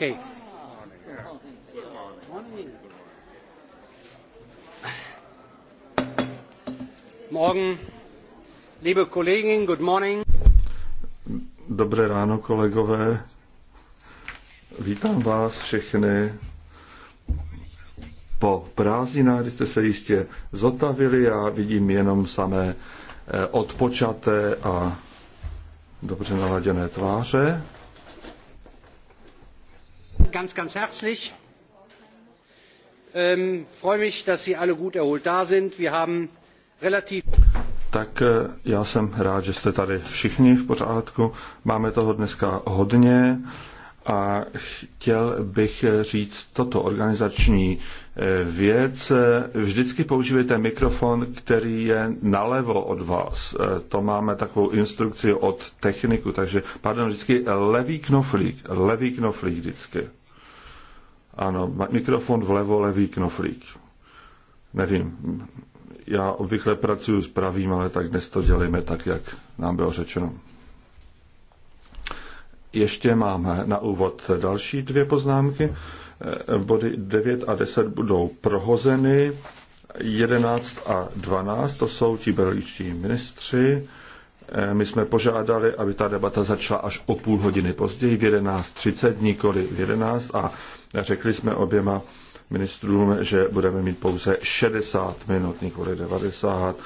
Okay. Morgen, liebe Kolleginnen, good morning. Dobré ráno, kolegové. Vítám vás všechny po prázdninách, kdy jste se jistě zotavili. Já vidím jenom samé eh, odpočaté a dobře naladěné tváře ganz, ganz herzlich. Ähm, freue mich, dass Sie alle gut erholt da sind. Wir haben relativ... Tak eh, já jsem rád, že jste tady všichni v pořádku. Máme toho dneska hodně a chtěl bych říct toto organizační eh, věc. Vždycky používejte mikrofon, který je nalevo od vás. Eh, to máme takovou instrukci od techniku, takže pardon, vždycky levý knoflík, levý knoflík vždycky. Ano, mikrofon vlevo, levý knoflík. Nevím, já obvykle pracuji s pravým, ale tak dnes to dělíme tak, jak nám bylo řečeno. Ještě máme na úvod další dvě poznámky. Eh, body 9 a 10 budou prohozeny. 11 a 12 to jsou ti berličtí ministři Eh, my jsme požádali, aby ta debata začala až o půl hodiny později, v 11.30, nikoli v 11. A řekli jsme oběma ministrům, že budeme mít pouze 60 minut, nikoli 90.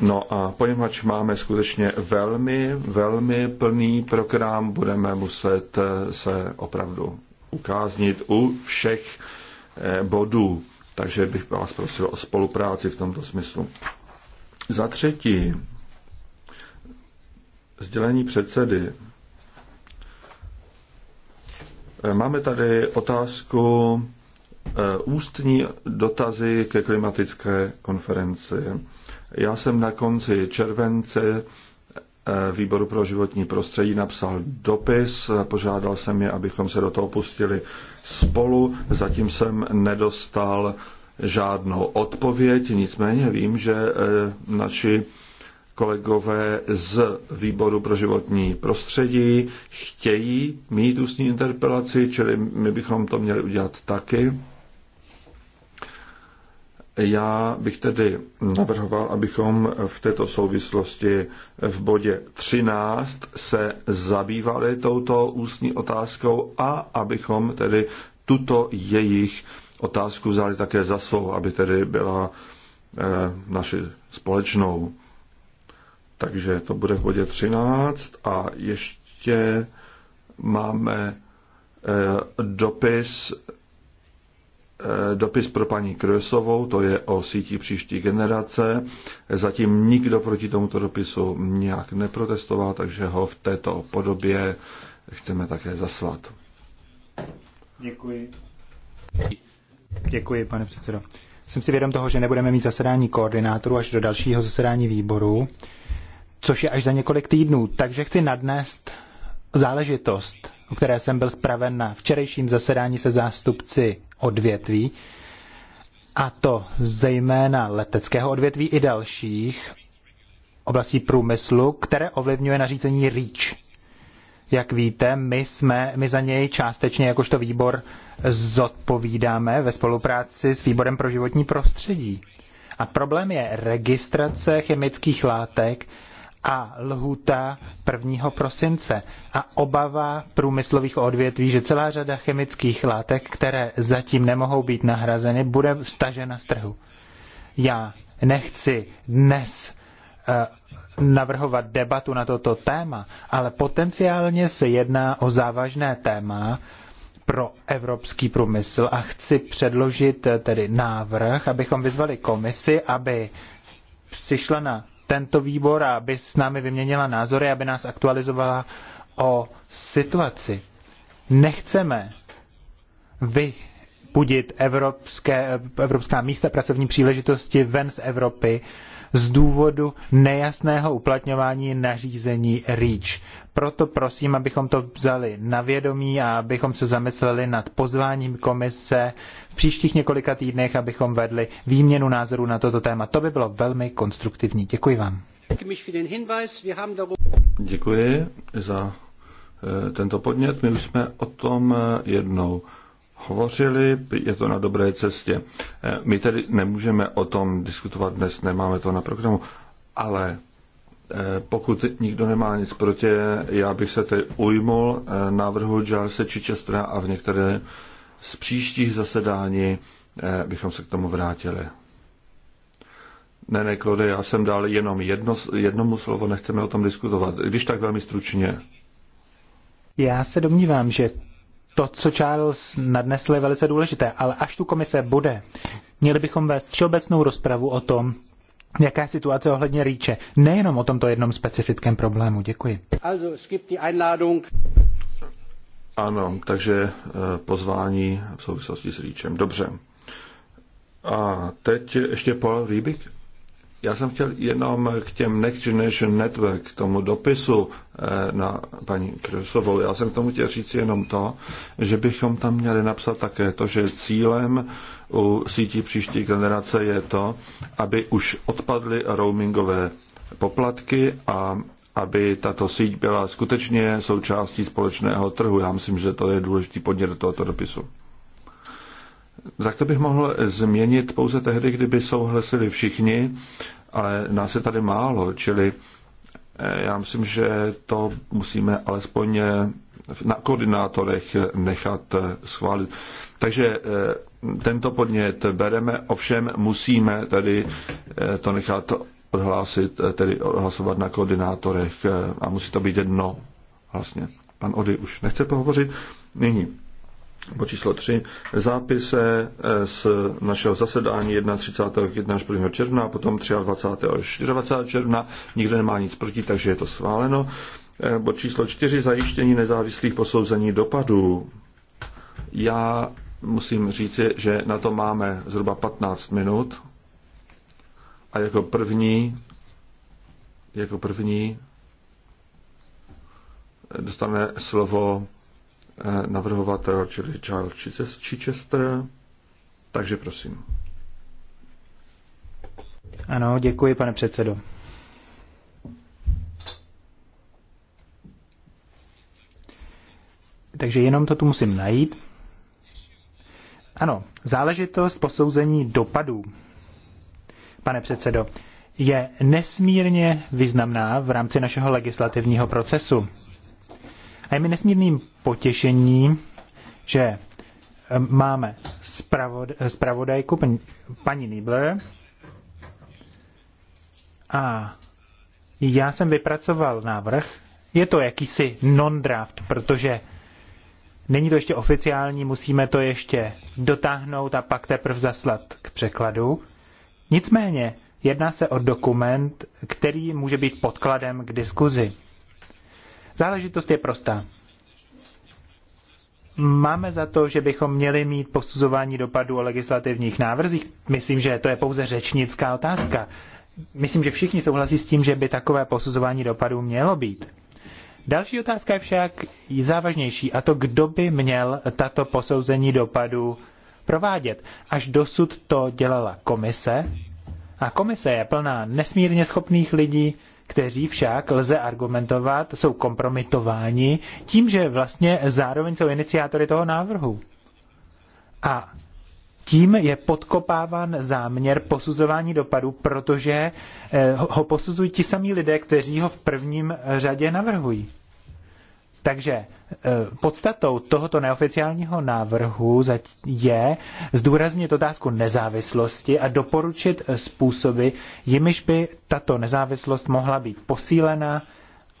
No a poněvadž máme skutečně velmi, velmi plný program, budeme muset eh, se opravdu ukáznit u všech eh, bodů. Takže bych vás prosil o spolupráci v tomto smyslu. Za třetí, sdělení předsedy. Eh, máme tady otázku eh, ústní dotazy ke klimatické konferenci. Já jsem na konci července eh, Výboru pro životní prostředí napsal dopis, požádal jsem je, abychom se do toho pustili spolu. Zatím jsem nedostal žádnou odpověď, nicméně vím, že naši kolegové z výboru pro životní prostředí chtějí mít ústní interpelaci, čili my bychom to měli udělat taky. Já bych tedy navrhoval, abychom v této souvislosti v bodě 13 se zabývali touto ústní otázkou a abychom tedy tuto jejich otázku vzali také za svou, aby tedy byla eh, naši společnou takže to bude v bodě 13 a ještě máme eh, dopis eh, dopis pro paní Krösovou, to je o síti příští generace. Zatím nikdo proti tomuto dopisu nějak neprotestoval, takže ho v této podobě chceme také zaslat. Děkuji. Děkuji, pane předsedo. Jsem si vědom toho, že nebudeme mít zasedání koordinátorů až do dalšího zasedání výboru což je až za několik týdnů. Takže chci nadnést záležitost, o které jsem byl zpraven na včerejším zasedání se zástupci odvětví, a to zejména leteckého odvětví i dalších oblastí průmyslu, které ovlivňuje nařízení REACH. Jak víte, my, jsme, my za něj částečně jakožto výbor zodpovídáme ve spolupráci s výborem pro životní prostředí. A problém je registrace chemických látek a lhuta 1. prosince a obava průmyslových odvětví, že celá řada chemických látek, které zatím nemohou být nahrazeny, bude stažena z trhu. Já nechci dnes eh, navrhovat debatu na toto téma, ale potenciálně se jedná o závažné téma pro evropský průmysl a chci předložit eh, tedy návrh, abychom vyzvali komisi, aby přišla na tento výbor, a aby s námi vyměnila názory, aby nás aktualizovala o situaci. Nechceme vypudit evropské, evropská místa pracovní příležitosti ven z Evropy z důvodu nejasného uplatňování nařízení REACH. Proto prosím, abychom to vzali na vědomí a abychom se zamysleli nad pozváním komise v příštích několika týdnech, abychom vedli výměnu názorů na toto téma. To by bylo velmi konstruktivní. Děkuji vám. Děkuji za eh, tento podnět. My už jsme o tom eh, jednou hovořili, je to na dobré cestě. Eh, my tedy nemůžeme o tom diskutovat dnes, nemáme to na programu, ale eh, pokud nikdo nemá nic proti, já bych se tedy ujmul eh, návrhu Jarse či Čestra a v některé z příštích zasedání bychom se k tomu vrátili. Ne, ne, Klode, já jsem dal jenom jedno, jednomu slovo, nechceme o tom diskutovat, když tak velmi stručně. Já se domnívám, že to, co Charles nadnesl, je velice důležité, ale až tu komise bude, měli bychom vést všeobecnou rozpravu o tom, jaká je situace ohledně rýče. Nejenom o tomto jednom specifickém problému. Děkuji. Also, es gibt die Einladung. Ano, takže eh, pozvání v souvislosti s rýčem. Dobře. A teď ještě Paul Rýbik. Já jsem chtěl jenom k těm Next Generation Network, k tomu dopisu eh, na paní Krusovou. Já jsem k tomu chtěl říct jenom to, že bychom tam měli napsat také to, že cílem u sítí příští generace je to, aby už odpadly roamingové poplatky a aby tato síť byla skutečně součástí společného trhu. Já myslím, že to je důležitý podnět do tohoto dopisu. Tak to bych mohl změnit pouze tehdy, kdyby souhlasili všichni, ale nás je tady málo, čili eh, já myslím, že to musíme alespoň eh, na koordinátorech nechat eh, schválit. Takže tento podnět bereme, ovšem musíme tedy to nechat odhlásit, tedy odhlasovat na koordinátorech a musí to být jedno vlastně. Pan Ody už nechce pohovořit. Nyní Bo číslo 3, zápise eh, z našeho zasedání 31. až 1. června a potom 23. až 24. června. nikde nemá nic proti, takže je to schváleno. Eh, bod číslo 4, zajištění nezávislých posouzení dopadů. Já musím říci, že na to máme zhruba 15 minut. A jako první, jako první dostane slovo Eh, navrhovatel, čili Charles Chichester. Takže prosím. Ano, děkuji, pane předsedo. Takže jenom to tu musím najít. Ano, záležitost posouzení dopadů, pane předsedo, je nesmírně významná v rámci našeho legislativního procesu. A je mi nesmírným potěšením, že eh, máme zpravod, zpravodajku paní, paní Nibler a já jsem vypracoval návrh. Je to jakýsi non-draft, protože není to ještě oficiální, musíme to ještě dotáhnout a pak teprve zaslat k překladu. Nicméně jedná se o dokument, který může být podkladem k diskuzi. Záležitost je prostá. Máme za to, že bychom měli mít posuzování dopadu o legislativních návrzích. Myslím, že to je pouze řečnická otázka. Myslím, že všichni souhlasí s tím, že by takové posuzování dopadů mělo být. Další otázka je však závažnější, a to kdo by měl tato posouzení dopadů provádět. Až dosud to dělala komise, a komise je plná nesmírně schopných lidí, kteří však lze argumentovat, jsou kompromitováni tím, že vlastně zároveň jsou iniciátory toho návrhu. A tím je podkopáván záměr posuzování dopadu, protože eh, ho posuzují ti samí lidé, kteří ho v prvním řadě navrhují. Takže e, podstatou tohoto neoficiálního návrhu je zdůraznit otázku nezávislosti a doporučit e, způsoby, jimiž by tato nezávislost mohla být posílena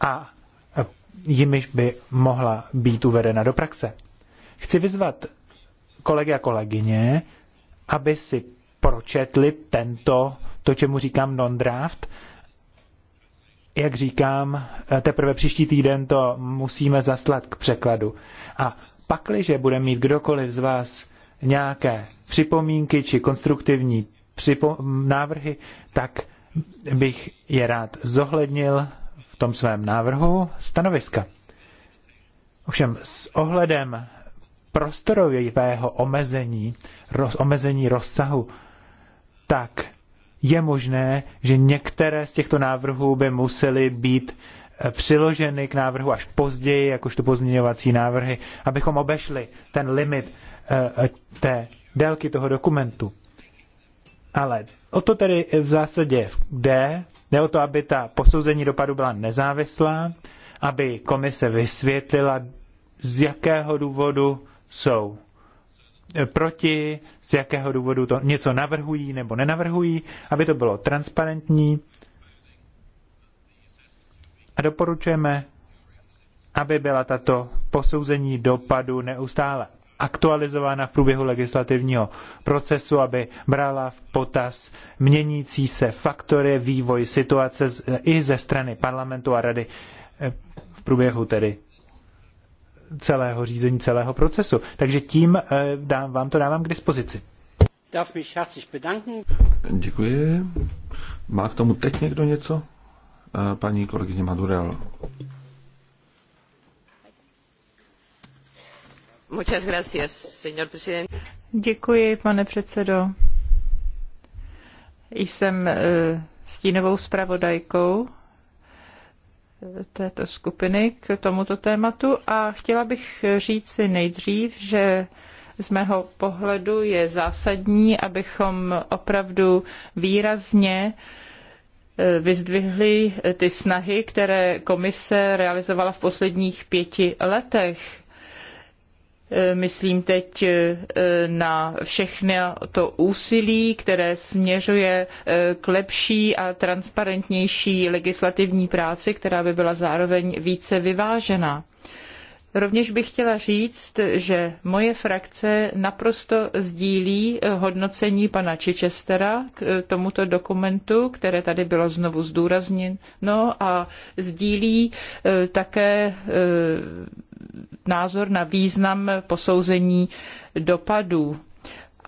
a e, jimiž by mohla být uvedena do praxe. Chci vyzvat kolegy a kolegyně, aby si pročetli tento, to čemu říkám non-draft, jak říkám, eh, teprve příští týden to musíme zaslat k překladu. A pakliže bude mít kdokoliv z vás nějaké připomínky či konstruktivní připo- návrhy, tak bych je rád zohlednil v tom svém návrhu stanoviska. Ovšem s ohledem prostorového omezení, roz, omezení rozsahu, tak je možné, že některé z těchto návrhů by musely být eh, přiloženy k návrhu až později, jakožto pozměňovací návrhy, abychom obešli ten limit eh, eh, té délky toho dokumentu. Ale o to tedy v zásadě jde. Jde o to, aby ta posouzení dopadu byla nezávislá, aby komise vysvětlila, z jakého důvodu jsou proti, z jakého důvodu to něco navrhují nebo nenavrhují, aby to bylo transparentní. A doporučujeme, aby byla tato posouzení dopadu neustále aktualizována v průběhu legislativního procesu, aby brala v potaz měnící se faktory, vývoj situace i ze strany parlamentu a rady eh, v průběhu tedy celého řízení, celého procesu. Takže tím eh, dám, vám to dávám k dispozici. Děkuji. Má k tomu teď někdo něco? Eh, paní kolegyně Madurel. Děkuji, pane předsedo. Jsem eh, stínovou zpravodajkou této skupiny k tomuto tématu a chtěla bych říct si nejdřív, že z mého pohledu je zásadní, abychom opravdu výrazně eh, vyzdvihli ty snahy, které komise realizovala v posledních pěti letech Myslím teď eh, na všechny to úsilí, které směřuje eh, k lepší a transparentnější legislativní práci, která by byla zároveň více vyvážená. Rovněž bych chtěla říct, že moje frakce naprosto sdílí hodnocení pana Chichestera k tomuto dokumentu, které tady bylo znovu zdůrazněno a sdílí eh, také eh, názor na význam posouzení dopadů.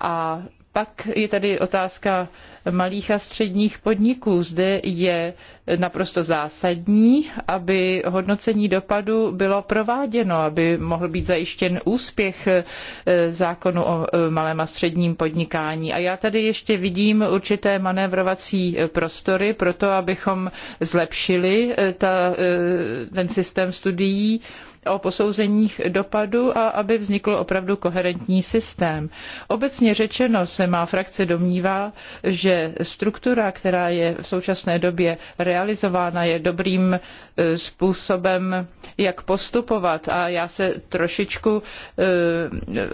A pak je tady otázka malých a středních podniků. Zde je naprosto zásadní, aby hodnocení dopadu bylo prováděno, aby mohl být zajištěn úspěch eh, zákonu o eh, malém a středním podnikání. A já tady ještě vidím určité manévrovací eh, prostory pro to, abychom zlepšili ta, ten systém studií o posouzeních dopadu a aby vznikl opravdu koherentní systém. Obecně řečeno se má frakce domnívá, že struktura, která je v současné době realizována, je dobrým e, způsobem, jak postupovat. A já se trošičku e,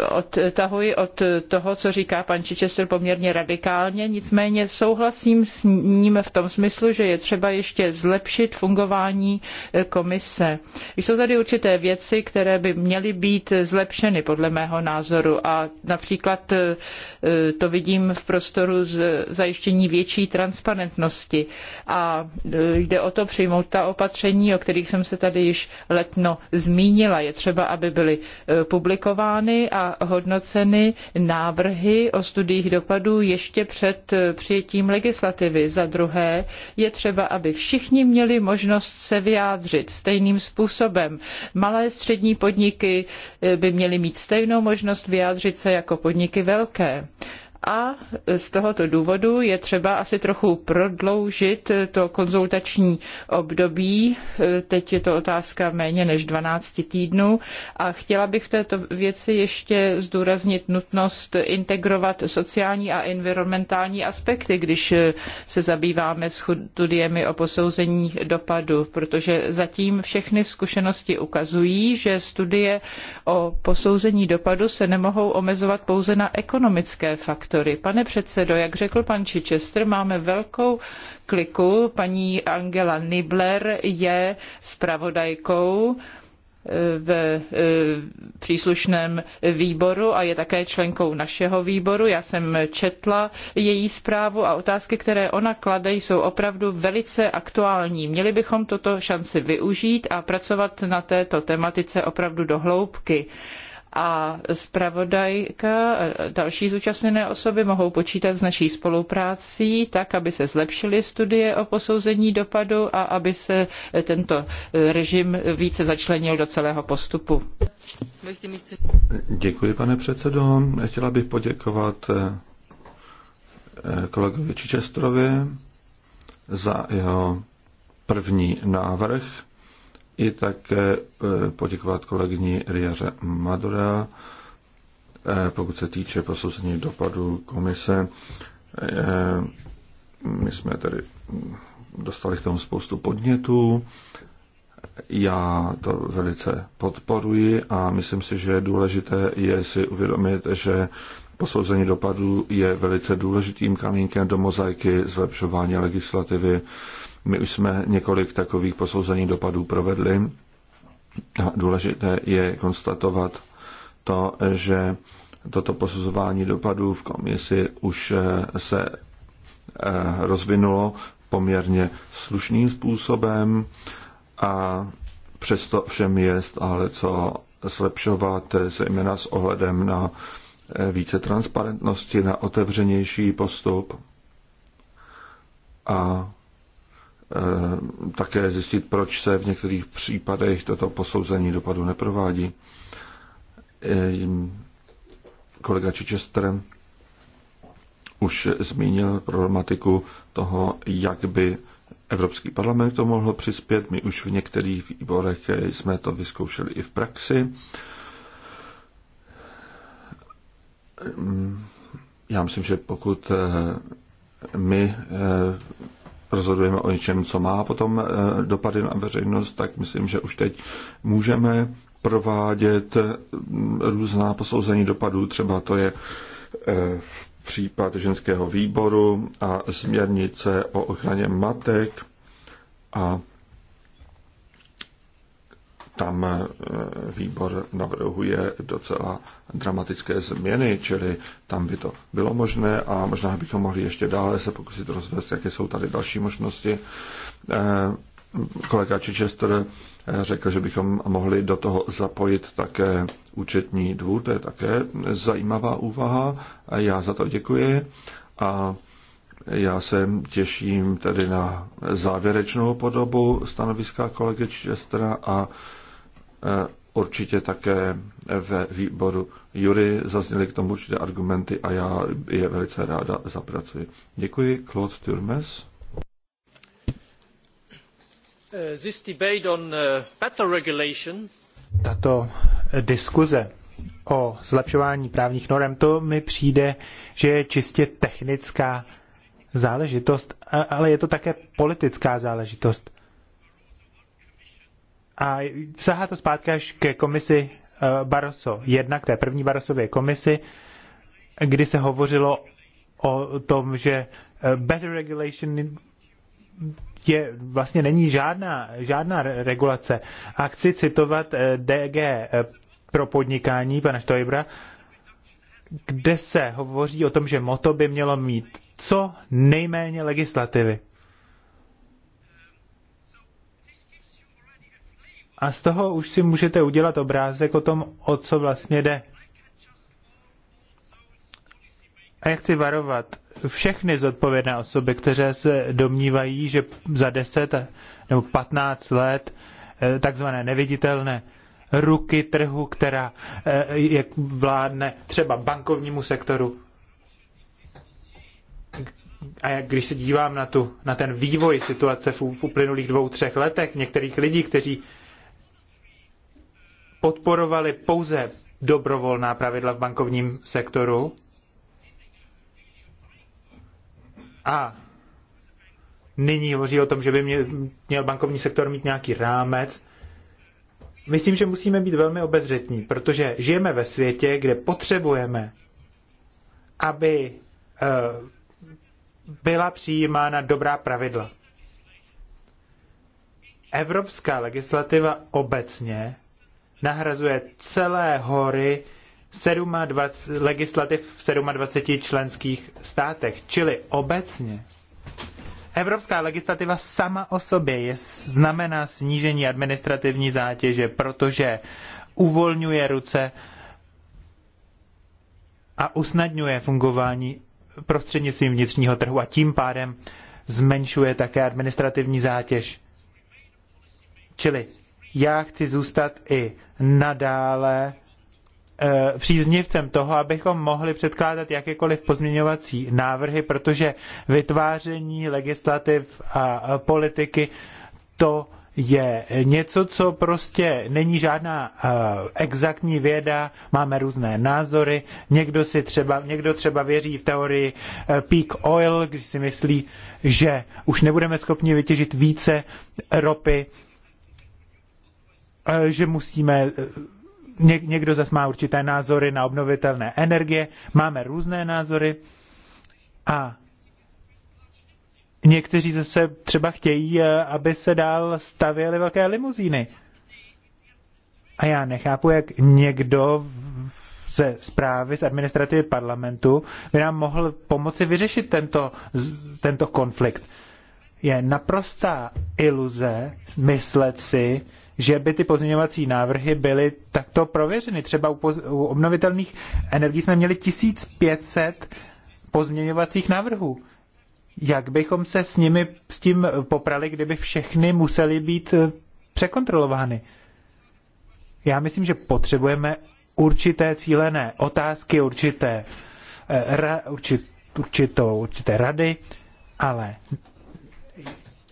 odtahuji od toho, co říká pan Chichester poměrně radikálně, nicméně souhlasím s ním v tom smyslu, že je třeba ještě zlepšit fungování e, komise. Jsou tady určité věci, které by měly být zlepšeny podle mého názoru a například to vidím v prostoru zajištění zajištění větší transparentnosti. A e, jde o to přijmout ta opatření, o kterých jsem se tady již letno zmínila. Je třeba, aby byly e, publikovány a hodnoceny návrhy o studiích dopadů ještě před e, přijetím legislativy. Za druhé, je třeba, aby všichni měli možnost se vyjádřit stejným způsobem. Malé střední podniky by měly mít stejnou možnost vyjádřit se jako podniky velké a z tohoto důvodu je třeba asi trochu prodloužit to konzultační období. Teď je to otázka méně než 12 týdnů a chtěla bych v této věci ještě zdůraznit nutnost integrovat sociální a environmentální aspekty, když se zabýváme studiemi o posouzení dopadu, protože zatím všechny zkušenosti ukazují, že studie o posouzení dopadu se nemohou omezovat pouze na ekonomické faktory sektory. Pane předsedo, jak řekl pan Chichester, máme velkou kliku. Paní Angela Nibler je zpravodajkou eh, v eh, příslušném výboru a je také členkou našeho výboru. Já jsem četla její zprávu a otázky, které ona klade, jsou opravdu velice aktuální. Měli bychom toto šanci využít a pracovat na této tematice opravdu do hloubky a zpravodajka a další zúčastněné osoby mohou počítat s naší spoluprácí tak, aby se zlepšily studie o posouzení dopadu a aby se tento režim více začlenil do celého postupu. Děkuji, pane předsedo. Chtěla bych poděkovat eh, kolegovi Čičestrovi za jeho první návrh i také eh, poděkovat kolegyni Riaře Madura, eh, pokud se týče posouzení dopadu komise. Eh, my jsme tedy dostali k tomu spoustu podnětů. Já to velice podporuji a myslím si, že důležité je si uvědomit, že posouzení dopadů je velice důležitým kamínkem do mozaiky zlepšování legislativy my už jsme několik takových posouzení dopadů provedli a důležité je konstatovat to, že toto posuzování dopadů v komisi už eh, se eh, rozvinulo poměrně slušným způsobem a přesto všem je stále co zlepšovat, zejména s ohledem na eh, více transparentnosti, na otevřenější postup a Eh, také zjistit, proč se v některých případech toto posouzení dopadu neprovádí. Eh, kolega Chichester už zmínil problematiku toho, jak by Evropský parlament to mohl přispět. My už v některých výborech jsme to vyzkoušeli i v praxi. Já myslím, že pokud eh, my rozhodujeme o něčem, co má potom eh, dopady na veřejnost, tak myslím, že už teď můžeme provádět mm, různá posouzení dopadů. Třeba to je eh, případ ženského výboru a směrnice o ochraně matek a tam eh, výbor navrhuje docela dramatické změny, čili tam by to bylo možné a možná bychom mohli ještě dále se pokusit rozvést, jaké jsou tady další možnosti. Eh, kolega Chichester eh, řekl, že bychom mohli do toho zapojit také účetní dvůr, to je také zajímavá úvaha a já za to děkuji a já se těším tedy na závěrečnou podobu stanoviska kolegy Čestra a Eh, určitě také ve výboru Jury zazněly k tomu určité argumenty a já je velice ráda zapracuji. Děkuji, Claude Turmes. Eh, this debate on eh, better regulation. Tato diskuze o zlepšování právních norem, to mi přijde, že je čistě technická záležitost, ale je to také politická záležitost. A sahá to zpátky až ke komisi eh, Barroso 1, k té první Barrosově komisi, kdy se hovořilo o tom, že eh, better regulation je, vlastně není žádná, žádná regulace. A chci citovat eh, DG pro podnikání, pana Štojbra, kde se hovoří o tom, že moto by mělo mít co nejméně legislativy. A z toho už si můžete udělat obrázek o tom, o co vlastně jde. A já chci varovat všechny zodpovědné osoby, které se domnívají, že za 10 nebo 15 let eh, takzvané neviditelné ruky trhu, která eh, jak vládne třeba bankovnímu sektoru. A jak, když se dívám na, tu, na ten vývoj situace v, v uplynulých dvou, třech letech některých lidí, kteří podporovali pouze dobrovolná pravidla v bankovním sektoru a nyní hovoří o tom, že by měl bankovní sektor mít nějaký rámec. Myslím, že musíme být velmi obezřetní, protože žijeme ve světě, kde potřebujeme, aby eh, byla přijímána dobrá pravidla. Evropská legislativa obecně nahrazuje celé hory 27, legislativ v 27 členských státech. Čili obecně Evropská legislativa sama o sobě je, znamená snížení administrativní zátěže, protože uvolňuje ruce a usnadňuje fungování prostřednictvím vnitřního trhu a tím pádem zmenšuje také administrativní zátěž. Čili já chci zůstat i nadále eh, příznivcem toho, abychom mohli předkládat jakékoliv pozměňovací návrhy, protože vytváření legislativ a politiky to je něco, co prostě není žádná eh, exaktní věda, máme různé názory, někdo, si třeba, někdo třeba věří v teorii eh, peak oil, když si myslí, že už nebudeme schopni vytěžit více ropy, Eh, že musíme eh, někdo zase má určité názory na obnovitelné energie, máme různé názory a někteří zase třeba chtějí, eh, aby se dál stavěly velké limuzíny. A já nechápu, jak někdo ze zprávy, z administrativy parlamentu by nám mohl pomoci vyřešit tento, tento konflikt. Je naprostá iluze myslet si, že by ty pozměňovací návrhy byly takto prověřeny. Třeba u, poz, u obnovitelných energií jsme měli 1500 pozměňovacích návrhů. Jak bychom se s nimi s tím poprali, kdyby všechny museli být eh, překontrolovány? Já myslím, že potřebujeme určité cílené otázky, určité, eh, ra, určit, určitou, určité rady, ale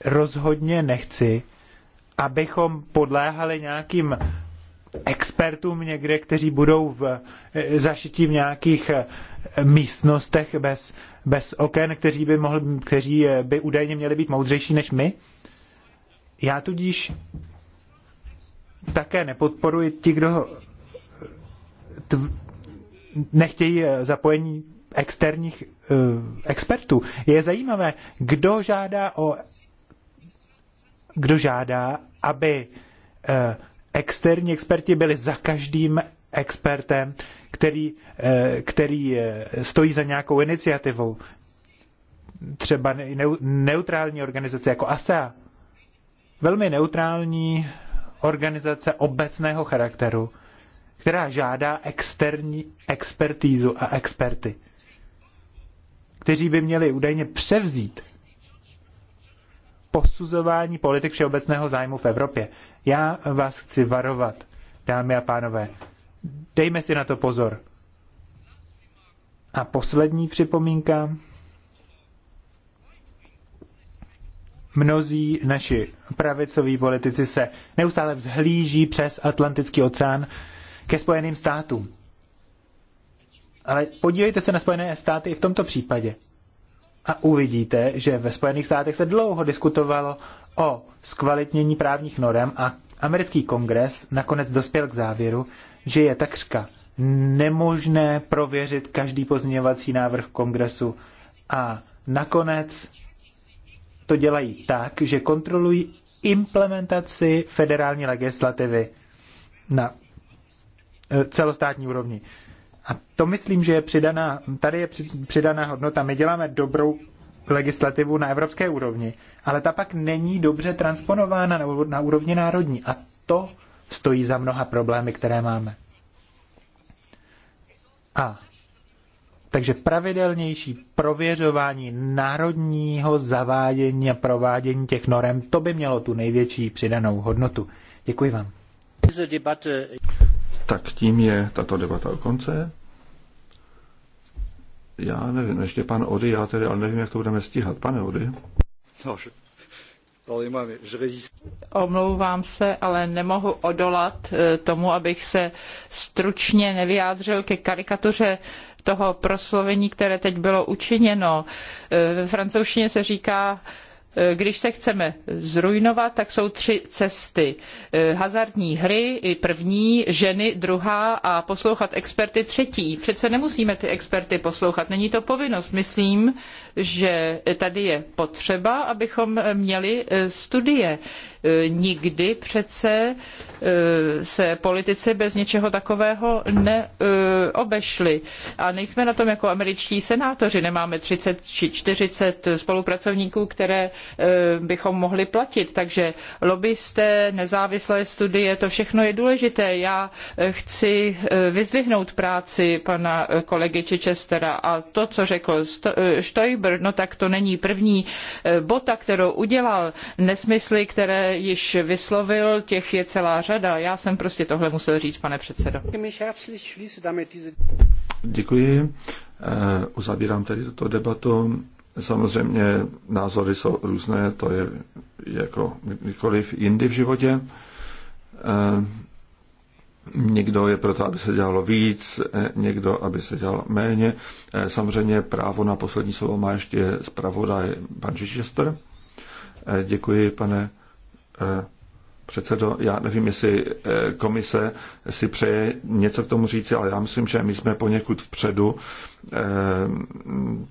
rozhodně nechci, abychom podléhali nějakým expertům někde, kteří budou v, eh, zašití v nějakých eh, místnostech bez, bez oken, kteří by, mohli, kteří eh, by údajně měli být moudřejší než my. Já tudíž také nepodporuji ti, kdo tv, nechtějí zapojení externích uh, expertů. Je zajímavé, kdo žádá o kdo žádá, aby eh, externí experti byli za každým expertem, který, eh, který eh, stojí za nějakou iniciativou. Třeba neutrální organizace jako ASEA. E Velmi neutrální organizace obecného charakteru, která žádá externí expertízu a experty, kteří by měli údajně převzít posuzování politik všeobecného zájmu v Evropě. Já vás chci varovat, dámy a pánové. Dejme si na to pozor. A poslední připomínka. Mnozí naši pravicoví politici se neustále vzhlíží přes Atlantický oceán ke Spojeným státům. Ale podívejte se na Spojené státy i v tomto případě a uvidíte, že ve Spojených státech se dlouho diskutovalo o zkvalitnění právních norem a americký kongres nakonec dospěl k závěru, že je takřka nemožné prověřit každý pozměňovací návrh kongresu a nakonec to dělají tak, že kontrolují implementaci federální legislativy na e, celostátní úrovni. A to myslím, že je přidaná, tady je přidaná hodnota. My děláme dobrou legislativu na evropské úrovni, ale ta pak není dobře transponována na úrovni národní. A to stojí za mnoha problémy, které máme. A takže pravidelnější prověřování národního zavádění a provádění těch norem, to by mělo tu největší přidanou hodnotu. Děkuji vám. Tak tím je tato debata u konce já nevím, ještě pan Ody, já tedy, ale nevím, jak to budeme stíhat. Pane Ody? No, že... Omlouvám se, ale nemohu odolat eh, tomu, abych se stručně nevyjádřil ke karikatuře toho proslovení, které teď bylo učiněno. Eh, ve francouzštině se říká když se chceme zrujnovat, tak jsou tři cesty. Eh, hazardní hry, první, ženy, druhá a poslouchat experty třetí. Přece nemusíme ty experty poslouchat, není to povinnost. Myslím, že tady je potřeba, abychom měli eh, studie. E, nikdy přece e, se politici bez něčeho takového neobešli. E, a nejsme na tom jako američtí senátoři, nemáme 30 či 40 spolupracovníků, které bychom mohli platit. Takže lobbysté, nezávislé studie, to všechno je důležité. Já chci vyzdvihnout práci pana kolegy Chichestera a to, co řekl Stoiber, no tak to není první bota, kterou udělal, nesmysly, které již vyslovil, těch je celá řada. Já jsem prostě tohle musel říct, pane předsedo. Děkuji. Eh, uzavírám tedy tuto debatu. Samozřejmě názory jsou různé, to je jako nikoliv jindy v životě. Eh, někdo je proto, aby se dělalo víc, eh, někdo, aby se dělalo méně. Samozřejmě právo na poslední slovo má ještě zpravodaj pan Chichester. Děkuji, pane Eh, předsedo, já nevím, jestli eh, komise si přeje něco k tomu říci, ale já myslím, že my jsme poněkud vpředu eh,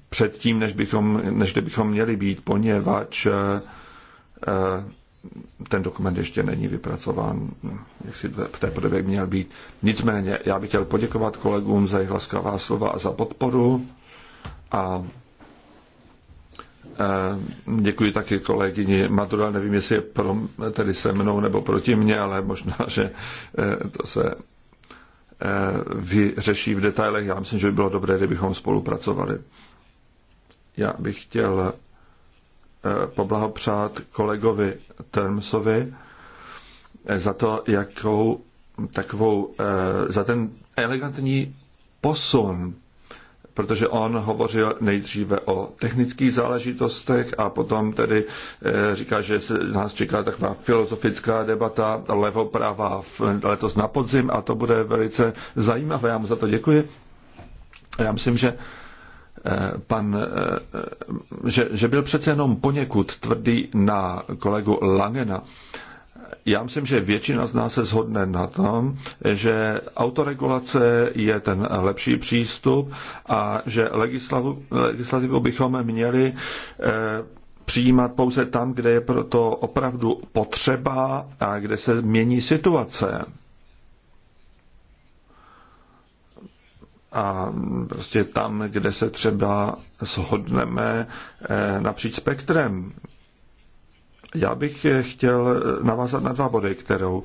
před tím, než, bychom, než bychom měli být, poněvadž ten dokument ještě není vypracován, jak si v té podobě měl být. Nicméně, já bych chtěl poděkovat kolegům za jejich laskavá slova a za podporu a Eh, děkuji taky kolegyni Madura, nevím, jestli je pro, tedy se mnou nebo proti mně, ale možná, že eh, to se eh, vyřeší v detailech. Já myslím, že by bylo dobré, kdybychom spolupracovali. Já bych chtěl poblahopřát kolegovi Termsovi za to, jakou takovou, za ten elegantní posun protože on hovořil nejdříve o technických záležitostech a potom tedy eh, říká, že nás čeká taková filozofická debata levoprava letos na podzim a to bude velice zajímavé. Já mu za to děkuji. Já myslím, že eh, pan, eh, že, že byl přece jenom poněkud tvrdý na kolegu Langena já myslím, že většina z nás se shodne na tom, že autoregulace je ten lepší přístup a že legislativu, bychom měli eh, přijímat pouze tam, kde je proto opravdu potřeba a kde se mění situace. a prostě tam, kde se třeba shodneme eh, napříč spektrem. Já bych eh, chtěl eh, navázat na dva body, kterou,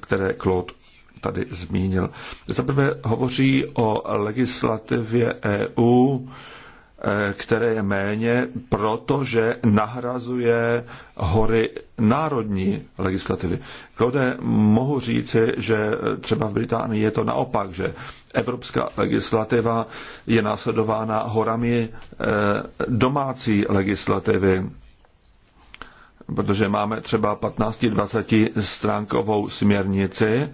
které Claude tady zmínil. Za prvé hovoří o legislativě EU, eh, které je méně, protože nahrazuje hory národní legislativy. Klode, mohu říci, že třeba v Británii je to naopak, že evropská legislativa je následována horami domácí legislativy protože máme třeba 15-20 stránkovou směrnici,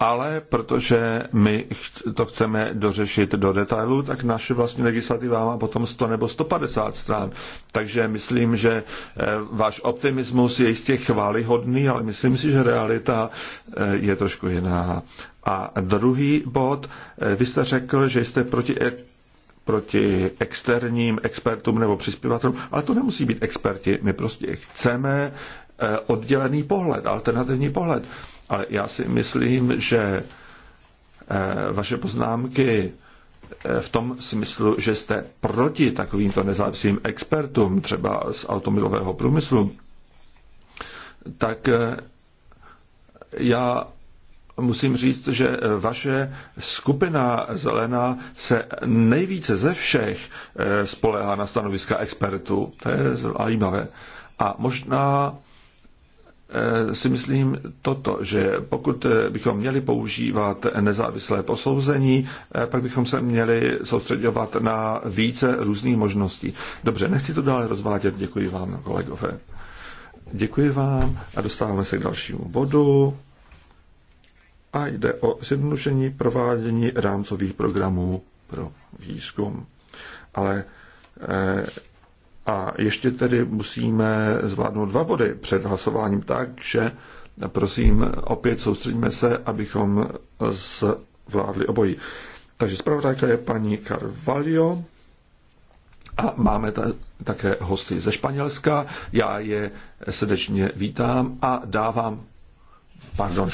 ale protože my to chceme dořešit do detailu, tak naše vlastní legislativa má potom 100 nebo 150 stran. Takže myslím, že e, váš optimismus je jistě chválihodný, ale myslím si, že realita e, je trošku jiná. A druhý bod, e, vy jste řekl, že jste proti proti externím expertům nebo přispěvatelům, ale to nemusí být experti. My prostě chceme eh, oddělený pohled, alternativní pohled. Ale já si myslím, že eh, vaše poznámky eh, v tom smyslu, že jste proti takovýmto nezávislým expertům, třeba z automobilového průmyslu, tak já musím říct, že vaše skupina zelená se nejvíce ze všech eh, spolehá na stanoviska expertů. To je zajímavé. A možná eh, si myslím toto, že pokud eh, bychom měli používat nezávislé posouzení, pak bychom se měli soustředovat na více různých možností. Dobře, nechci to dále rozvádět, děkuji vám, kolegové. Děkuji vám a dostáváme se k dalšímu bodu a jde o zjednodušení provádění rámcových programů pro výzkum. Ale eh, a ještě tedy musíme zvládnout dva body před hlasováním tak, že prosím, opět soustředíme se, abychom zvládli obojí. Takže zpravodajka je paní Carvalho a máme ta, také hosty ze Španělska. Já je srdečně vítám a dávám, pardon,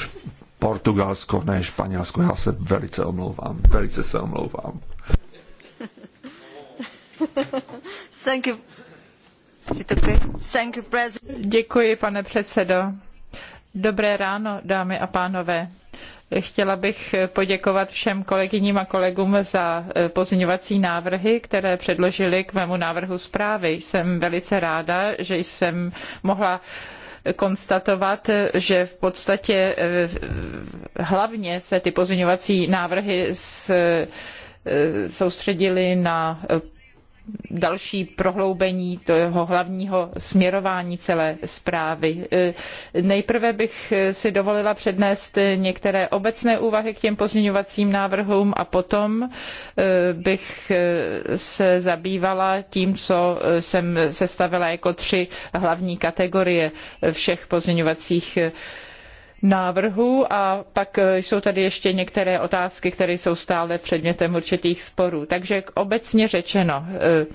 Portugalsko, ne Španělsko. Já se velice omlouvám, velice se omlouvám. Thank you. Thank you, Děkuji, pane předsedo. Dobré ráno, dámy a pánové. Chtěla bych poděkovat všem kolegyním a kolegům za eh, pozměňovací návrhy, které předložili k mému návrhu zprávy. Jsem velice ráda, že jsem mohla konstatovat, že v podstatě eh, hlavně se ty pozměňovací návrhy s eh, soustředili na další prohloubení toho hlavního směrování celé zprávy. E, nejprve bych si dovolila přednést některé obecné úvahy k těm pozměňovacím návrhům a potom e, bych e, se zabývala tím, co jsem sestavila jako tři hlavní kategorie všech pozměňovacích návrhů návrhů a pak eh, jsou tady ještě některé otázky, které jsou stále předmětem určitých sporů. Takže obecně řečeno, eh,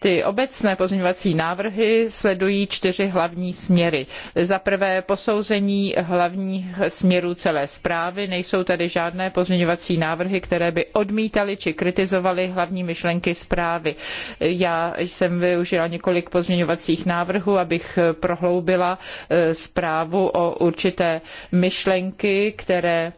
ty obecné pozměňovací návrhy sledují čtyři hlavní směry. Za prvé posouzení hlavních směrů celé zprávy. Nejsou tady žádné pozměňovací návrhy, které by odmítaly či kritizovaly hlavní myšlenky zprávy. Já jsem využila několik pozměňovacích návrhů, abych prohloubila eh, zprávu o určité myšlenky, které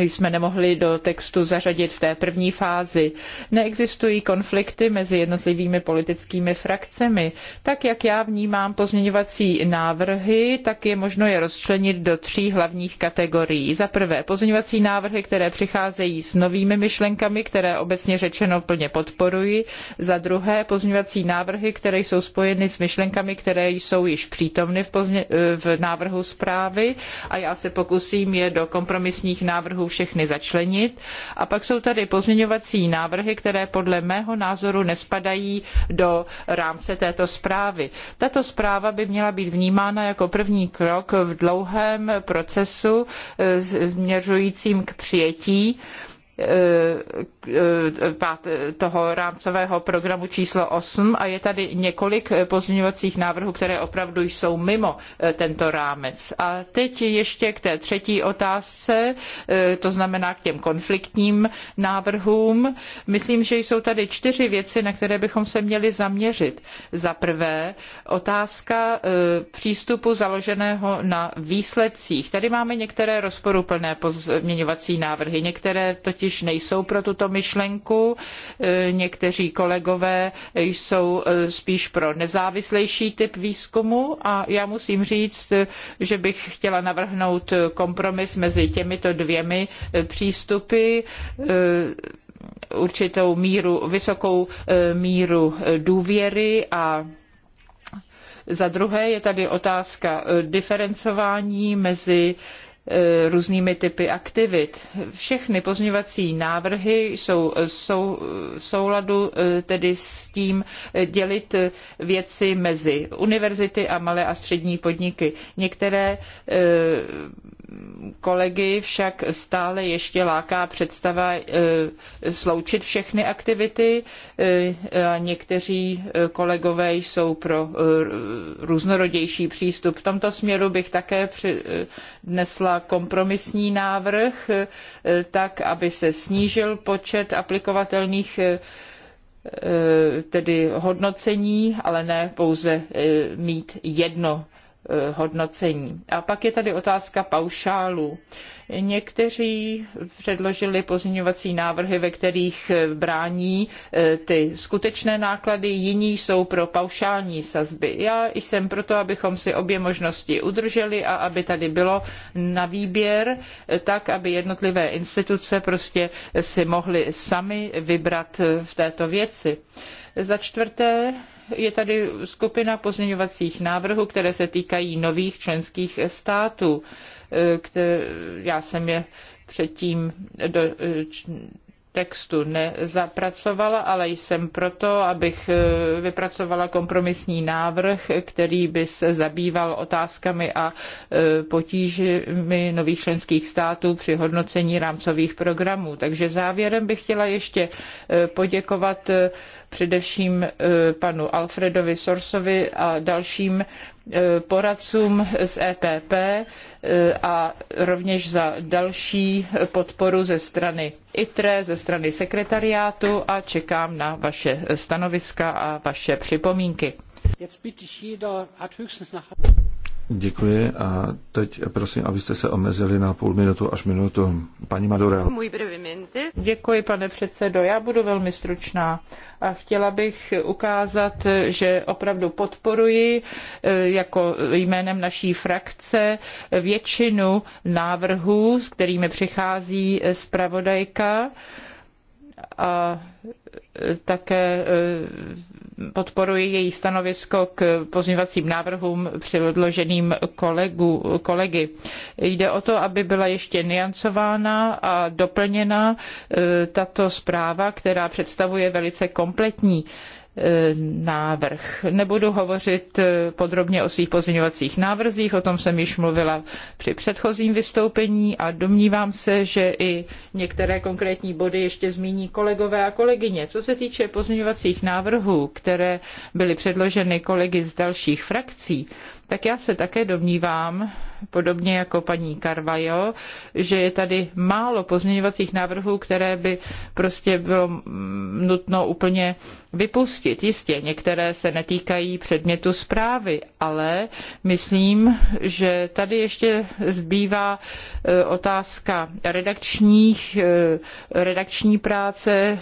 jsme nemohli do textu zařadit v té první fázi. Neexistují konflikty mezi jednotlivými politickými frakcemi. Tak jak já vnímám pozměňovací návrhy, tak je možno je rozčlenit do tří hlavních kategorií. Za prvé pozměňovací návrhy, které přicházejí s novými myšlenkami, které obecně řečeno plně podporuji. Za druhé pozměňovací návrhy, které jsou spojeny s myšlenkami, které jsou již přítomny v, pozmě... v návrhu zprávy a já se pokusím je do kompromisních návrhů návrhů všechny začlenit. A pak jsou tady pozměňovací návrhy, které podle mého názoru nespadají do rámce této zprávy. Tato zpráva by měla být vnímána jako první krok v dlouhém procesu eh, směřujícím k přijetí toho rámcového programu číslo 8 a je tady několik pozměňovacích návrhů, které opravdu jsou mimo eh, tento rámec. A teď ještě k té třetí otázce, eh, to znamená k těm konfliktním návrhům. Myslím, že jsou tady čtyři věci, na které bychom se měli zaměřit. Za prvé, otázka eh, přístupu založeného na výsledcích. Tady máme některé rozporuplné pozměňovací návrhy, některé totiž totiž nejsou pro tuto myšlenku. E, někteří kolegové jsou e, spíš pro nezávislejší typ výzkumu a já musím říct, e, že bych chtěla navrhnout kompromis mezi těmito dvěmi přístupy určitou míru, vysokou míru důvěry a za druhé je tady otázka diferencování mezi E, různými typy aktivit. Všechny pozměňovací návrhy jsou, jsou e, e, v souladu tedy s tím dělit věci mezi univerzity a malé a střední podniky. Některé kolegy však stále ještě láká představa eh, sloučit všechny aktivity. Eh, a Někteří eh, kolegové jsou pro různorodější přístup. V tomto směru bych také dnesla kompromisní návrh, tak, aby se snížil počet aplikovatelných tedy hodnocení, ale ne pouze mít jedno Eh, hodnocení. A pak je tady otázka paušálů. Někteří předložili pozměňovací návrhy, ve kterých eh, brání eh, ty skutečné náklady, jiní jsou pro paušální sazby. Já jsem proto, abychom si obě možnosti udrželi a aby tady bylo na výběr, tak aby jednotlivé instituce prostě si mohly sami vybrat v této věci. Za čtvrté je tady skupina pozměňovacích návrhů, které se týkají nových členských států. Eh, které, já jsem je předtím do eh, textu nezapracovala, ale jsem proto, abych eh, vypracovala kompromisní návrh, který by se zabýval otázkami a potížemi nových členských států při hodnocení rámcových programů. Takže závěrem bych chtěla ještě poděkovat především eh, panu Alfredovi Sorsovi a dalším eh, poradcům z EPP eh, a rovněž za další podporu ze strany ITRE, ze strany sekretariátu a čekám na vaše stanoviska a vaše připomínky. Děkuji a teď prosím, abyste se omezili na půl minutu až minutu. Paní Madura. Děkuji, pane předsedo. Já budu velmi stručná a chtěla bych ukázat, že opravdu podporuji e, jako jménem naší frakce většinu návrhů, s kterými přichází zpravodajka a také e, podporuji její stanovisko k pozměňovacím návrhům předloženým kolegu, kolegy. Jde o to, aby byla ještě niancována a doplněna e, tato zpráva, která představuje velice kompletní návrh. Nebudu hovořit e, podrobně o svých pozměňovacích návrzích, o tom jsem již mluvila při předchozím vystoupení a domnívám se, že i některé konkrétní body ještě zmíní kolegové a kolegyně. Co se týče pozměňovacích návrhů, které byly předloženy kolegy z dalších frakcí, tak já se také domnívám, podobně jako paní Carvajo, že je tady málo pozměňovacích návrhů, které by prostě bylo mm, nutno úplně vypustit. Jistě, některé se netýkají předmětu zprávy, ale myslím, že tady ještě zbývá e, otázka redakčních, e, redakční práce, e,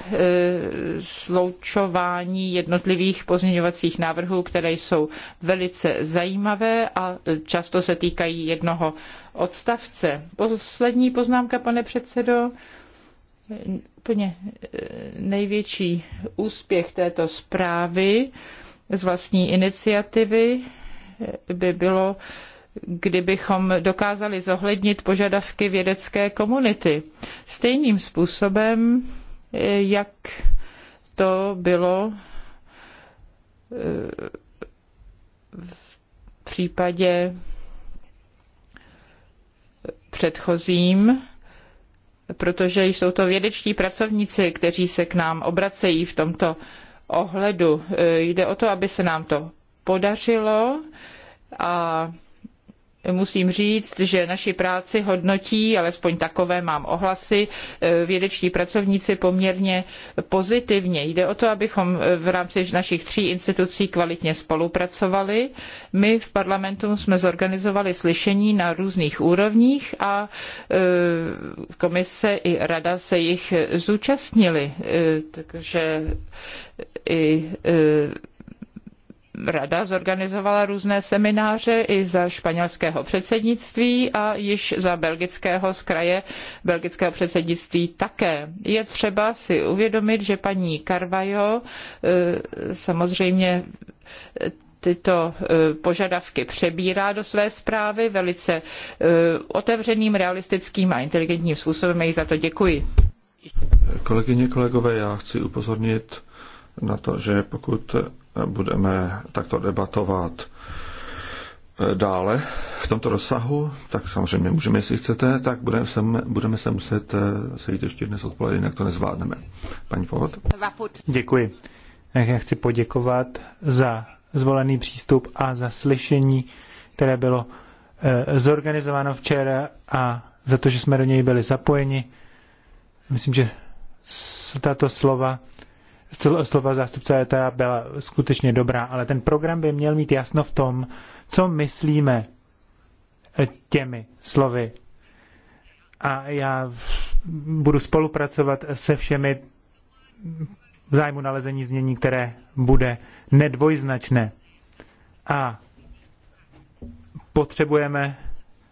sloučování jednotlivých pozměňovacích návrhů, které jsou velice zajímavé naléhavé a často se týkají jednoho odstavce. Poslední poznámka, pane předsedo. Úplně eh, největší úspěch této zprávy z vlastní iniciativy eh, by bylo, kdybychom dokázali zohlednit požadavky vědecké komunity stejným způsobem, eh, jak to bylo v případě předchozím, protože jsou to vědečtí pracovníci, kteří se k nám obracejí v tomto ohledu. E, jde o to, aby se nám to podařilo a musím říct, že naši práci hodnotí, alespoň takové mám ohlasy, e, vědečtí pracovníci poměrně pozitivně. Jde o to, abychom v rámci našich tří institucí kvalitně spolupracovali. My v parlamentu jsme zorganizovali slyšení na různých úrovních a e, komise i rada se jich zúčastnili. E, takže i rada zorganizovala různé semináře i za španělského předsednictví a již za belgického z kraje belgického předsednictví také. Je třeba si uvědomit, že paní Carvajo e, samozřejmě tyto e, požadavky přebírá do své zprávy velice e, otevřeným, realistickým a inteligentním způsobem. Jí za to děkuji. Kolegyně, kolegové, já chci upozornit na to, že pokud budeme takto debatovat dále v tomto rozsahu, tak samozřejmě můžeme, jestli chcete, tak budeme se, budeme se muset eh, sejít ještě dnes odpoledne, jinak to nezvládneme. Paní Povod. Děkuji. Já chci poděkovat za zvolený přístup a za slyšení, které bylo eh, zorganizováno včera a za to, že jsme do něj byli zapojeni. Myslím, že tato slova slova zástupce ETA byla skutečně dobrá, ale ten program by měl mít jasno v tom, co myslíme e, těmi slovy. A já budu spolupracovat se všemi v zájmu nalezení znění, které bude nedvojznačné. A potřebujeme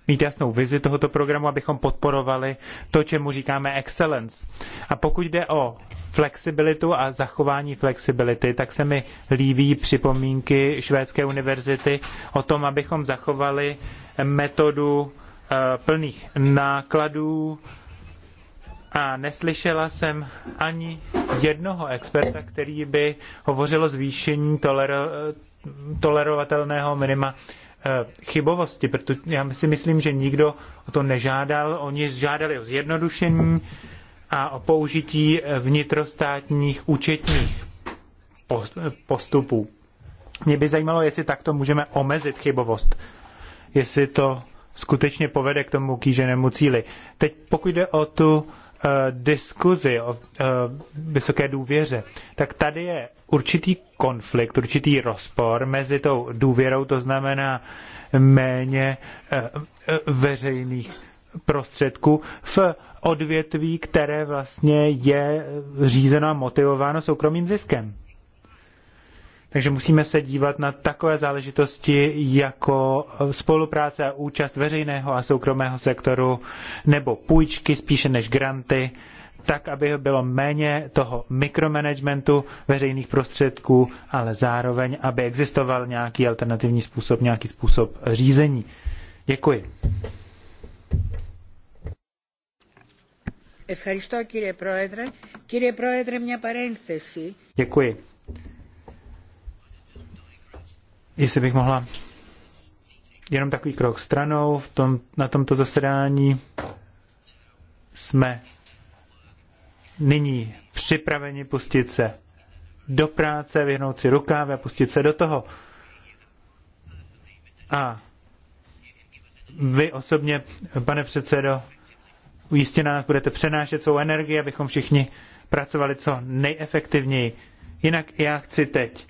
mít jasnou vizi tohoto programu, abychom podporovali to, čemu říkáme excellence. A pokud jde o flexibilitu a zachování flexibility, tak se mi líbí připomínky Švédské univerzity o tom, abychom zachovali metodu eh, plných nákladů a neslyšela jsem ani jednoho experta, který by hovořil o zvýšení tolero, tolerovatelného minima Eh, chybovosti, protože já si myslím, že nikdo o to nežádal. Oni žádali o zjednodušení a o použití vnitrostátních účetních postupů. Mě by zajímalo, jestli takto můžeme omezit chybovost. Jestli to skutečně povede k tomu kýženému cíli. Teď pokud jde o tu Eh, diskuzi o eh, vysoké důvěře, tak tady je určitý konflikt, určitý rozpor mezi tou důvěrou, to znamená méně eh, veřejných prostředků v odvětví, které vlastně je řízeno a motivováno soukromým ziskem. Takže musíme se dívat na takové záležitosti jako spolupráce a účast veřejného a soukromého sektoru nebo půjčky spíše než granty, tak, aby bylo méně toho mikromanagementu veřejných prostředků, ale zároveň, aby existoval nějaký alternativní způsob, nějaký způsob řízení. Děkuji. Děkuji. Jestli bych mohla jenom takový krok stranou, v tom, na tomto zasedání jsme nyní připraveni pustit se do práce, vyhnout si rukávy a pustit se do toho. A vy osobně, pane předsedo, jistě nás budete přenášet svou energii, abychom všichni pracovali co nejefektivněji. Jinak já chci teď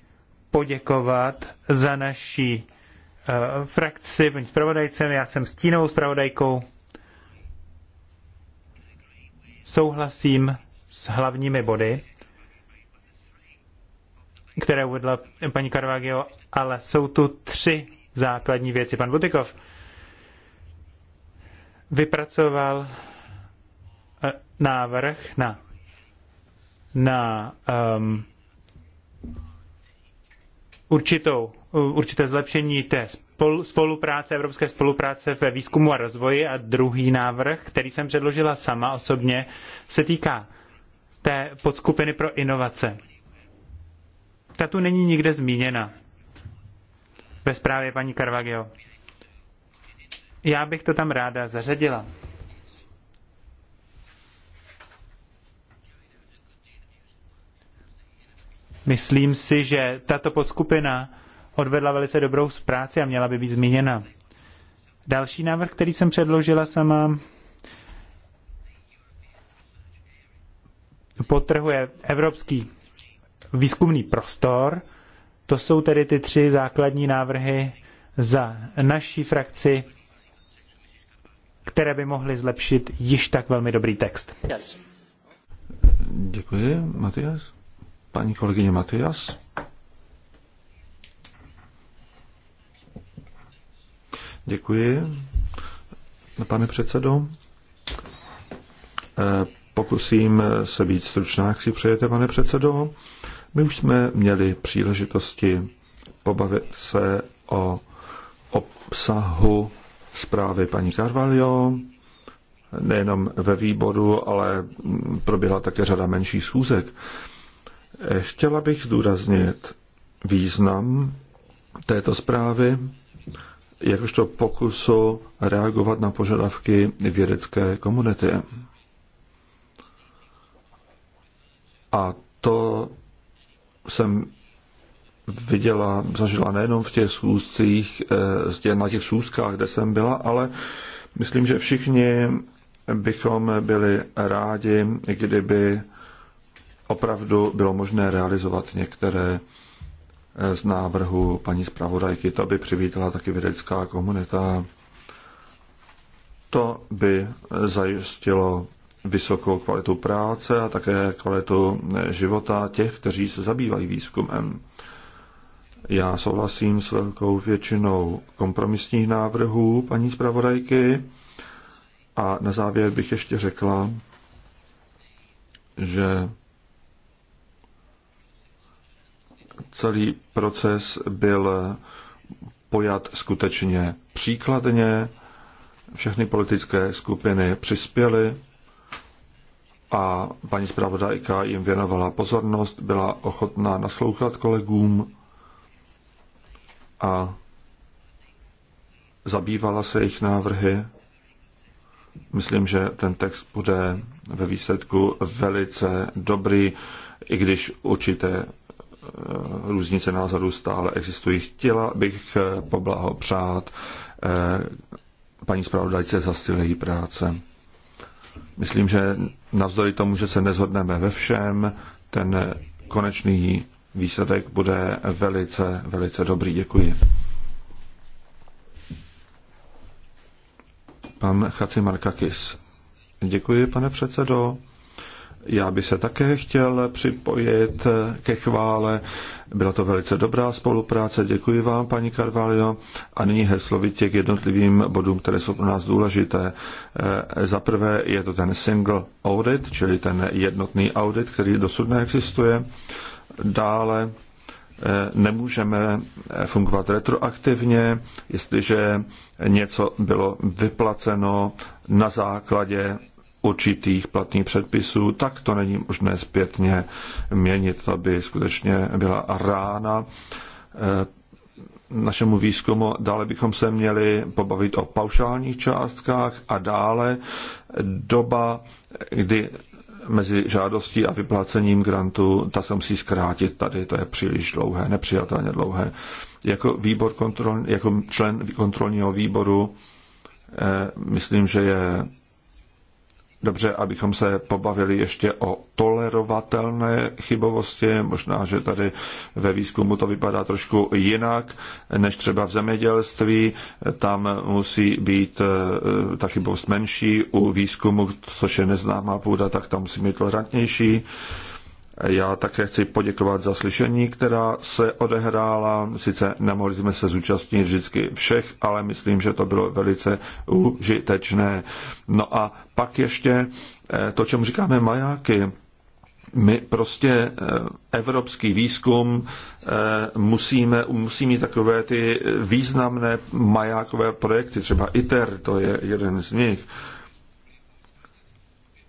poděkovat za naší uh, frakci, paní zpravodajcem, já jsem stínovou zpravodajkou. Souhlasím s hlavními body, které uvedla paní Carvagio, ale jsou tu tři základní věci. Pan Butikov vypracoval eh, návrh na, na um, určitou, určité zlepšení té spolupráce, evropské spolupráce ve výzkumu a rozvoji a druhý návrh, který jsem předložila sama osobně, se týká té podskupiny pro inovace. Ta tu není nikde zmíněna ve zprávě paní Carvagio. Já bych to tam ráda zařadila. Myslím si, že tato podskupina odvedla velice dobrou práci a měla by být zmíněna. Další návrh, který jsem předložila sama, potrhuje evropský výzkumný prostor. To jsou tedy ty tři základní návrhy za naší frakci, které by mohly zlepšit již tak velmi dobrý text. Děkuji, Matias. Paní kolegyně Matias. Děkuji, pane předsedo. Eh, pokusím se být stručná, jak si přejete, pane předsedo. My už jsme měli příležitosti pobavit se o obsahu zprávy paní Carvalho, nejenom ve výboru, ale proběhla také řada menších schůzek. Chtěla bych zdůraznit význam této zprávy, jakožto pokusu reagovat na požadavky vědecké komunity. A to jsem viděla, zažila nejenom v těch schůzcích, eh, na těch schůzkách, kde jsem byla, ale myslím, že všichni bychom byli rádi, kdyby opravdu bylo možné realizovat některé eh, z návrhu paní zpravodajky, to by přivítala taky vědecká komunita. To by eh, zajistilo vysokou kvalitu práce a také kvalitu eh, života těch, kteří se zabývají výzkumem. Já souhlasím s velkou většinou kompromisních návrhů paní zpravodajky a na závěr bych ještě řekla, že celý proces byl pojat skutečně příkladně, všechny politické skupiny přispěly a paní zpravodajka jim věnovala pozornost, byla ochotná naslouchat kolegům a zabývala se jejich návrhy. Myslím, že ten text bude ve výsledku velice dobrý, i když určité různice názorů stále existují. Chtěla bych poblahopřát eh, paní zpravodajce za styl její práce. Myslím, že navzdory tomu, že se nezhodneme ve všem, ten konečný výsledek bude velice, velice dobrý. Děkuji. Pan Chaci Markakis. Děkuji, pane předsedo. Já bych se také chtěl připojit ke chvále. Byla to velice dobrá spolupráce. Děkuji vám, paní Carvalho. A nyní heslovitě k jednotlivým bodům, které jsou pro nás důležité. Eh, za prvé je to ten single audit, čili ten jednotný audit, který dosud neexistuje. Dále eh, nemůžeme eh, fungovat retroaktivně, jestliže něco bylo vyplaceno na základě určitých platných předpisů, tak to není možné zpětně měnit. To by skutečně byla rána eh, našemu výzkumu. Dále bychom se měli pobavit o paušálních částkách a dále doba, kdy mezi žádostí a vyplácením grantu, ta se musí zkrátit tady, to je příliš dlouhé, nepřijatelně dlouhé. Jako, výbor kontrol, jako člen kontrolního výboru eh, myslím, že je dobře, abychom se pobavili ještě o tolerovatelné chybovosti. Možná, že tady ve výzkumu to vypadá trošku jinak, než třeba v zemědělství. Tam musí být eh, ta chybovost menší. U výzkumu, což je neznámá půda, tak tam musí být tolerantnější. Já také chci poděkovat za slyšení, která se odehrála. Sice nemohli jsme se zúčastnit vždycky všech, ale myslím, že to bylo velice užitečné. No a pak ještě eh, to, čemu říkáme majáky. My prostě eh, evropský výzkum eh, musíme, musí mít takové ty významné majákové projekty, třeba ITER, to je jeden z nich.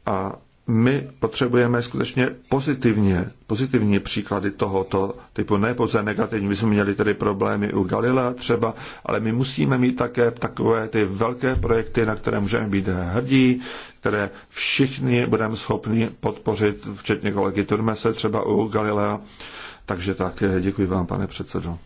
A my potřebujeme skutečně pozitivně, pozitivní příklady tohoto typu, ne pouze negativní. My jsme měli tedy problémy u Galilea třeba, ale my musíme mít také takové ty velké projekty, na které můžeme být hrdí, které všichni budeme schopni podpořit, včetně kolegy Turmese třeba u Galilea. Takže tak, děkuji vám, pane předsedo.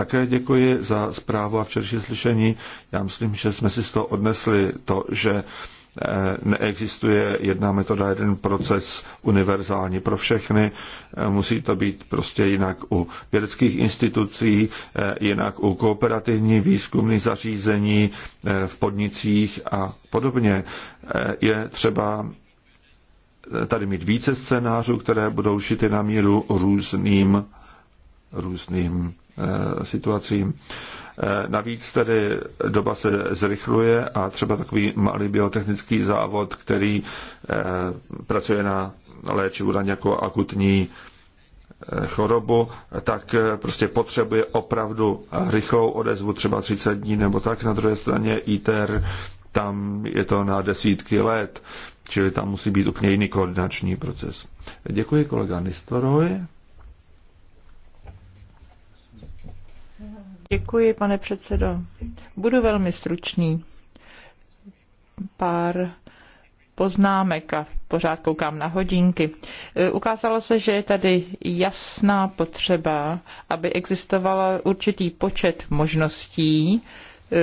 Také děkuji za zprávu a včerejší slyšení. Já myslím, že jsme si z toho odnesli to, že eh, neexistuje jedna metoda, jeden proces univerzální pro všechny. Eh, musí to být prostě jinak u vědeckých institucí, eh, jinak u kooperativní výzkumných zařízení, v podnicích a podobně. Je třeba tady mít více scénářů, které budou šity na míru různým, různým Eh, situacím. Eh, navíc tedy doba se zrychluje a třeba takový malý biotechnický závod, který eh, pracuje na léčivu na nějakou akutní chorobu, tak prostě potřebuje opravdu rychlou odezvu, třeba 30 dní nebo tak. Na druhé straně ITER, tam je to na desítky let, čili tam musí být úplně jiný koordinační proces. Děkuji kolega Nistoroj. Děkuji, pane předsedo. Budu velmi stručný. Pár poznámek a pořád koukám na hodinky. E, ukázalo se, že je tady jasná potřeba, aby existovala určitý počet možností e,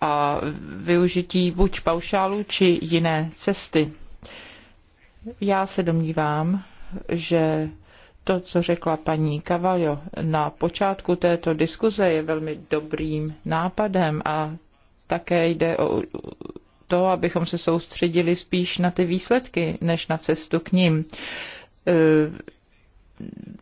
a využití buď paušálu, či jiné cesty. Já se domnívám, že to, co řekla paní Cavallo na počátku této diskuze, je velmi dobrým nápadem a také jde o to, abychom se soustředili spíš na ty výsledky, než na cestu k ním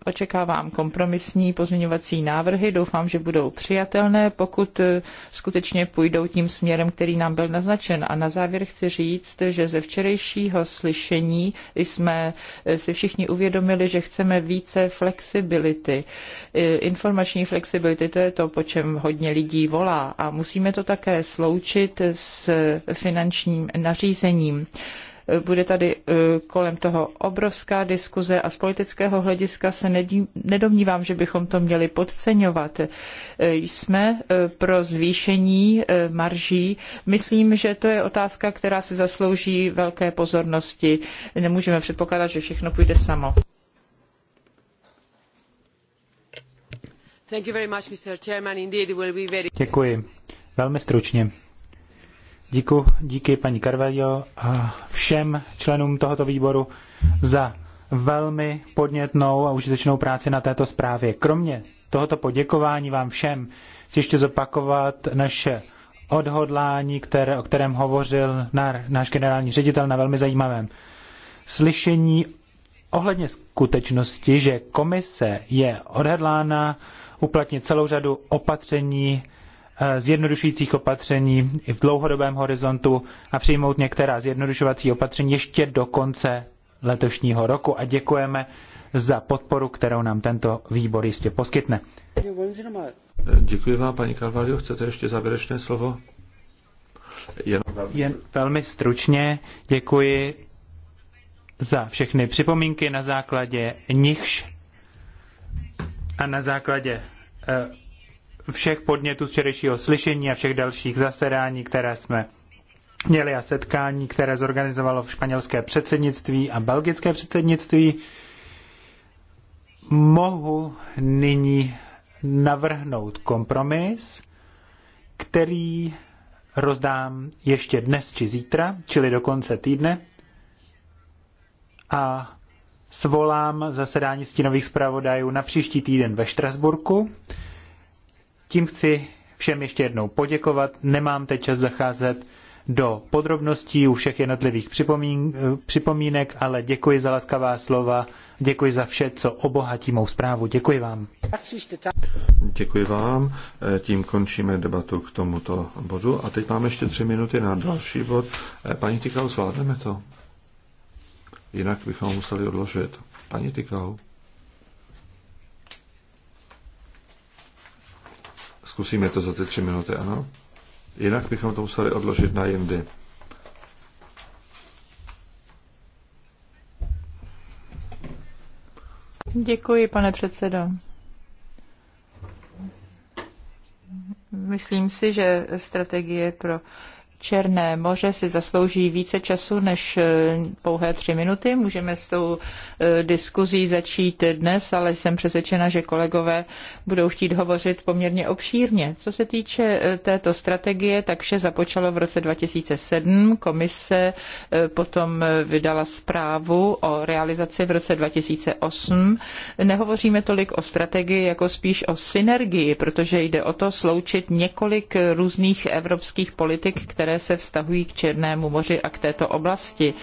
očekávám kompromisní pozměňovací návrhy, doufám, že budou přijatelné, pokud eh, skutečně půjdou tím směrem, který nám byl naznačen. A na závěr chci říct, že ze včerejšího slyšení jsme eh, si všichni uvědomili, že chceme více flexibility, eh, informační flexibility, to je to, po čem hodně lidí volá. A musíme to také sloučit s finančním nařízením. Bude tady e, kolem toho obrovská diskuze a z politického hlediska se nedomnívám, že bychom to měli podceňovat. E, jsme e, pro zvýšení marží. Myslím, že to je otázka, která si zaslouží velké pozornosti. Nemůžeme předpokládat, že všechno půjde samo. Děkuji. Velmi stručně. Díku, díky paní Carvalho a všem členům tohoto výboru za velmi podnětnou a užitečnou práci na této zprávě. Kromě tohoto poděkování vám všem chci ještě zopakovat naše odhodlání, které, o kterém hovořil na, náš generální ředitel na velmi zajímavém slyšení ohledně skutečnosti, že komise je odhodlána uplatnit celou řadu opatření, Eh, zjednodušujících opatření i v dlouhodobém horizontu a přijmout některá zjednodušovací opatření ještě do konce letošního roku a děkujeme za podporu, kterou nám tento výbor jistě poskytne. Děkuji vám, paní Carvalho. Chcete ještě závěrečné slovo? Jen velmi, Jen velmi stručně děkuji za všechny připomínky, na základě nichž a na základě eh, všech podnětů z včerejšího slyšení a všech dalších zasedání, které jsme měli a setkání, které zorganizovalo španělské předsednictví a belgické předsednictví, mohu nyní navrhnout kompromis, který rozdám ještě dnes či zítra, čili do konce týdne, a svolám zasedání stínových zpravodajů na příští týden ve Štrasburku, tím chci všem ještě jednou poděkovat. Nemám teď čas zacházet do podrobností u všech jednotlivých připomínek, ale děkuji za laskavá slova, děkuji za vše, co obohatí mou zprávu. Děkuji vám. Děkuji vám. Tím končíme debatu k tomuto bodu. A teď máme ještě tři minuty na další bod. Paní Tykau, zvládneme to? Jinak bychom museli odložit. Paní Tykau. Zkusíme to za ty tři minuty, ano? Jinak bychom to museli odložit na jindy. Děkuji, pane předsedo. Myslím si, že strategie pro Černé moře si zaslouží více času než eh, pouhé tři minuty. Můžeme s tou eh, diskuzí začít dnes, ale jsem přesvědčena, že kolegové budou chtít hovořit poměrně obšírně. Co se týče eh, této strategie, tak vše započalo v roce 2007. Komise potom vydala zprávu o realizaci v roce 2008. Nehovoříme tolik o strategii, jako spíš o synergii, protože jde o to sloučit několik různých evropských politik, které které se vztahují k Černému moři a k této oblasti.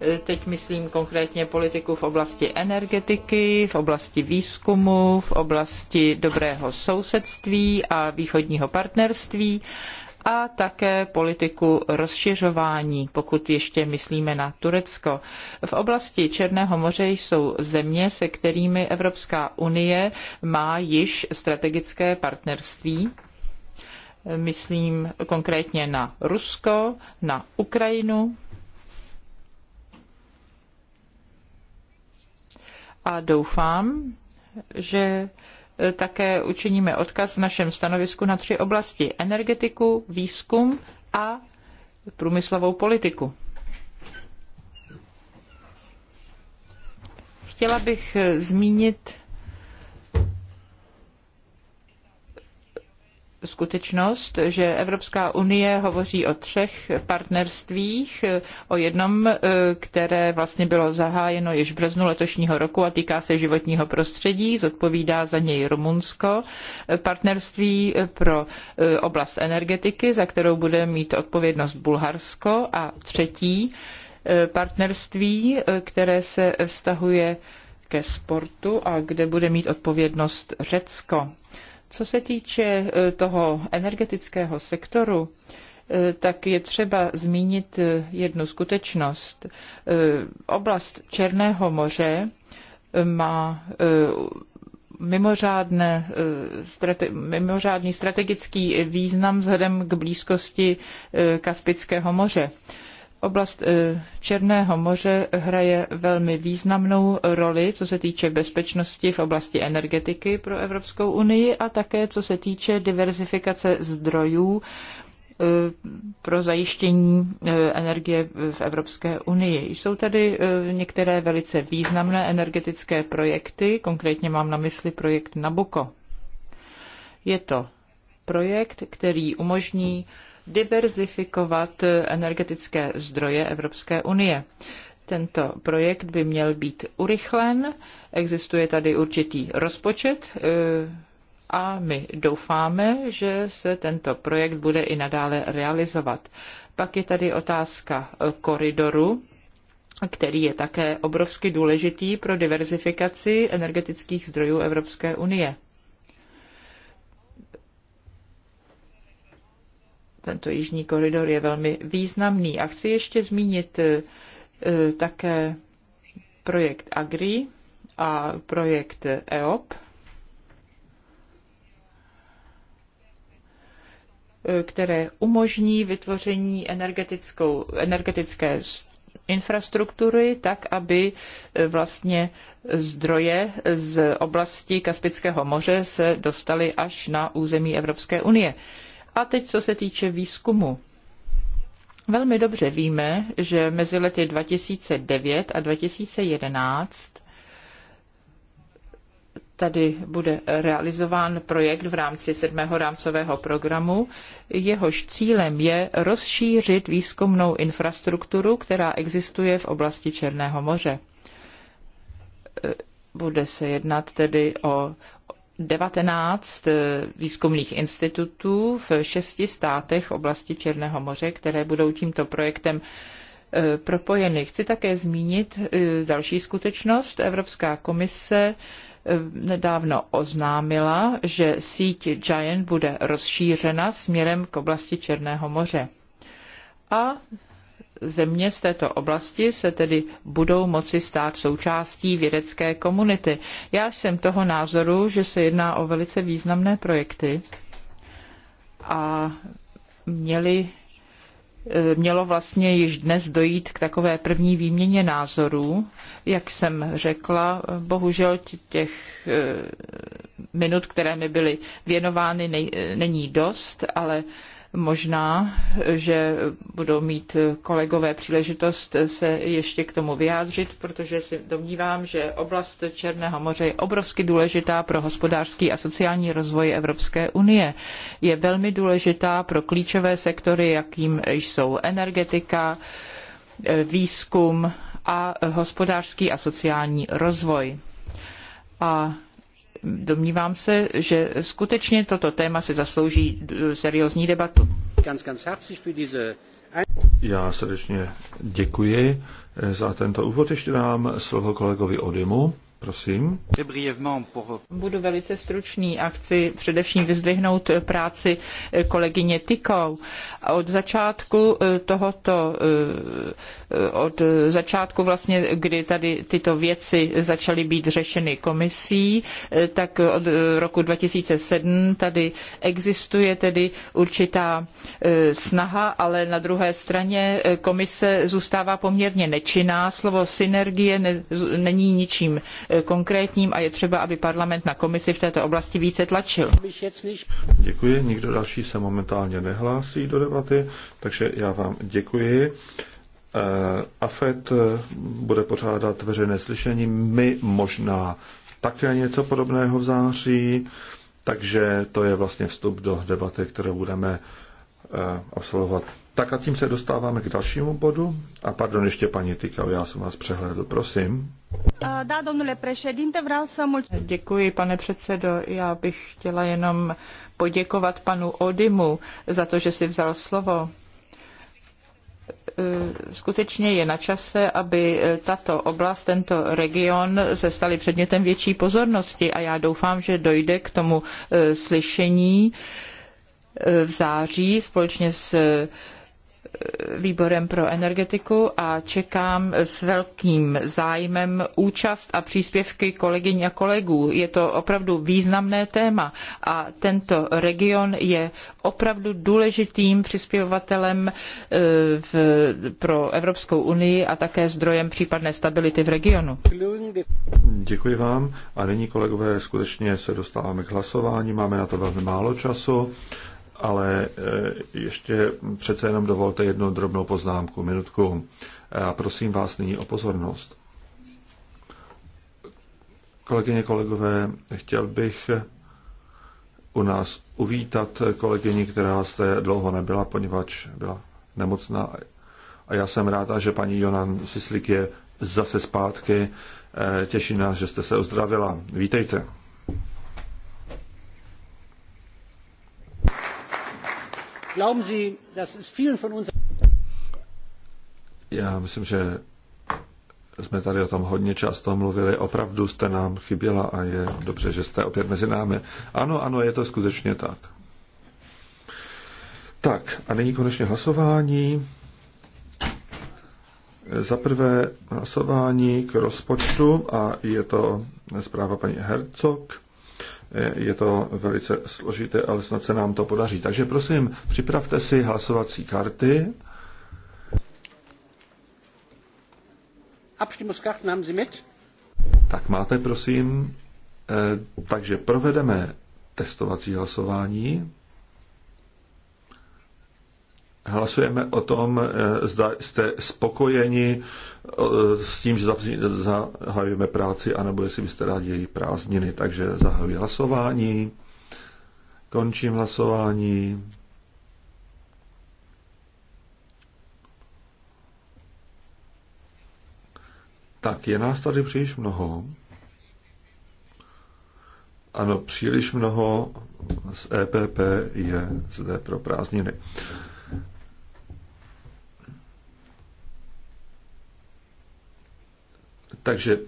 E, teď myslím konkrétně politiku v oblasti energetiky, v oblasti výzkumu, v oblasti dobrého sousedství a východního partnerství a také politiku rozšiřování, pokud ještě myslíme na Turecko. V oblasti Černého moře jsou země, se kterými Evropská unie má již strategické partnerství myslím konkrétně na Rusko, na Ukrajinu. A doufám, že eh, také učiníme odkaz v našem stanovisku na tři oblasti. Energetiku, výzkum a průmyslovou politiku. Chtěla bych eh, zmínit skutečnost, že Evropská unie hovoří o třech partnerstvích, o jednom, eh, které vlastně bylo zahájeno již v březnu letošního roku a týká se životního prostředí, zodpovídá za něj Rumunsko, partnerství pro eh, oblast energetiky, za kterou bude mít odpovědnost Bulharsko a třetí eh, partnerství, které se vztahuje ke sportu a kde bude mít odpovědnost Řecko. Co se týče e, toho energetického sektoru, e, tak je třeba zmínit e, jednu skutečnost. Oblast Černého moře má mimořádné, strate, mimořádný strategický význam vzhledem k blízkosti Kaspického moře. Oblast eh, Černého moře hraje velmi významnou roli, co se týče bezpečnosti v oblasti energetiky pro Evropskou unii a také co se týče diverzifikace zdrojů eh, pro zajištění eh, energie v Evropské unii. Jsou tady některé velice významné energetické projekty, konkrétně mám na mysli projekt Nabuko. Je to projekt, který umožní diverzifikovat energetické zdroje Evropské unie. Tento projekt by měl být urychlen, existuje tady určitý rozpočet eh, a my doufáme, že se tento projekt bude i nadále realizovat. Pak je tady otázka eh, koridoru, který je také obrovsky důležitý pro diverzifikaci energetických zdrojů Evropské unie. Tento jižní koridor je velmi významný. A chci ještě zmínit e, také projekt AGRI a projekt EOP, e, které umožní vytvoření energetickou, energetické infrastruktury tak, aby e, vlastně zdroje z oblasti Kaspického moře se dostaly až na území Evropské unie. A teď, co se týče výzkumu. Velmi dobře víme, že mezi lety 2009 a 2011 tady bude realizován projekt v rámci sedmého rámcového programu. Jehož cílem je rozšířit výzkumnou infrastrukturu, která existuje v oblasti Černého moře. E, bude se jednat tedy o 19 eh, výzkumných institutů v šesti státech oblasti Černého moře, které budou tímto projektem eh, propojeny. Chci také zmínit eh, další skutečnost. Evropská komise nedávno oznámila, že síť Giant bude rozšířena směrem k oblasti Černého moře. A země z této oblasti se tedy budou moci stát součástí vědecké komunity. Já jsem toho názoru, že se jedná o velice významné projekty a měli, e, mělo vlastně již dnes dojít k takové první výměně názorů. Jak jsem řekla, bohužel těch e, minut, které mi byly věnovány, e, není dost, ale Možná, že budou mít kolegové příležitost se ještě k tomu vyjádřit, protože si domnívám, že oblast Černého moře je obrovsky důležitá pro hospodářský a sociální rozvoj Evropské unie. Je velmi důležitá pro klíčové sektory, jakým jsou energetika, výzkum a hospodářský a sociální rozvoj. A domnívám se, že skutečně toto téma si zaslouží seriózní debatu. Já srdečně děkuji za tento úvod. Ještě dám slovo kolegovi Odimu. Prosím. Budu velice stručný a chci především vyzdvihnout práci eh, kolegyně Tykou. Od začátku eh, tohoto, eh, od začátku vlastně, kdy tady tyto věci začaly být řešeny komisí, tak od roku 2007 tady existuje tedy určitá snaha, ale na druhé straně komise zůstává poměrně nečinná. Slovo synergie není ničím Eh, konkrétním a je třeba, aby parlament na komisi v této oblasti více tlačil. Děkuji, nikdo další se momentálně nehlásí do debaty, takže já vám děkuji. Eh, AFED eh, bude pořádat veřejné slyšení, my možná také něco podobného v září, takže to je vlastně vstup do debaty, kterou budeme absolvovat. Tak a tím se dostáváme k dalšímu bodu. A pardon, ještě paní Tykau, já jsem vás přehlédl, prosím. Eh, da, domnule președinte, vreau să mulțumesc. Děkuji, pane předsedo. Já bych chtěla jenom poděkovat panu Odimu za to, že si vzal slovo eh, skutečně je na čase, aby eh, tato oblast, tento region se staly předmětem větší pozornosti a já doufám, že dojde k tomu slyšení v září společně s výborem pro energetiku a čekám s velkým zájmem účast a příspěvky kolegyň a kolegů. Je to opravdu významné téma a tento region je opravdu důležitým přispěvatelem e, v, pro Evropskou unii a také zdrojem případné stability v regionu. Děkuji vám a nyní kolegové skutečně se dostáváme k hlasování, máme na to velmi málo času ale e, ještě přece jenom dovolte jednu drobnou poznámku, minutku. E, a prosím vás nyní o pozornost. Kolegyně, kolegové, chtěl bych u nás uvítat kolegyni, která zde dlouho nebyla, poněvadž byla nemocná. A já jsem ráda, že paní Jonan Sislik je zase zpátky. E, těší nás, že jste se uzdravila. Vítejte. Glauben Sie, das ist vielen von uns... Já myslím, že jsme tady o tom hodně často mluvili. Opravdu jste nám chyběla a je dobře, že jste opět mezi námi. Ano, ano, je to skutečně tak. Tak, a nyní konečně hlasování. Za prvé hlasování k rozpočtu a je to zpráva paní Hercog. Eh, je to velice složité, ale snad se nám to podaří. Takže prosím, připravte si hlasovací karty. Abstimmungskarten haben Sie mit? Tak máte, prosím. Eh, takže provedeme testovací hlasování hlasujeme o tom, eh, zda jste spokojeni s tím, že zahajujeme práci, anebo jestli byste rádi její prázdniny. Takže zahajuji hlasování, končím hlasování. Tak je nás tady příliš mnoho. Ano, příliš mnoho z EPP je zde pro prázdniny. Takže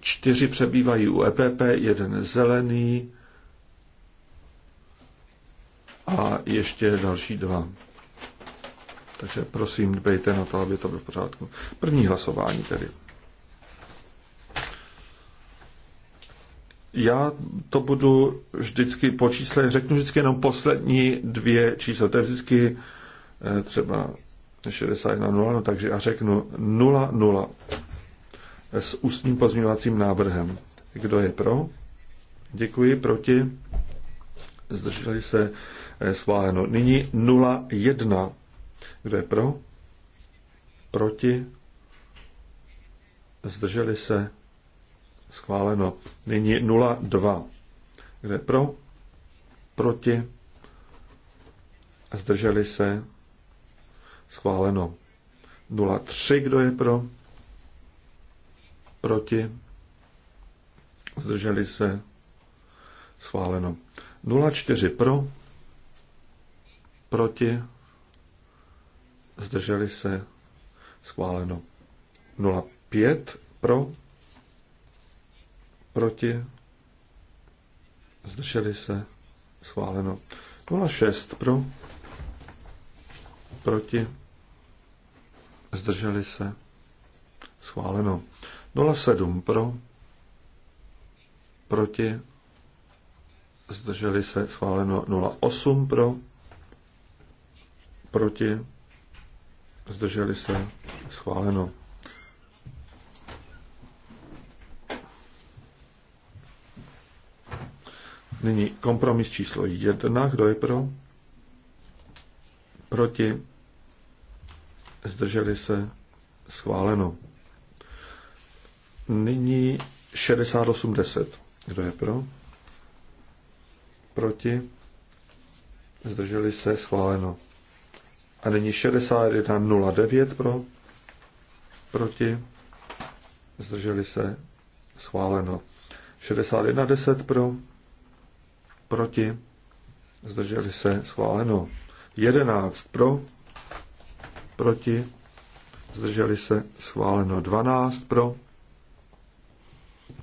čtyři přebývají u EPP, jeden zelený a ještě další dva. Takže prosím, dbejte na to, aby to bylo v pořádku. První hlasování tedy. Já to budu vždycky po čísle, řeknu vždycky jenom poslední dvě čísla. To je vždycky eh, třeba 61.00, no, takže já řeknu 00 s ústním pozměňovacím návrhem. Kdo je pro? Děkuji. Proti? Zdrželi se eh, schváleno. Nyní 01. Kdo je pro? Proti? Zdrželi se schváleno. Nyní 02. Kdo je pro? Proti? Zdrželi se schváleno. 03. Kdo je pro? proti, zdrželi se, schváleno. 04 pro, proti, zdrželi se, schváleno. 05 pro, proti, zdrželi se, schváleno. 06 pro, proti, zdrželi se, schváleno. 07 pro, proti, zdrželi se, schváleno 08 pro, proti, zdrželi se, schváleno. Nyní kompromis číslo 1. Kdo je pro? Proti? Zdrželi se? Schváleno. Nyní 68-10. Kdo je pro? Proti? Zdrželi se? Schváleno. A nyní 61-09 pro? Proti? Zdrželi se? Schváleno. 61-10 pro? Proti? Zdrželi se? Schváleno. 11 pro? Proti? Zdrželi se? Schváleno. 12 pro?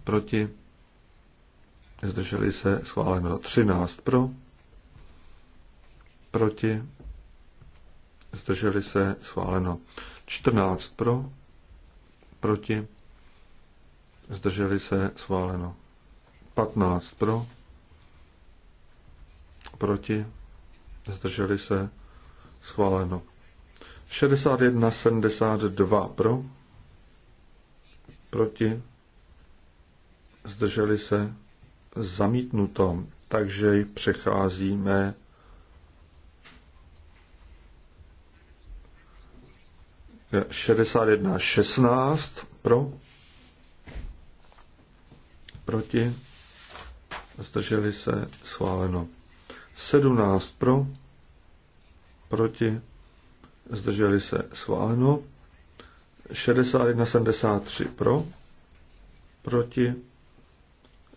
proti, zdrželi se, schváleno 13 pro, proti, zdrželi se, schváleno 14 pro, proti, zdrželi se, schváleno 15 pro, proti, zdrželi se, schváleno 61, 72 pro, proti, zdrželi se, zamítnuto. Takže přecházíme k jedna šestnáct pro, proti, zdrželi se, schváleno. 17 pro, proti, zdrželi se, schváleno. 61,73 pro, proti,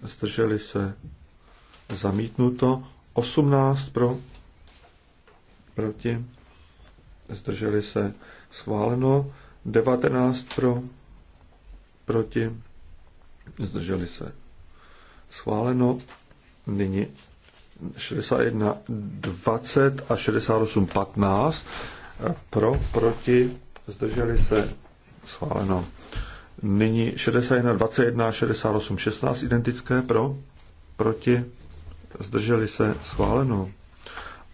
zdrželi se zamítnuto, 18 pro, proti, zdrželi se schváleno, 19 pro, proti, zdrželi se schváleno, nyní 61, 20 a 68, 15 pro, proti, zdrželi se schváleno. Nyní 61, 21, 68, 16 identické pro, proti, zdrželi se schváleno.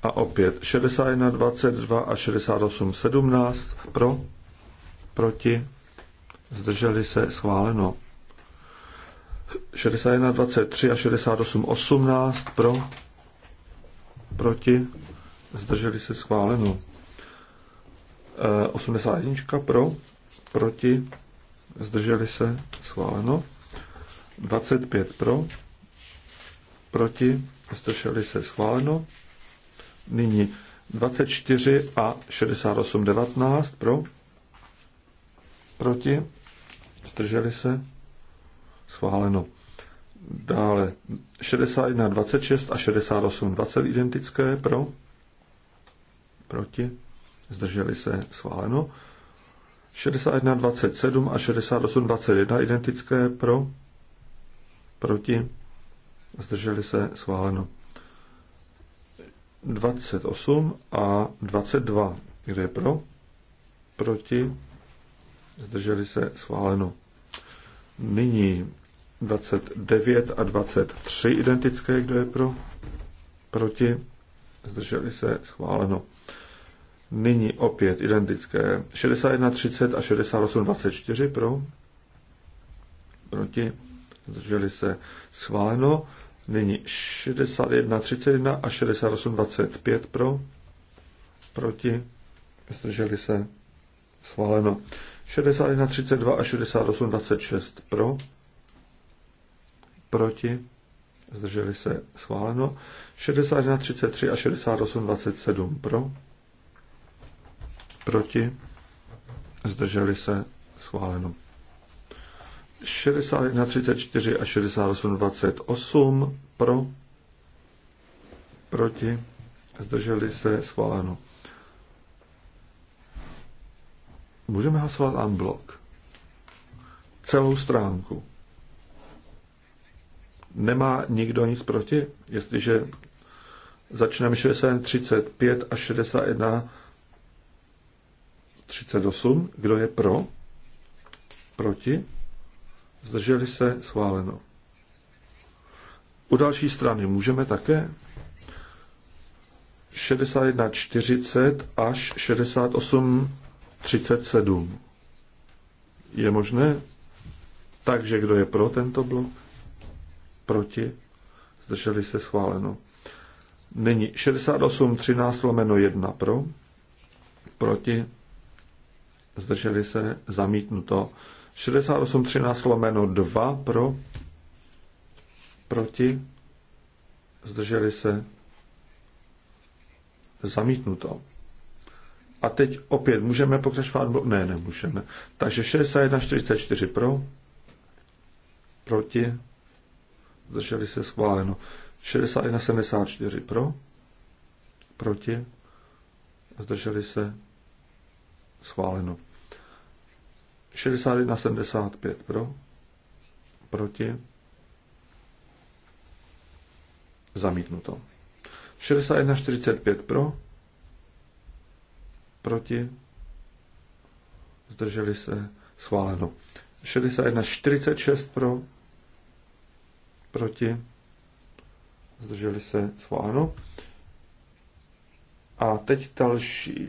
A opět 61, 22 a 68, 17 pro, proti, zdrželi se schváleno. 61, 23 a 68, 18 pro, proti, zdrželi se schváleno. E, 81 pro, proti, zdrželi se, schváleno. 25 pro, proti, zdrželi se, schváleno. Nyní 24 a 68, 19 pro, proti, zdrželi se, schváleno. Dále 61, 26 a 68, 20 identické pro, proti, zdrželi se, schváleno. 61.27 a 68.21 identické pro, proti, zdrželi se schváleno. 28 a 22, kde je pro, proti, zdrželi se schváleno. Nyní 29 a 23 identické, kdo je pro, proti, zdrželi se schváleno. Nyní opět identické. 61.30 a 68.24 pro. Proti. Zdrželi se schváleno. Nyní 61.31 a 68.25 pro. Proti. Zdrželi se schváleno. 61.32 a 68.26 pro. Proti. Zdrželi se schváleno. 61.33 a 68.27 pro proti, zdrželi se, schváleno. 61, 34 a 68, 28 pro, proti, zdrželi se, schváleno. Můžeme hlasovat unblock. Celou stránku. Nemá nikdo nic proti, jestliže začneme 60 35 a 61, 38. Kdo je pro? Proti? Zdrželi se? Schváleno. U další strany můžeme také 40 až 68 37 Je možné? Takže kdo je pro tento blok? Proti? Zdrželi se schváleno. Nyní 13 lomeno 1 pro, proti, zdrželi se, zamítnuto. 68.13 lomeno 2 pro, proti, zdrželi se, zamítnuto. A teď opět můžeme pokračovat, bo ne, nemůžeme. Takže 61.44 pro, proti, zdrželi se, schváleno. 61.74 pro, proti, zdrželi se, schváleno. 61 75 pro, proti, zamítnuto. 61 45 pro, proti, zdrželi se, schváleno. 61 46 pro, proti, zdrželi se, schváleno. A teď další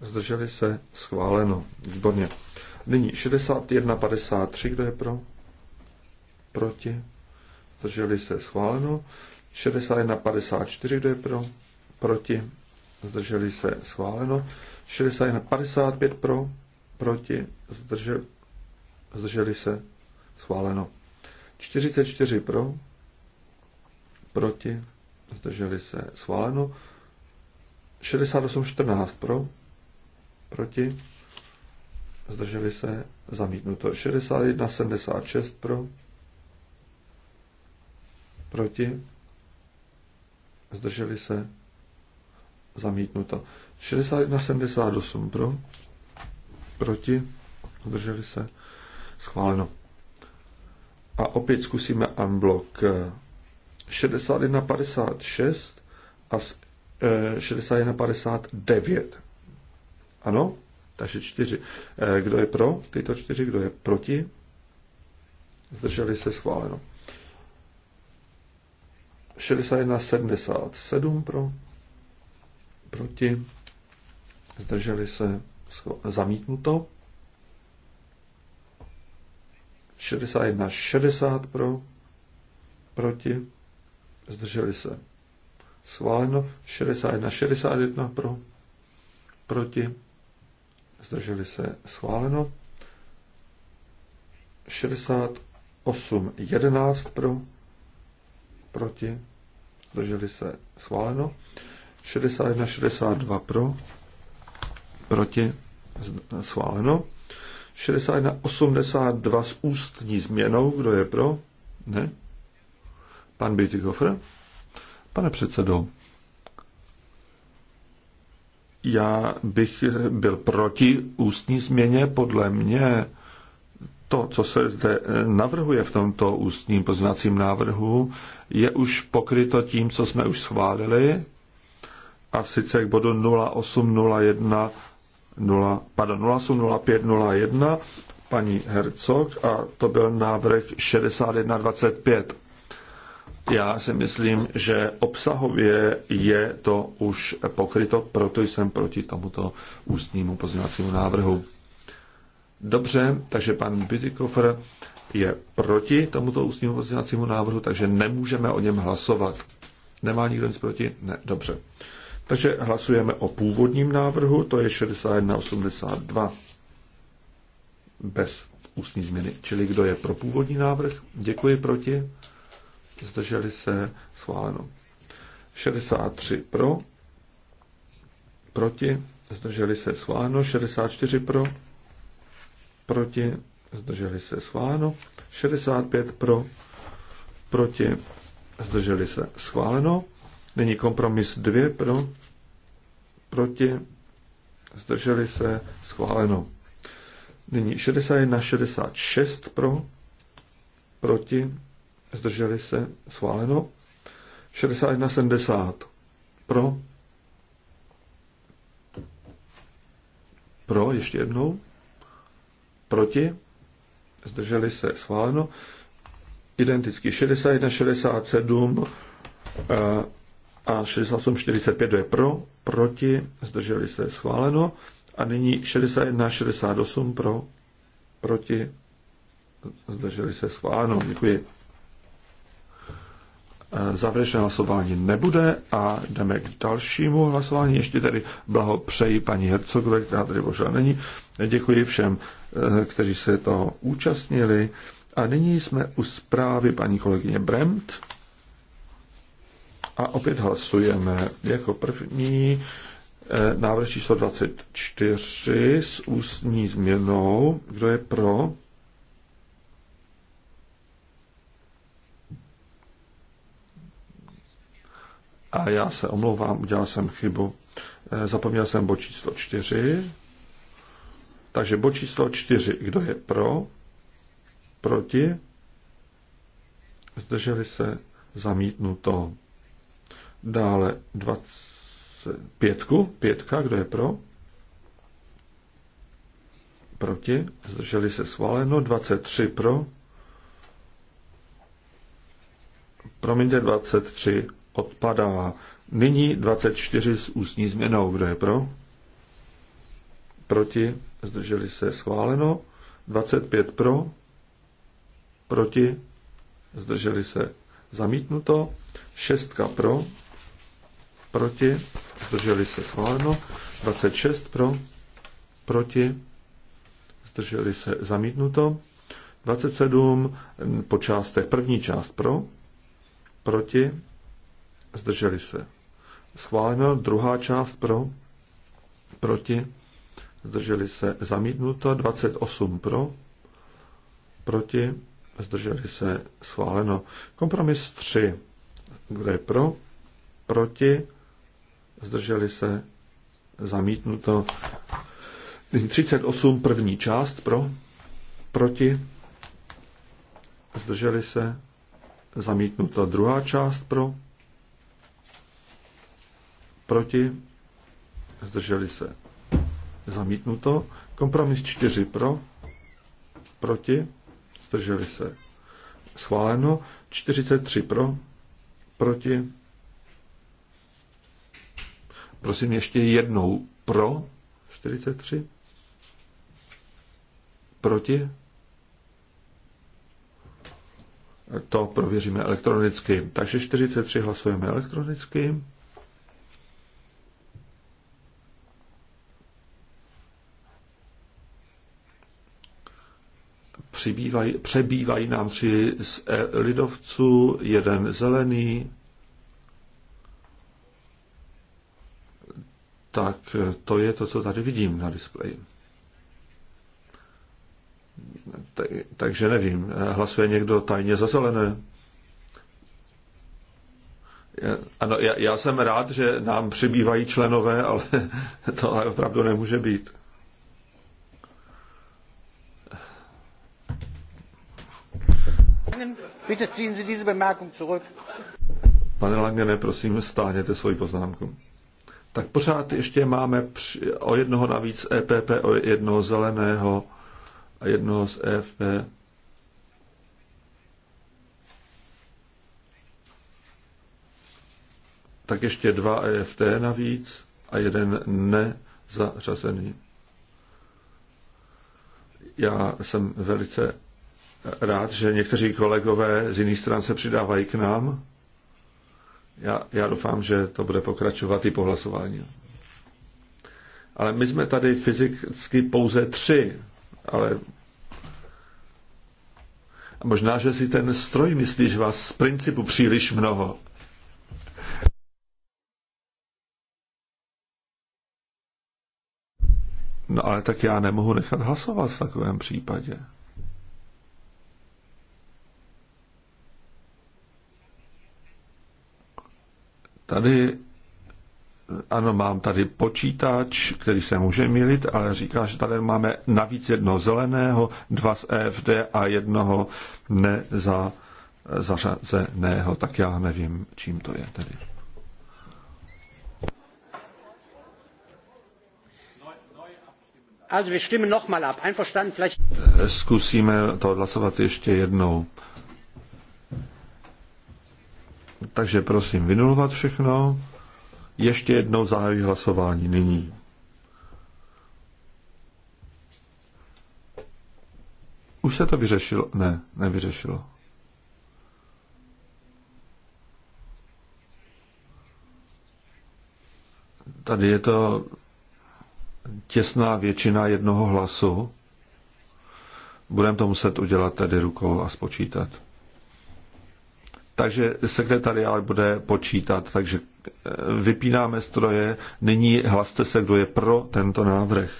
zdrželi se, schváleno. Výborně. Nyní 61.53, kdo je pro? Proti? Zdrželi se, schváleno. 61.54, kdo je pro? Proti? Zdrželi se, schváleno. 61.55 pro? Proti? Zdržel, zdrželi se, schváleno. 44 pro? Proti? Zdrželi se, schváleno. 68.14 pro? proti, zdrželi se, zamítnuto 61, 76 pro, proti, zdrželi se, zamítnuto 61, 78 pro, proti, zdrželi se, schváleno. A opět zkusíme unblock 61, 56 a 61, 59 eh, ano? Takže čtyři. Eh, kdo je pro tyto čtyři, kdo je proti? Zdrželi se schváleno. 61, 77 pro, proti, zdrželi se zamítnuto. 61, 60 pro, proti, zdrželi se schváleno. 61, 61 pro, proti, zdrželi se schváleno. 68, 11 pro, proti, zdrželi se schváleno. 61, 62 pro, proti, schváleno. 61, 82 s ústní změnou, kdo je pro? Ne. Pan Bietighofer? Pane předsedo, já bych eh, byl proti ústní změně. Podle mě to, co se zde eh, navrhuje v tomto ústním poznacím návrhu, je už pokryto tím, co jsme už schválili, a sice k bodu 0801 0, pardon, 080501 paní Hercog a to byl návrh 6125. Já si myslím, že obsahově je to už pokryto, proto jsem proti tomuto ústnímu pozměňovacímu návrhu. Dobře, takže pan Bytikofer je proti tomuto ústnímu pozměňovacímu návrhu, takže nemůžeme o něm hlasovat. Nemá nikdo nic proti? Ne, dobře. Takže hlasujeme o původním návrhu, to je 6182 bez ústní změny. Čili kdo je pro původní návrh? Děkuji proti zdrželi se, schváleno. 63 pro, proti, zdrželi se, schváleno. 64 pro, proti, zdrželi se, schváleno. 65 pro, proti, zdrželi se, schváleno. Není kompromis 2 pro, proti, zdrželi se, schváleno. Nyní 61, 66 pro, proti, zdrželi se, schváleno. 70 pro, pro, ještě jednou, proti, zdrželi se, schváleno. Identicky 67 eh, a 68,45 je pro, proti, zdrželi se, schváleno. A nyní 68 pro, proti, zdrželi se, schváleno. Děkuji. Eh, závěrečné hlasování nebude a jdeme k dalšímu hlasování. Ještě tedy blahopřeji paní Hercogové, která tady bohužel není. Děkuji všem, eh, kteří se toho účastnili. A nyní jsme u zprávy paní kolegyně Bremt. A opět hlasujeme jako první eh, návrh číslo 24 s ústní změnou. Kdo je pro? A já se omlouvám, udělal jsem chybu. Eh, zapomněl jsem bod číslo 4. Takže bod číslo 4. Kdo je pro? Proti? Zdrželi se zamítnuto. Dále 25. Pětka. Kdo je pro? Proti? Zdrželi se schváleno. 23 pro. Promiňte, 23 odpadá. Nyní 24 s ústní změnou. Kdo je pro? Proti? Zdrželi se schváleno. 25 pro? Proti? Zdrželi se zamítnuto. 6 pro? Proti? Zdrželi se schváleno. 26 pro? Proti? Zdrželi se zamítnuto. 27 po částech. První část pro? Proti? zdrželi se. Schváleno druhá část pro, proti, zdrželi se. Zamítnuto 28 pro, proti, zdrželi se. Schváleno. Kompromis 3, kde je pro, proti, zdrželi se. Zamítnuto 38 první část pro, proti, zdrželi se, zamítnuto druhá část pro, proti, zdrželi se zamítnuto. Kompromis 4 pro, proti, zdrželi se schváleno. 43 pro, proti. Prosím ještě jednou pro 43. Proti. To prověříme elektronicky. Takže 43 hlasujeme elektronicky. přibývají, přebývají nám tři z e, lidovců, jeden zelený, tak e, to je to, co tady vidím na displeji. Takže nevím, e, hlasuje někdo tajně za zelené? Ano, já, já jsem rád, že nám přibývají členové, ale to opravdu nemůže být. Bitte ziehen Sie diese Bemerkung zurück. Pane Langene, prosím, stáhněte svoji poznámku. Tak pořád ještě máme o jednoho navíc EPP, o jednoho zeleného a jednoho z EFP. Tak ještě dva EFT navíc a jeden nezařazený. Já jsem velice rád, že někteří kolegové z jiných stran se přidávají k nám. Já, já doufám, že to bude pokračovat i po hlasování. Ale my jsme tady fyzicky pouze tři, ale a možná, že si ten stroj myslí, že vás z principu příliš mnoho. No ale tak já nemohu nechat hlasovat v takovém případě. Tady, ano, mám tady počítač, který se může milit, ale říká, že tady máme navíc jedno zeleného, dva z EFD a jednoho neza, Tak já nevím, čím to je tedy. Zkusíme to hlasovat ještě jednou. Takže prosím vynulovat všechno. Ještě jednou zahájí hlasování nyní. Už se to vyřešilo? Ne, nevyřešilo. Tady je to těsná většina jednoho hlasu. Budeme to muset udělat tedy rukou a spočítat takže sekretariát bude počítat. Takže eh, vypínáme stroje, nyní hlaste se, kdo je pro tento návrh.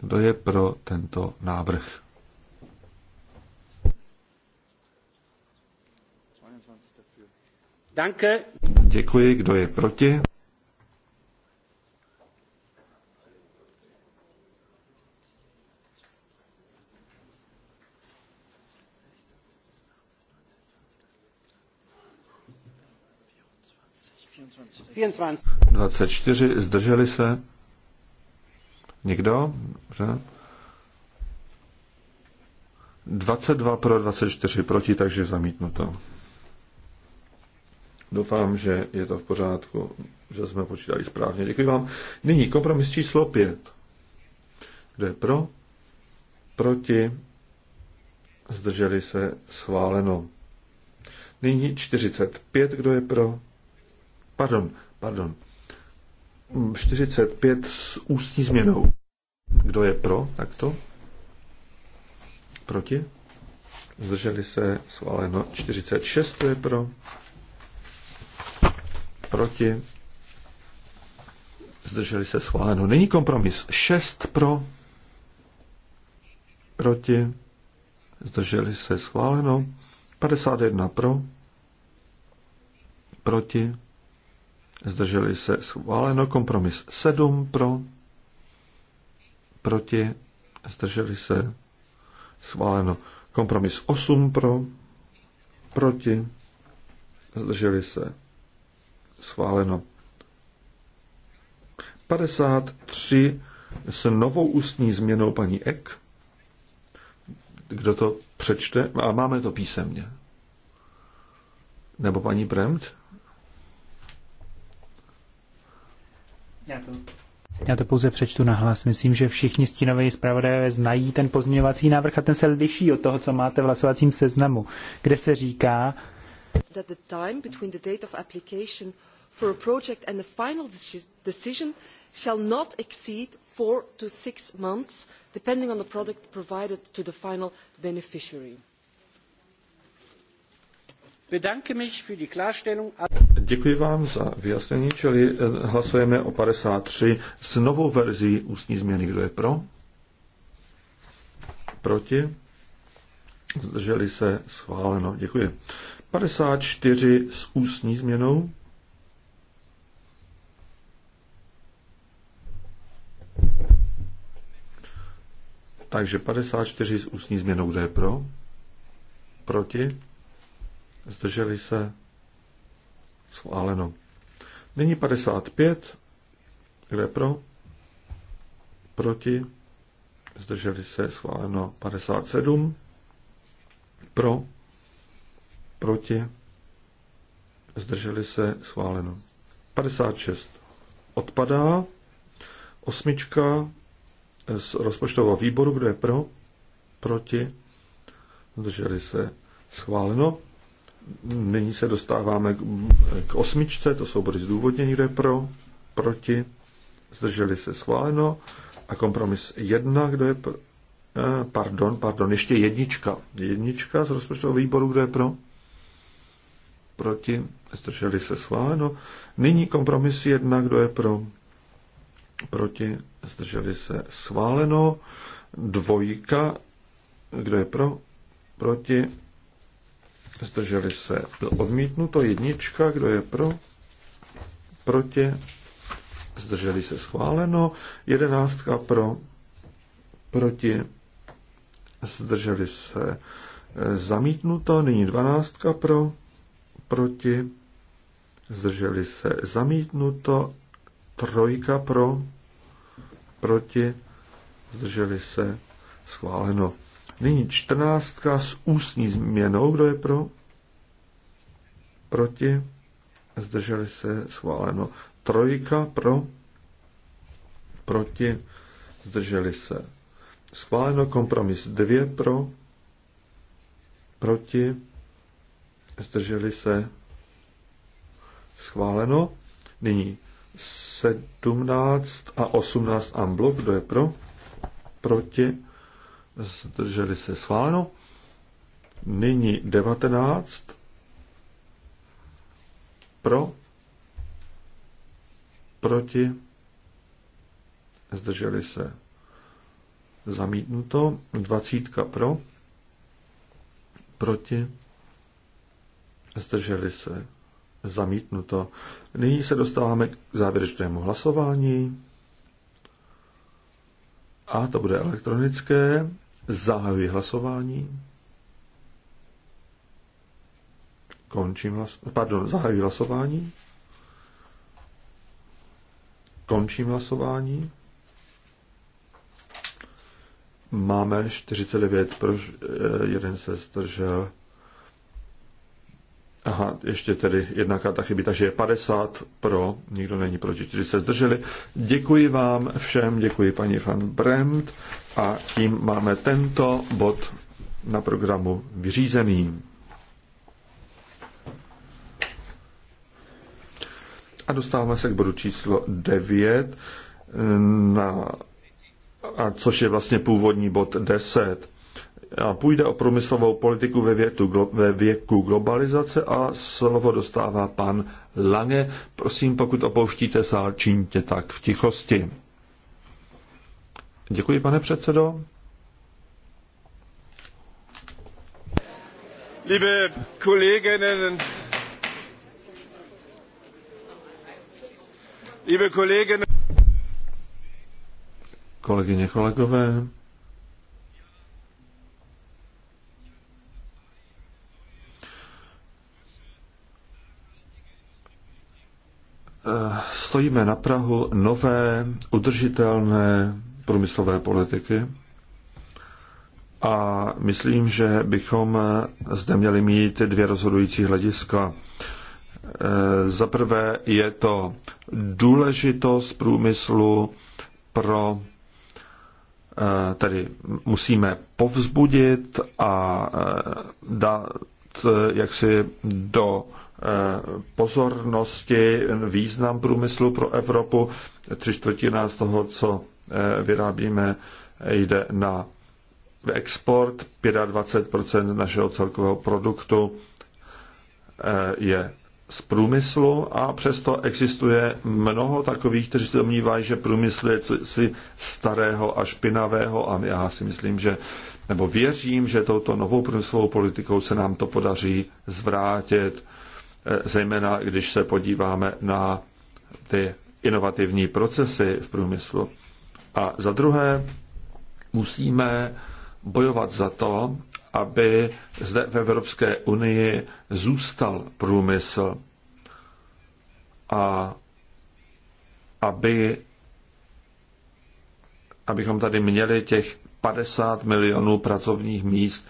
Kdo je pro tento návrh? Děkuji, kdo je proti? 24. Zdrželi se? Nikdo? Dobře. 22 pro 24 proti, takže zamítnuto. Doufám, že je to v pořádku, že jsme počítali správně. Děkuji vám. Nyní kompromis číslo 5. Kdo je pro? Proti? Zdrželi se schváleno. Nyní 45. Kdo je pro? Pardon, Pardon. 45 mm, s ústní změnou. Kdo je pro takto? Proti? Zdrželi se schváleno 46, to je pro. Proti? Zdrželi se schváleno. Není kompromis. 6 pro. Proti? Zdrželi se schváleno. 51 pro. Proti? zdrželi se schváleno, kompromis 7 pro, proti, zdrželi se schváleno, kompromis 8 pro, proti, zdrželi se schváleno. 53 s novou ústní změnou paní Ek. Kdo to přečte? A máme to písemně. Nebo paní Premt? Já to, já to pouze přečtu na hlas. Myslím, že všichni stínové zpravodajové znají ten pozměňovací návrh a ten se liší od toho, co máte v hlasovacím seznamu, kde se říká, that the time between the date of application for a project and the final decision shall not exceed four to six months, depending on the product provided to the final beneficiary. Bedanke mich für die Klarstellung. Děkuji vám za vyjasnění, čili eh, hlasujeme o 53 s novou verzí ústní změny. Kdo je pro? Proti? Zdrželi se schváleno. Děkuji. 54 s ústní změnou. Takže 54 s ústní změnou, kdo je pro? Proti? Zdrželi se? Schváleno. Nyní 55. Kdo je pro? Proti? Zdrželi se? Schváleno. 57. Pro? Proti? Zdrželi se? Schváleno. 56. Odpadá. Osmička z rozpočtového výboru. Kdo je pro? Proti? Zdrželi se? Schváleno. Nyní se dostáváme k, k osmičce, to jsou body zdůvodnění, kde pro, proti, zdrželi se schváleno. A kompromis jedna, kdo je pro, eh, pardon, pardon, ještě jednička. Jednička z rozpočtového výboru, kdo je pro, proti, zdrželi se schváleno. Nyní kompromis jedna, kdo je pro, proti, zdrželi se schváleno. Dvojka, kdo je pro, proti, zdrželi se. Byl odmítnuto jednička, kdo je pro, proti, zdrželi se schváleno, jedenáctka pro, proti, zdrželi se zamítnuto, nyní dvanáctka pro, proti, zdrželi se zamítnuto, trojka pro, proti, zdrželi se schváleno. Nyní čtrnáctka s ústní změnou. Kdo je pro? Proti? Zdrželi se schváleno. Trojka pro? Proti? Zdrželi se. Schváleno kompromis dvě pro? Proti? Zdrželi se. Schváleno. Nyní 17 a 18 amblok. Kdo je pro? Proti? zdrželi se schváleno. Nyní 19 pro, proti, zdrželi se zamítnuto, 20 pro, proti, zdrželi se zamítnuto. Nyní se dostáváme k závěrečnému hlasování a to bude elektronické. Zahajuji hlasování. Končím hlas... Pardon, zahajuji hlasování. Končím hlasování. Máme 49 proč eh, jeden se zdržel. Aha, ještě tedy jedna karta chybí, takže je 50 pro, nikdo není proti, čtyři se zdrželi. Děkuji vám všem, děkuji paní van Bremt a tím máme tento bod na programu vyřízený. A dostáváme se k bodu číslo 9, na, a což je vlastně původní bod 10. Půjde o průmyslovou politiku ve, větu, ve věku globalizace a slovo dostává pan Lange. Prosím, pokud opouštíte sál, čiňte tak v tichosti. Děkuji, pane předsedo. Liebe Kolleginnen, liebe Kolleginnen, kolegyně, kolegové, Eh, stojíme na Prahu nové udržitelné průmyslové politiky a myslím, že bychom zde měli mít dvě rozhodující hlediska. Eh, za prvé je to důležitost průmyslu pro eh, tedy musíme povzbudit a dát jaksi do pozornosti, význam průmyslu pro Evropu. Tři čtvrtina z toho, co eh, vyrábíme, jde na export. 25 našeho celkového produktu eh, je z průmyslu a přesto existuje mnoho takových, kteří se domnívají, že průmysl je si starého a špinavého a já si myslím, že nebo věřím, že touto novou průmyslovou politikou se nám to podaří zvrátit Eh, zejména když se podíváme na ty inovativní procesy v průmyslu. A za druhé musíme bojovat za to, aby zde v Evropské unii zůstal průmysl a aby, abychom tady měli těch 50 milionů pracovních míst,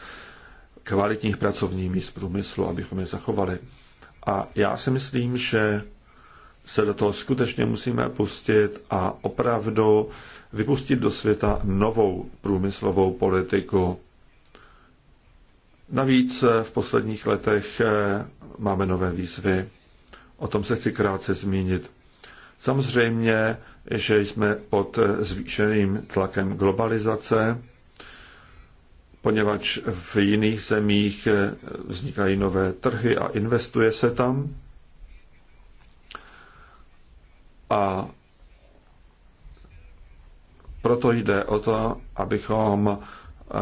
kvalitních pracovních míst průmyslu, abychom je zachovali. A já si myslím, že se do toho skutečně musíme pustit a opravdu vypustit do světa novou průmyslovou politiku. Navíc v posledních letech eh, máme nové výzvy. O tom se chci krátce zmínit. Samozřejmě, že jsme pod eh, zvýšeným tlakem globalizace, poněvadž v jiných zemích eh, vznikají nové trhy a investuje se tam. A proto jde o to, abychom eh,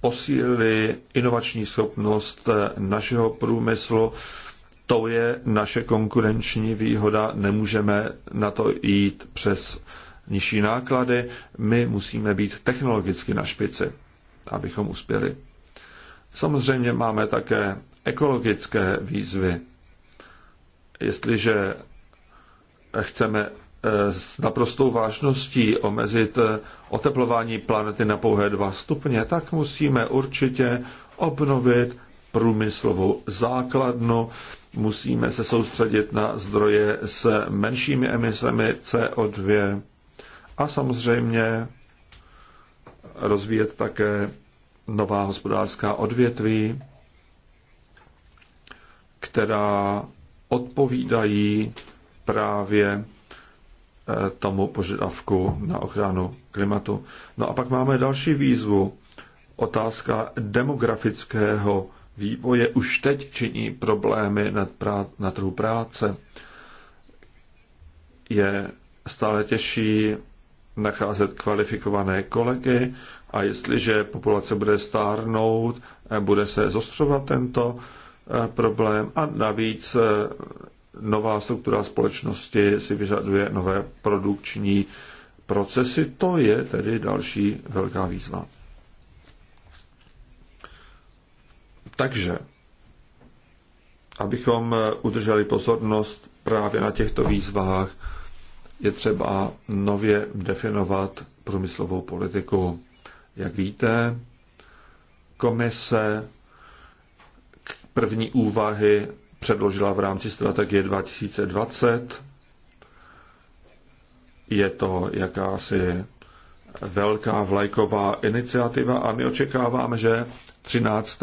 posílili inovační schopnost eh, našeho průmyslu. To je naše konkurenční výhoda. Nemůžeme na to jít přes nižší náklady. My musíme být technologicky na špici abychom uspěli. Samozřejmě máme také ekologické výzvy. Jestliže chceme eh, s naprostou vážností omezit eh, oteplování planety na pouhé 2 stupně, tak musíme určitě obnovit průmyslovou základnu, musíme se soustředit na zdroje s menšími emisemi CO2 a samozřejmě rozvíjet také nová hospodářská odvětví, která odpovídají právě eh, tomu požadavku na ochranu klimatu. No a pak máme další výzvu. Otázka demografického vývoje už teď činí problémy na trhu práce. Je stále těžší nacházet kvalifikované kolegy a jestliže populace bude stárnout, eh, bude se zostřovat tento eh, problém a navíc eh, nová struktura společnosti si vyžaduje nové produkční procesy. To je tedy další velká výzva. Takže, abychom udrželi pozornost právě na těchto výzvách, je třeba nově definovat průmyslovou politiku. Jak víte, komise k první úvahy předložila v rámci strategie 2020. Je to jakási velká vlajková iniciativa a my očekáváme, že 13.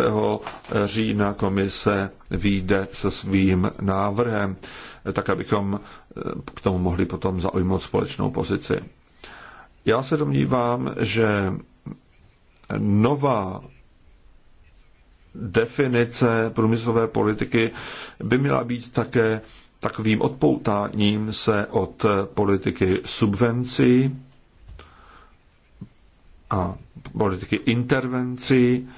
října komise vyjde se svým návrhem, tak abychom Eh, k tomu mohli potom zaujmout společnou pozici. Já se domnívám, že nová definice průmyslové politiky by měla být také takovým odpoutáním se od politiky subvencí a politiky intervencí,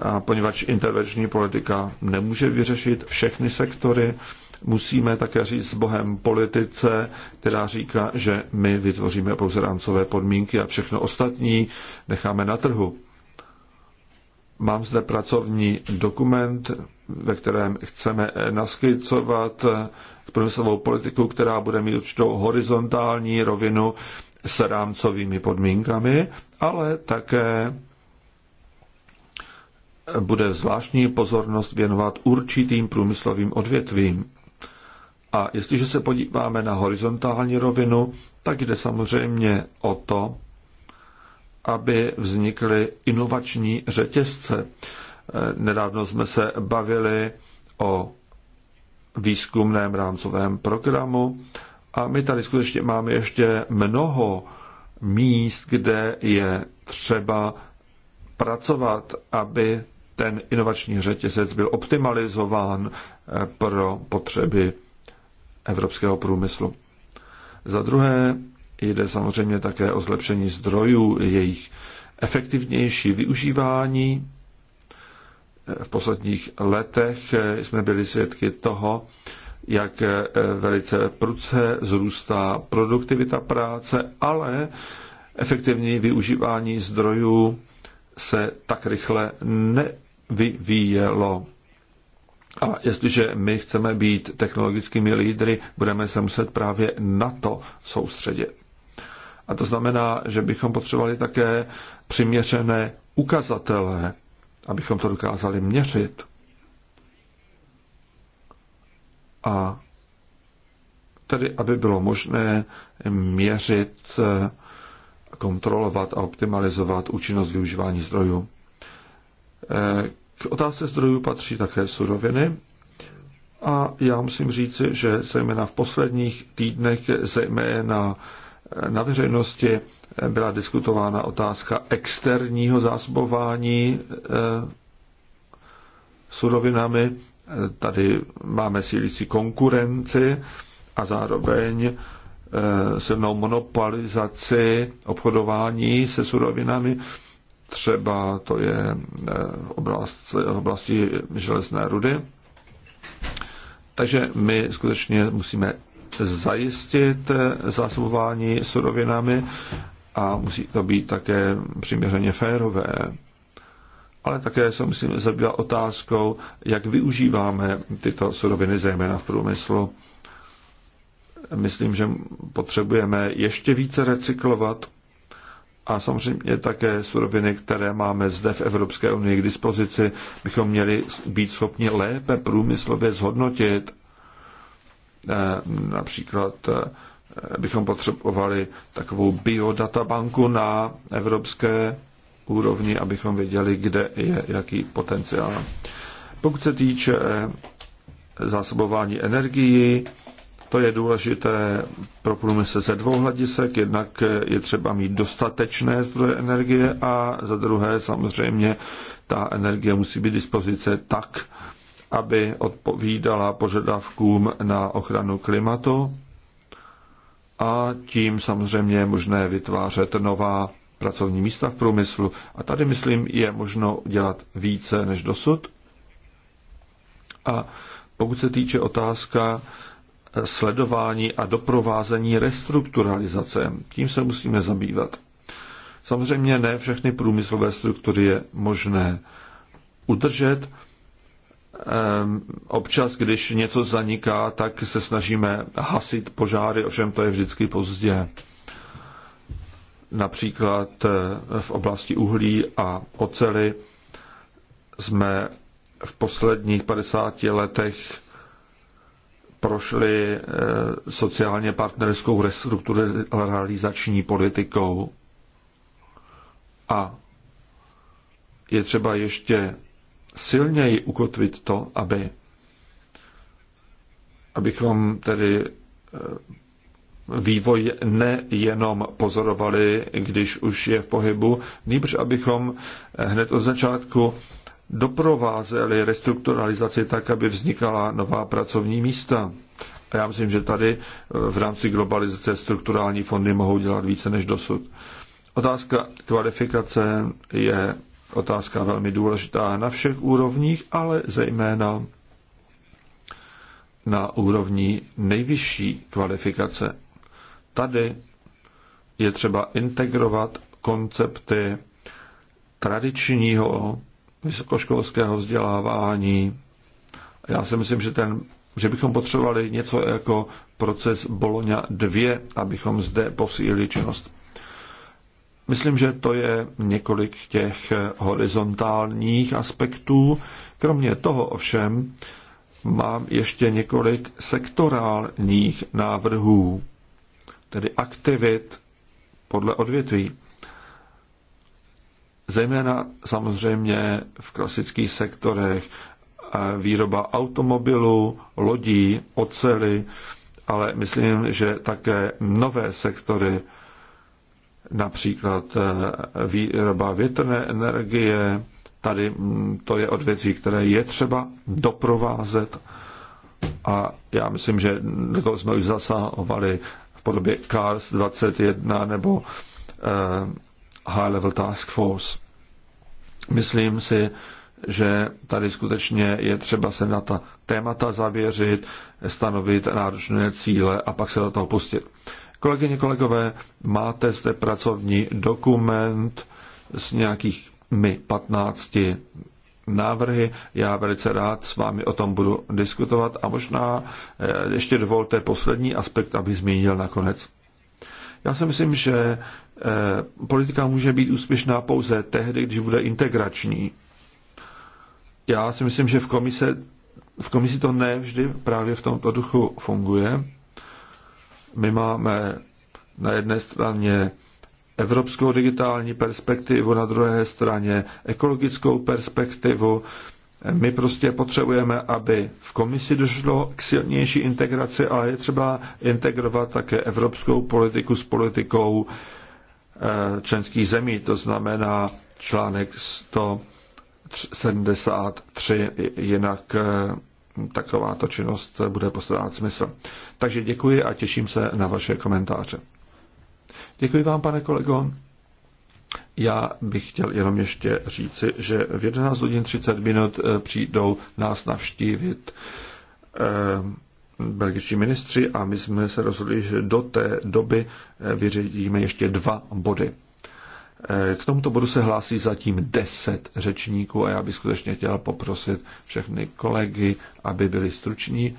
a poněvadž intervenční politika nemůže vyřešit všechny sektory, Musíme také říct s Bohem politice, která říká, že my vytvoříme pouze rámcové podmínky a všechno ostatní necháme na trhu. Mám zde pracovní dokument, ve kterém chceme naskicovat průmyslovou politiku, která bude mít určitou horizontální rovinu s rámcovými podmínkami, ale také bude zvláštní pozornost věnovat určitým průmyslovým odvětvím. A jestliže se podíváme na horizontální rovinu, tak jde samozřejmě o to, aby vznikly inovační řetězce. E, nedávno jsme se bavili o výzkumném rámcovém programu a my tady skutečně máme ještě mnoho míst, kde je třeba pracovat, aby ten inovační řetězec byl optimalizován e, pro potřeby evropského průmyslu. Za druhé jde samozřejmě také o zlepšení zdrojů, jejich efektivnější využívání. V posledních letech jsme byli svědky toho, jak velice prudce zrůstá produktivita práce, ale efektivní využívání zdrojů se tak rychle nevyvíjelo. A jestliže my chceme být technologickými lídry, budeme se muset právě na to soustředit. A to znamená, že bychom potřebovali také přiměřené ukazatele, abychom to dokázali měřit. A tedy, aby bylo možné měřit, kontrolovat a optimalizovat účinnost využívání zdrojů k otázce zdrojů patří také suroviny. A já musím říci, že zejména v posledních týdnech, zejména eh, na veřejnosti, eh, byla diskutována otázka externího zásobování eh, surovinami. Tady máme sílící konkurenci a zároveň silnou monopolizaci obchodování se surovinami třeba, to je eh, v oblasti, v oblasti železné rudy. Takže my skutečně musíme zajistit eh, zásobování surovinami a musí to být také přiměřeně férové. Ale také se musíme zabývat otázkou, jak využíváme tyto suroviny, zejména v průmyslu. Myslím, že potřebujeme ještě více recyklovat a samozřejmě také suroviny, které máme zde v Evropské unii k dispozici, bychom měli být schopni lépe průmyslově zhodnotit. Eh, například eh, bychom potřebovali takovou biodatabanku na evropské úrovni, abychom věděli, kde je jaký potenciál. Pokud se týče eh, zásobování energií, to je důležité pro průmysl ze dvou hledisek. Jednak je třeba mít dostatečné zdroje energie a za druhé samozřejmě ta energie musí být dispozice tak, aby odpovídala požadavkům na ochranu klimatu a tím samozřejmě je možné vytvářet nová pracovní místa v průmyslu. A tady, myslím, je možno dělat více než dosud. A pokud se týče otázka, sledování a doprovázení restrukturalizace. Tím se musíme zabývat. Samozřejmě ne všechny průmyslové struktury je možné udržet. Ehm, občas, když něco zaniká, tak se snažíme hasit požáry, ovšem to je vždycky pozdě. Například eh, v oblasti uhlí a ocely jsme v posledních 50 letech prošli eh, sociálně partnerskou restrukturalizační politikou a je třeba ještě silněji ukotvit to, aby abychom tedy eh, vývoj nejenom pozorovali, když už je v pohybu, nýbrž abychom eh, hned od začátku doprovázely restrukturalizaci tak, aby vznikala nová pracovní místa. A já myslím, že tady eh, v rámci globalizace strukturální fondy mohou dělat více než dosud. Otázka kvalifikace je otázka velmi důležitá na všech úrovních, ale zejména na úrovni nejvyšší kvalifikace. Tady je třeba integrovat koncepty tradičního vysokoškolského vzdělávání. Já si myslím, že, ten, že bychom potřebovali něco jako proces Boloňa 2, abychom zde posílili činnost. Myslím, že to je několik těch horizontálních aspektů. Kromě toho ovšem mám ještě několik sektorálních návrhů, tedy aktivit podle odvětví. Zejména samozřejmě v klasických sektorech výroba automobilů, lodí, ocely, ale myslím, že také nové sektory, například e, výroba větrné energie, tady mm, to je odvětví, které je třeba doprovázet a já myslím, že do toho jsme už zasahovali v podobě CARS 21 nebo e, High Level Task Force. Myslím si, že tady skutečně je třeba se na ta témata zavěřit, stanovit náročné cíle a pak se do toho pustit. Kolegyně, kolegové, máte zde pracovní dokument s nějakými 15 návrhy. Já velice rád s vámi o tom budu diskutovat a možná eh, ještě dovolte poslední aspekt, aby zmínil nakonec. Já si myslím, že Eh, politika může být úspěšná pouze tehdy, když bude integrační. Já si myslím, že v, komise, v komisi to ne vždy právě v tomto duchu funguje. My máme na jedné straně evropskou digitální perspektivu, na druhé straně ekologickou perspektivu. My prostě potřebujeme, aby v komisi došlo k silnější integraci, ale je třeba integrovat také evropskou politiku s politikou eh, Eh, členských zemí, to znamená článek 173, jinak eh, takováto činnost bude postrádat smysl. Takže děkuji a těším se na vaše komentáře. Děkuji vám, pane kolego. Já bych chtěl jenom ještě říci, že v 11 hodin 30 minut eh, přijdou nás navštívit eh, belgičtí ministři a my jsme se rozhodli, že do té doby eh, vyřídíme ještě dva body. Eh, k tomuto bodu se hlásí zatím deset řečníků a já bych skutečně chtěl poprosit všechny kolegy, aby byli struční.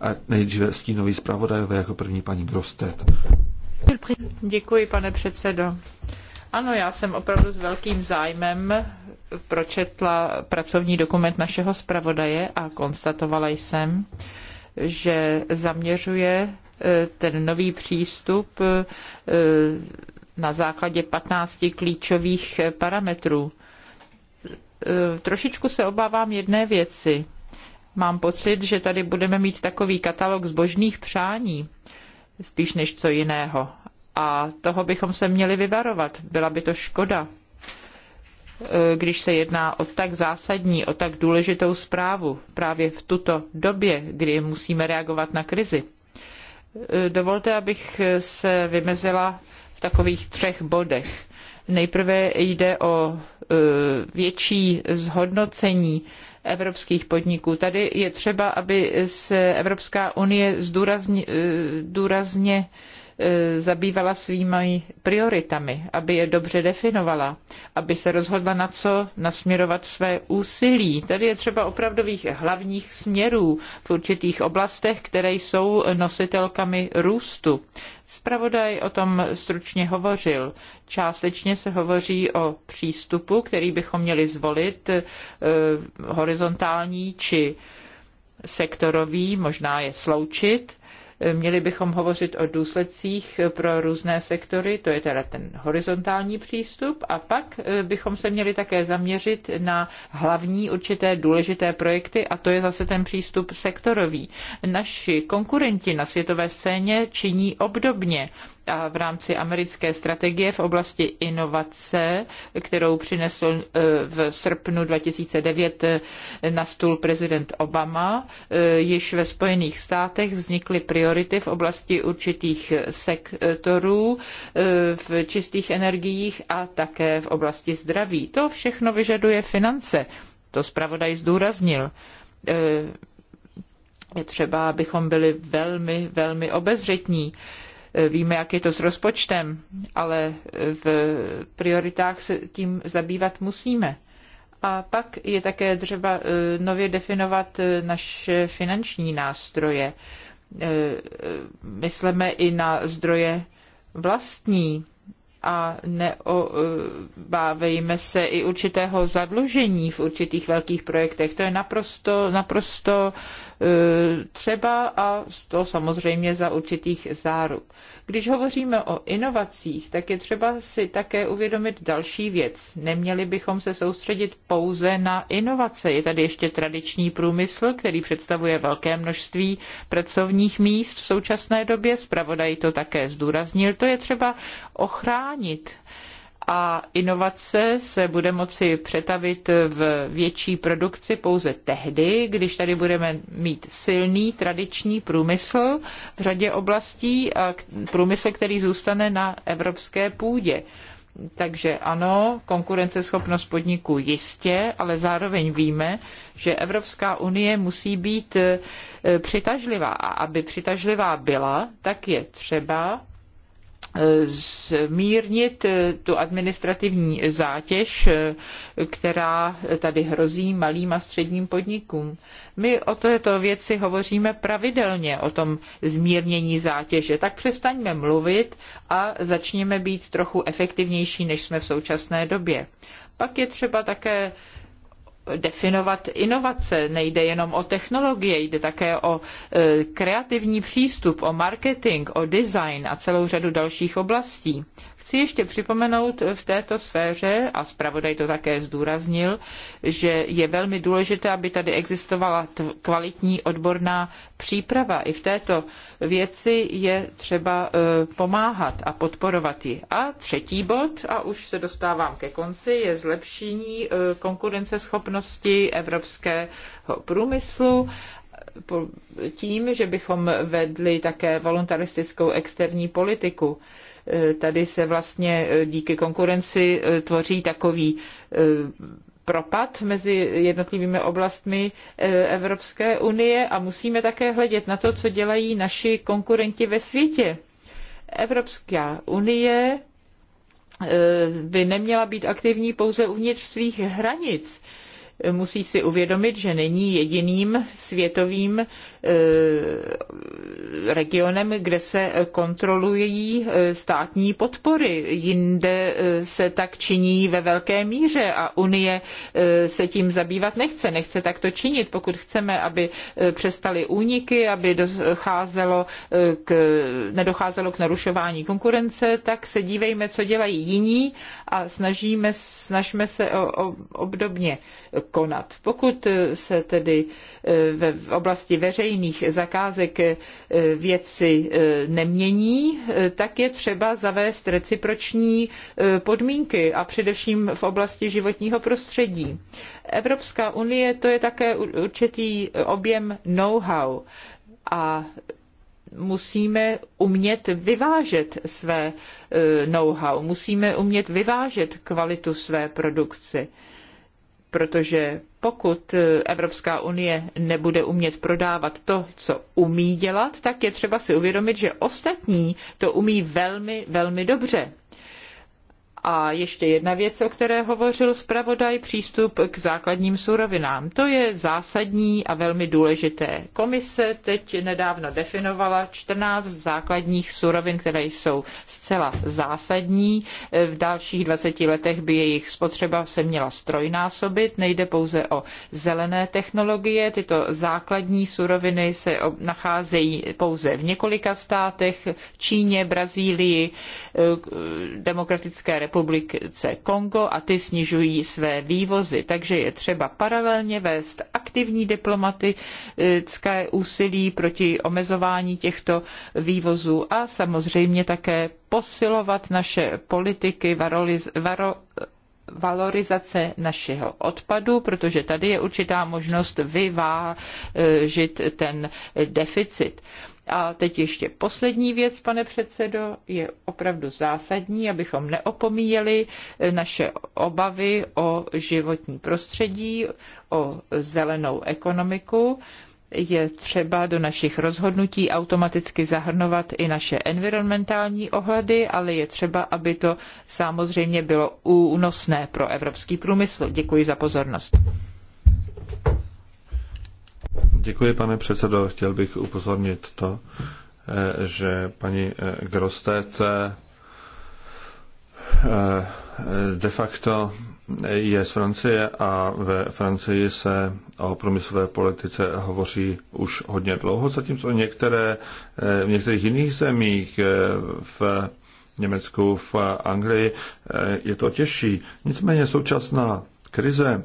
A nejdříve stínový zpravodajové jako první paní Grostet. Děkuji, pane předsedo. Ano, já jsem opravdu s velkým zájmem pročetla pracovní dokument našeho zpravodaje a konstatovala jsem, že zaměřuje e, ten nový přístup e, na základě 15 klíčových e, parametrů. Trošičku se obávám jedné věci. Mám pocit, že tady budeme mít takový katalog zbožných přání, spíš než co jiného. A toho bychom se měli vyvarovat. Byla by to škoda. Eh, když se jedná o tak zásadní, o tak důležitou zprávu právě v tuto době, kdy musíme reagovat na krizi. Eh, dovolte, abych se vymezila v takových třech bodech. Nejprve jde o eh, větší zhodnocení evropských podniků. Tady je třeba, aby se Evropská unie zdůrazně, důrazně E, zabývala svými prioritami, aby je dobře definovala, aby se rozhodla na co nasměrovat své úsilí. Tady je třeba opravdových hlavních směrů v určitých oblastech, které jsou nositelkami růstu. Spravodaj o tom stručně hovořil. Částečně se hovoří o přístupu, který bychom měli zvolit, e, horizontální či sektorový, možná je sloučit Měli bychom hovořit o důsledcích pro různé sektory, to je teda ten horizontální přístup, a pak eh, bychom se měli také zaměřit na hlavní určité důležité projekty, a to je zase ten přístup sektorový. Naši konkurenti na světové scéně činí obdobně a v rámci americké strategie v oblasti inovace, kterou přinesl e, v srpnu 2009 e, na stůl prezident Obama, e, již ve Spojených státech vznikly priority v oblasti určitých sektorů, v čistých energiích a také v oblasti zdraví. To všechno vyžaduje finance. To zpravodaj zdůraznil je třeba, abychom byli velmi, velmi obezřetní Víme, jak je to s rozpočtem, ale v prioritách se tím zabývat musíme. A pak je také třeba eh, nově definovat eh, naše finanční nástroje. Eh, Myslíme i na zdroje vlastní a neobávejme se i určitého zadlužení v určitých velkých projektech. To je naprosto, naprosto E, třeba a to samozřejmě za určitých záruk. Když hovoříme o inovacích, tak je třeba si také uvědomit další věc. Neměli bychom se soustředit pouze na inovace. Je tady ještě tradiční průmysl, který představuje velké množství pracovních míst v současné době. Spravodaj to také zdůraznil. To je třeba ochránit a inovace se bude moci přetavit v větší produkci pouze tehdy, když tady budeme mít silný tradiční průmysl v řadě oblastí a průmysl, který zůstane na evropské půdě. Takže ano, konkurenceschopnost podniků jistě, ale zároveň víme, že Evropská unie musí být eh, přitažlivá. A aby přitažlivá byla, tak je třeba zmírnit eh, tu administrativní zátěž, eh, která tady hrozí malým a středním podnikům. My o této věci hovoříme pravidelně, o tom zmírnění zátěže, tak přestaňme mluvit a začněme být trochu efektivnější, než jsme v současné době. Pak je třeba také definovat inovace. Nejde jenom o technologie, jde také o e, kreativní přístup, o marketing, o design a celou řadu dalších oblastí. Chci ještě připomenout v této sféře, a zpravodaj to také zdůraznil, že je velmi důležité, aby tady existovala kvalitní odborná příprava. I v této věci je třeba e, pomáhat a podporovat ji. A třetí bod, a už se dostávám ke konci, je zlepšení e, konkurenceschopnosti evropského průmyslu tím, že bychom vedli také voluntaristickou externí politiku. Eh, tady se vlastně eh, díky konkurenci eh, tvoří takový propad mezi jednotlivými oblastmi Evropské unie a musíme také hledět na to, co dělají naši konkurenti ve světě. Evropská unie by neměla být aktivní pouze uvnitř svých hranic. Musí si uvědomit, že není jediným světovým Eh, regionem, kde se kontrolují eh, státní podpory. Jinde eh, se tak činí ve velké míře a Unie se tím zabývat nechce. Nechce takto činit, pokud chceme, aby přestaly úniky, aby docházelo k, nedocházelo k narušování konkurence, tak se dívejme, co dělají jiní a snažíme, snažme se o, o, obdobně konat. Pokud se tedy ve oblasti veřejné veřejných zakázek eh, věci eh, nemění, eh, tak je třeba zavést reciproční podmínky a především v oblasti životního prostředí. Evropská unie to je také určitý objem know-how a musíme umět vyvážet své know-how, musíme umět vyvážet kvalitu své produkce protože pokud Evropská unie nebude umět prodávat to, co umí dělat, tak je třeba si uvědomit, že ostatní to umí velmi, velmi dobře. A ještě jedna věc, o které hovořil zpravodaj, přístup k základním surovinám. To je zásadní a velmi důležité. Komise teď nedávno definovala 14 základních surovin, které jsou zcela zásadní. V dalších 20 letech by jejich spotřeba se měla strojnásobit. Nejde pouze o zelené technologie. Tyto základní suroviny se nacházejí pouze v několika státech, Číně, Brazílii, eh, Demokratické republice Kongo a ty snižují své vývozy. Takže je třeba paralelně vést aktivní diplomatické úsilí proti omezování těchto vývozů a samozřejmě také posilovat naše politiky varoliz, varo, valorizace našeho odpadu, protože tady je určitá možnost vyvážit ten deficit. A teď ještě poslední věc, pane předsedo, je opravdu zásadní, abychom neopomíjeli eh, naše obavy o životní prostředí, o zelenou ekonomiku je třeba do našich rozhodnutí automaticky zahrnovat i naše environmentální ohledy, ale je třeba, aby to samozřejmě bylo únosné pro evropský průmysl. Děkuji za pozornost. Děkuji, pane předsedo. Chtěl bych upozornit to, eh, že paní eh, Grostet eh, de facto je z Francie a ve Francii se o průmyslové politice hovoří už hodně dlouho, zatímco některé, v některých jiných zemích v Německu, v Anglii je to těžší. Nicméně současná krize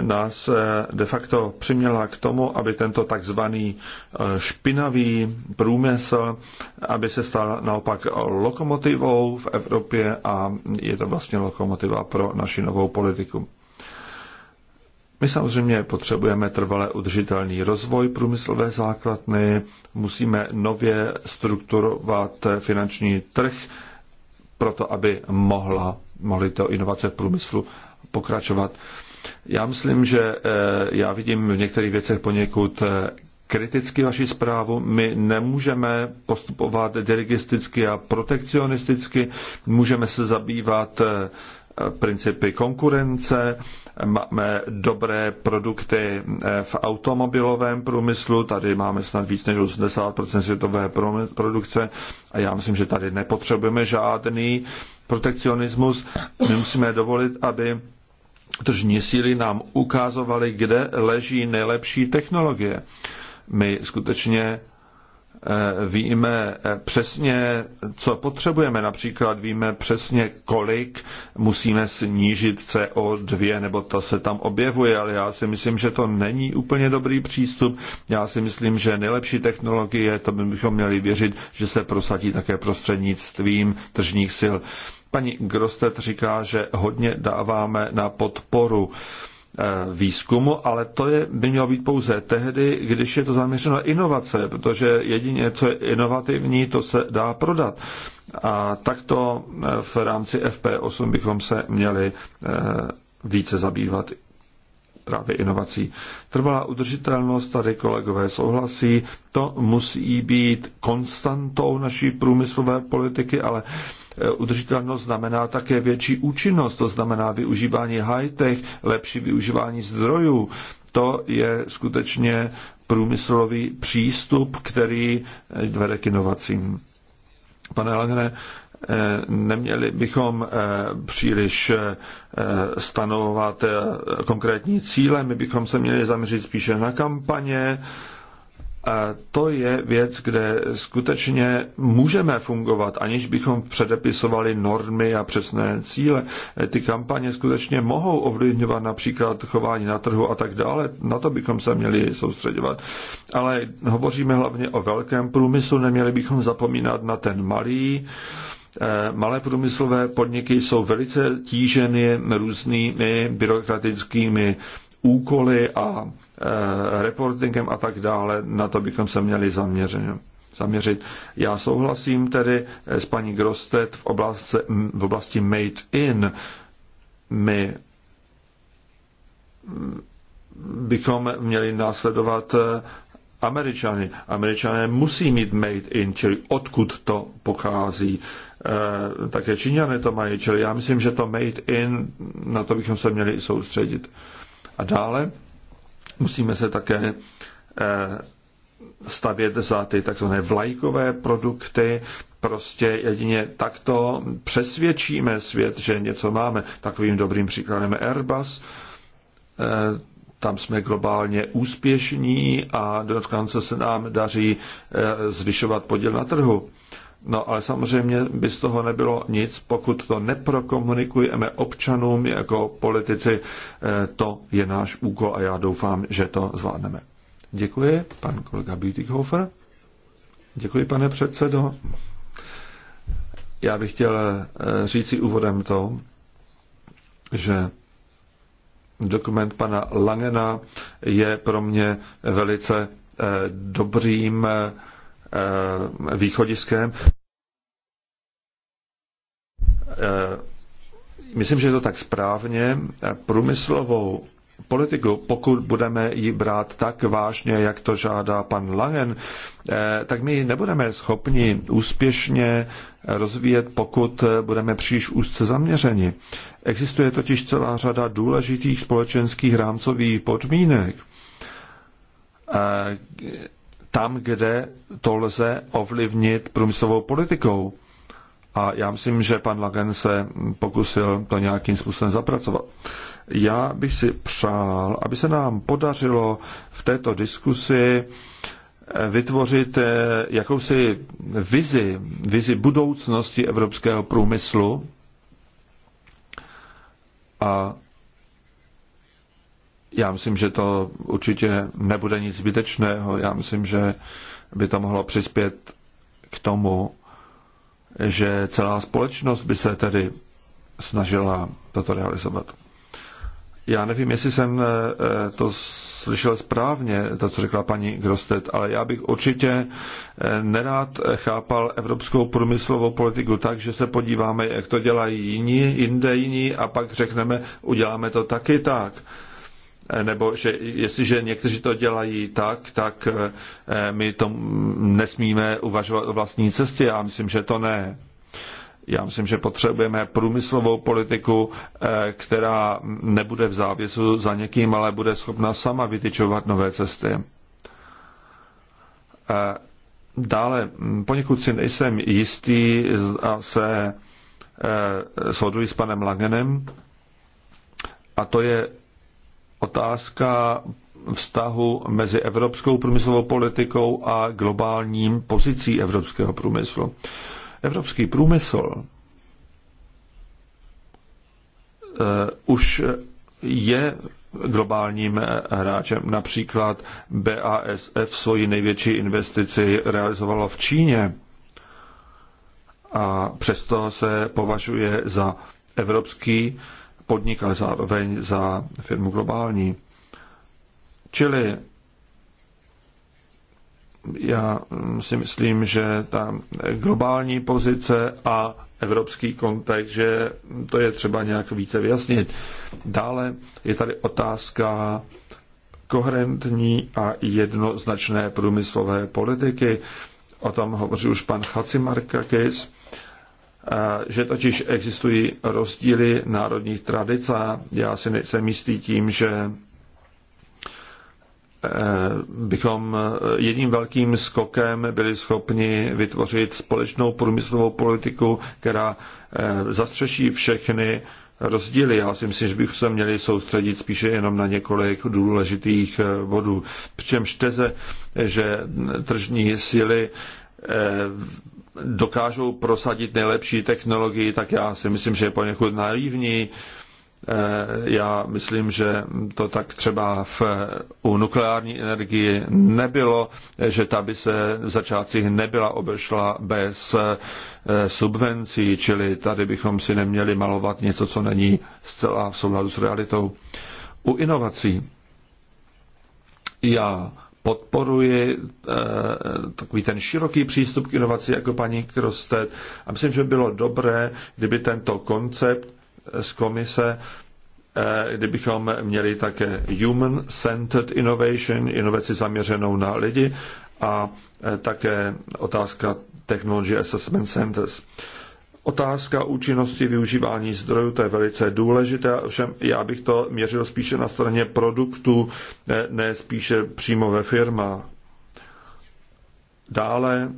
nás eh, de facto přiměla k tomu, aby tento takzvaný eh, špinavý průmysl, aby se stal naopak lokomotivou v Evropě a je to vlastně lokomotiva pro naši novou politiku. My samozřejmě potřebujeme trvale udržitelný rozvoj průmyslové základny, musíme nově strukturovat finanční trh, proto aby mohla, mohly to inovace v průmyslu pokračovat. Já myslím, že eh, já vidím v některých věcech poněkud eh, kriticky vaši zprávu. My nemůžeme postupovat dirigisticky a protekcionisticky, můžeme se zabývat eh, principy konkurence, máme dobré produkty v automobilovém průmyslu, tady máme snad víc než 80% světové produkce a já myslím, že tady nepotřebujeme žádný protekcionismus. My musíme dovolit, aby tržní síly nám ukázovaly, kde leží nejlepší technologie. My skutečně eh, víme eh, přesně, co potřebujeme. Například víme přesně, kolik musíme snížit CO2, nebo to se tam objevuje, ale já si myslím, že to není úplně dobrý přístup. Já si myslím, že nejlepší technologie, to bychom měli věřit, že se prosadí také prostřednictvím tržních sil. Paní Grostet říká, že hodně dáváme na podporu eh, výzkumu, ale to je, by mělo být pouze tehdy, když je to zaměřeno na inovace, protože jedině, co je inovativní, to se dá prodat. A takto eh, v rámci FP8 bychom se měli eh, více zabývat právě inovací. Trvalá udržitelnost, tady kolegové souhlasí, to musí být konstantou naší průmyslové politiky, ale udržitelnost znamená také větší účinnost, to znamená využívání high-tech, lepší využívání zdrojů. To je skutečně průmyslový přístup, který vede k inovacím. Pane Langene, neměli bychom eh, příliš eh, stanovovat eh, konkrétní cíle, my bychom se měli zaměřit spíše na kampaně, a to je věc, kde skutečně můžeme fungovat, aniž bychom předepisovali normy a přesné cíle. E, ty kampaně skutečně mohou ovlivňovat například chování na trhu a tak dále. Na to bychom se měli soustředovat. Ale hovoříme hlavně o velkém průmyslu, neměli bychom zapomínat na ten malý. E, malé průmyslové podniky jsou velice tíženy různými byrokratickými úkoly a Eh, reportingem a tak dále, na to bychom se měli zaměřit. zaměřit. Já souhlasím tedy eh, s paní Grostet v oblasti, v oblasti Made in. My mm, bychom měli následovat eh, Američany. Američané musí mít made in, čili odkud to pochází. E, také Číňané to mají, čili já myslím, že to made in, na to bychom se měli soustředit. A dále Musíme se také eh, stavět za ty takzvané vlajkové produkty. Prostě jedině takto přesvědčíme svět, že něco máme. Takovým dobrým příkladem Airbus. Eh, tam jsme globálně úspěšní a dokonce se nám daří eh, zvyšovat podíl na trhu. No ale samozřejmě by z toho nebylo nic, pokud to neprokomunikujeme občanům jako politici. E, to je náš úkol a já doufám, že to zvládneme. Děkuji, pan kolega Bütikhofer. Děkuji, pane předsedo. Já bych chtěl e, říci úvodem to, že dokument pana Langena je pro mě velice e, dobrým Eh, východiskem. Eh, myslím, že je to tak správně. Průmyslovou politiku, pokud budeme ji brát tak vážně, jak to žádá pan Langen, eh, tak my nebudeme schopni úspěšně rozvíjet, pokud budeme příliš úzce zaměřeni. Existuje totiž celá řada důležitých společenských rámcových podmínek, tam, kde to lze ovlivnit průmyslovou politikou. A já myslím, že pan Lagen se pokusil to nějakým způsobem zapracovat. Já bych si přál, aby se nám podařilo v této diskusi eh, vytvořit eh, jakousi vizi, vizi budoucnosti evropského průmyslu a já myslím, že to určitě nebude nic zbytečného. Já myslím, že by to mohlo přispět k tomu, že celá společnost by se tedy snažila toto realizovat. Já nevím, jestli jsem eh, eh, to slyšel správně, to, co řekla paní Grostet, ale já bych určitě eh, nerád chápal evropskou průmyslovou politiku tak, že se podíváme, jak to dělají jiní, jinde jiní a pak řekneme, uděláme to taky tak. Eh, nebo že jestliže někteří to dělají tak, tak eh, my to nesmíme uvažovat o vlastní cestě. Já myslím, že to ne. Já myslím, že potřebujeme průmyslovou politiku, eh, která nebude v závěsu za někým, ale bude schopna sama vytyčovat nové cesty. Dále, hm, poněkud si nejsem jistý a se shoduji s panem Langenem, a to je otázka vztahu mezi evropskou průmyslovou politikou a globálním pozicí evropského průmyslu. Evropský průmysl eh, už je globálním eh, hráčem. Například BASF svoji největší investici realizovalo v Číně a přesto se považuje za evropský podnik, ale zároveň za firmu globální. Čili já si myslím, že ta globální pozice a evropský kontext, že to je třeba nějak více vyjasnit. Dále je tady otázka koherentní a jednoznačné průmyslové politiky. O tom hovoří už pan Chacimarkakis že totiž existují rozdíly národních tradic a já si nejsem jistý tím, že eh, bychom eh, jedním velkým skokem byli schopni vytvořit společnou průmyslovou politiku, která eh, zastřeší všechny rozdíly. Já si myslím, že bychom se měli soustředit spíše jenom na několik důležitých bodů. Přičemž teze, že tržní síly dokážou prosadit nejlepší technologii, tak já si myslím, že je poněkud naivní. Eh, já myslím, že to tak třeba v, u nukleární energie nebylo, že ta by se v začátcích nebyla obešla bez eh, subvencí, čili tady bychom si neměli malovat něco, co není zcela v souladu s realitou. U inovací já podporuji eh, takový ten široký přístup k inovaci jako paní Krostet a myslím, že bylo dobré, kdyby tento koncept eh, z komise eh, kdybychom měli také human-centered innovation, inovaci zaměřenou na lidi a také otázka technology assessment centers. Otázka účinnosti využívání zdrojů, to je velice důležité, ovšem já bych to měřil spíše na straně produktů, ne spíše přímo ve firmách. Dále,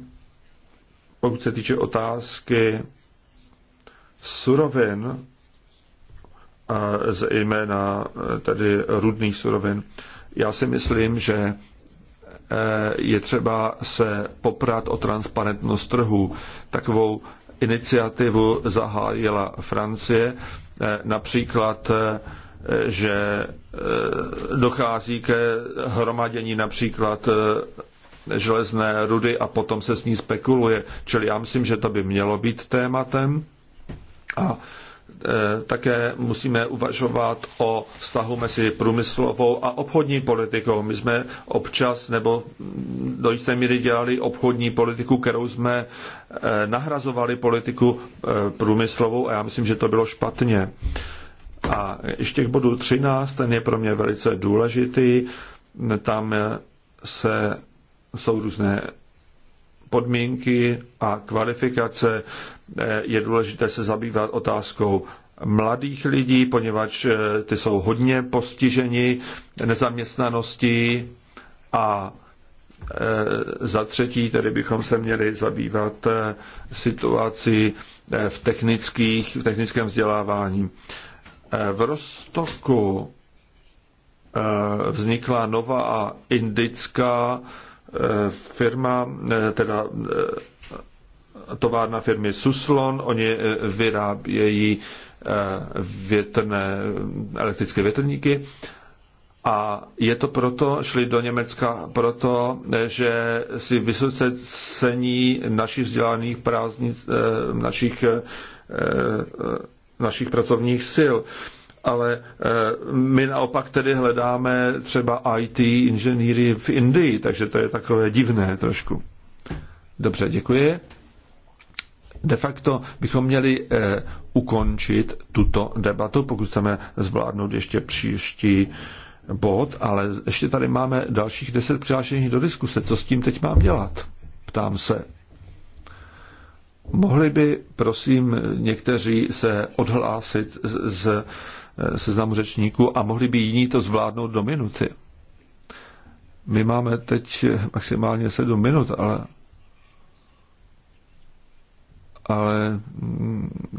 pokud se týče otázky surovin, zejména eh, tedy rudných surovin, já si myslím, že eh, je třeba se poprat o transparentnost trhu. Takovou iniciativu zahájila Francie, eh, například eh, že eh, dochází ke hromadění například železné rudy a potom se s ní spekuluje. Čili já myslím, že to by mělo být tématem. A Eh, také musíme uvažovat o vztahu mezi průmyslovou a obchodní politikou. My jsme občas nebo do jisté míry dělali obchodní politiku, kterou jsme eh, nahrazovali politiku eh, průmyslovou a já myslím, že to bylo špatně. A ještě k bodu 13, ten je pro mě velice důležitý. Tam se jsou různé podmínky a kvalifikace. Eh, je důležité se zabývat otázkou mladých lidí, poněvadž eh, ty jsou hodně postiženi nezaměstnaností a eh, za třetí tedy bychom se měli zabývat situací v, technických, v technickém vzdělávání. V Rostoku vznikla nová indická firma, teda e, továrna firmy Suslon, oni e, vyrábějí e, větrné, elektrické větrníky a je to proto, šli do Německa proto, že si vysoce cení našich vzdělaných prázdnic, našich, našich pracovních sil ale eh, my naopak tedy hledáme třeba IT inženýry v Indii, takže to je takové divné trošku. Dobře, děkuji. De facto bychom měli eh, ukončit tuto debatu, pokud chceme zvládnout ještě příští bod, ale ještě tady máme dalších deset přihlášených do diskuse. Co s tím teď mám dělat? Ptám se. Mohli by, prosím, někteří se odhlásit z, z Eh, seznam řečníků a mohli by jiní to zvládnout do minuty. My máme teď maximálně sedm minut, ale ale mm,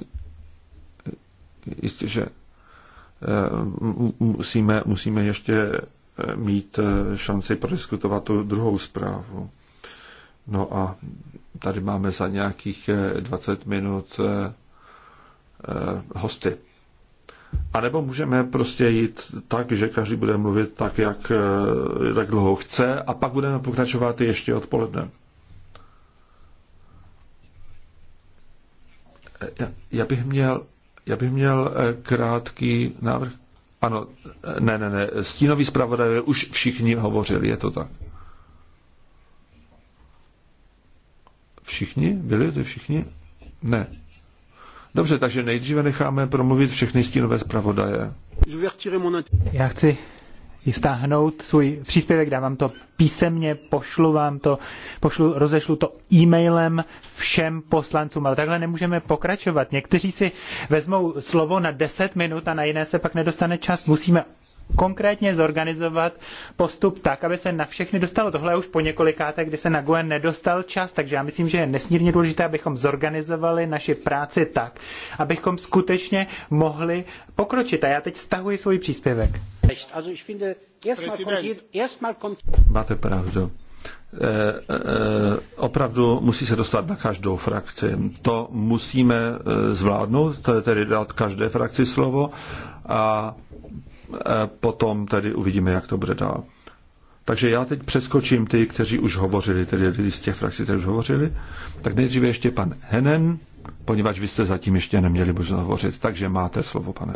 jistě, že eh, musíme, musíme ještě eh, mít šanci prodiskutovat tu druhou zprávu. No a tady máme za nějakých 20 minut hosty. A nebo můžeme prostě jít tak, že každý bude mluvit tak, jak eh, tak dlouho chce a pak budeme pokračovat ještě odpoledne. Já, já bych měl, já bych měl eh, krátký návrh. Ano, eh, ne, ne, ne. Stínový zpravodaj už všichni hovořili, je to tak. Všichni? Byli to všichni? Ne. Dobře, takže nejdříve necháme promluvit všechny stínové zpravodaje. Já chci stáhnout svůj příspěvek, dávám to písemně, pošlu vám to, pošlu, rozešlu to e-mailem všem poslancům, ale takhle nemůžeme pokračovat. Někteří si vezmou slovo na 10 minut a na jiné se pak nedostane čas. Musíme konkrétně zorganizovat postup tak, aby se na všechny dostalo. Tohle je už po několikáté, kdy se na Goen nedostal čas, takže já myslím, že je nesmírně důležité, abychom zorganizovali naši práci tak, abychom skutečně mohli pokročit. A já teď stahuji svůj příspěvek. Máte pravdu. E, e, opravdu musí se dostat na každou frakci. To musíme eh, zvládnout, tedy dát každé frakci slovo a Eh, potom tedy uvidíme, jak to bude dál. Takže já teď přeskočím ty, kteří už hovořili, tedy lidi z těch frakcí, kteří už hovořili. Tak nejdříve ještě pan Henen, poněvadž vy jste zatím ještě neměli možnost hovořit. Takže máte slovo, pane.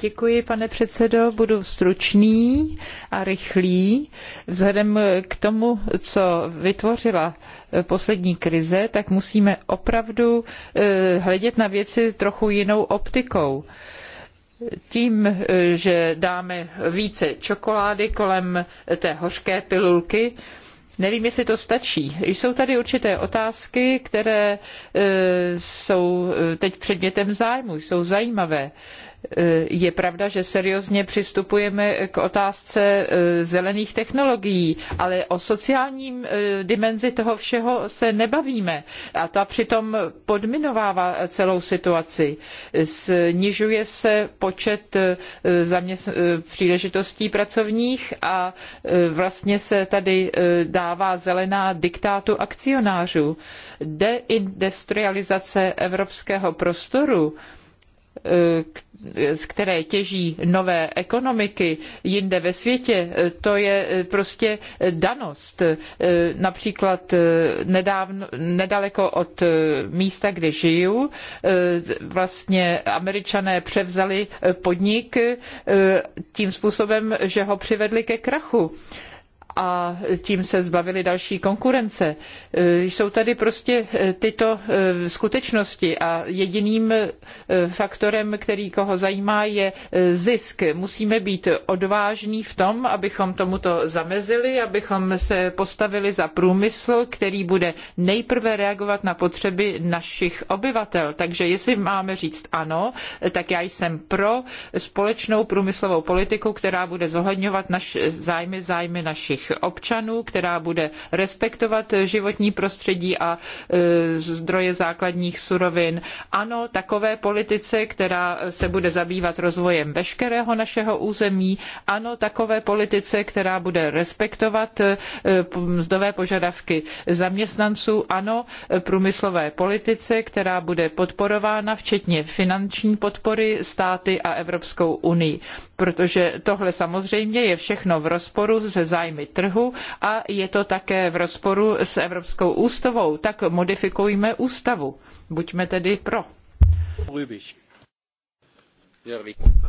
Děkuji, pane předsedo. Budu stručný a rychlý. Vzhledem k tomu, co vytvořila poslední krize, tak musíme opravdu eh, hledět na věci trochu jinou optikou tím, eh, že dáme více čokolády kolem té hořké pilulky, Nevím, jestli to stačí. Jsou tady určité otázky, které eh, jsou teď předmětem zájmu, jsou zajímavé. Je pravda, že seriózně přistupujeme k otázce eh, zelených technologií, ale o sociální eh, dimenzi toho všeho se nebavíme. A ta přitom podminovává celou situaci. Snižuje se počet eh, příležitostí pracovních a vlastně se tady dává zelená diktátu akcionářů. Deindustrializace evropského prostoru, Eh, z které těží nové ekonomiky jinde ve světě, eh, to je eh, prostě danost. Například nedávno, nedaleko od místa, kde žiju, vlastně američané převzali podnik tím způsobem, že ho přivedli ke krachu a tím se zbavili další konkurence. E, jsou tady prostě e, tyto e, skutečnosti a jediným faktorem, který koho zajímá, je zisk. Musíme být odvážní v tom, abychom tomuto zamezili, abychom se postavili za průmysl, který bude nejprve reagovat na potřeby našich obyvatel. Takže jestli máme říct ano, tak já jsem pro společnou průmyslovou politiku, která bude zohledňovat naše zájmy, zájmy našich našich občanů, která bude respektovat životní prostředí a e, zdroje základních surovin. Ano, takové politice, která se bude zabývat rozvojem veškerého našeho území. Ano, takové politice, která bude respektovat e, mzdové požadavky zaměstnanců. Ano, průmyslové politice, která bude podporována, včetně finanční podpory státy a Evropskou unii. Protože tohle samozřejmě je všechno v rozporu se zájmy trhu a je to také v rozporu s Evropskou ústavou. Tak modifikujme ústavu. Buďme tedy pro.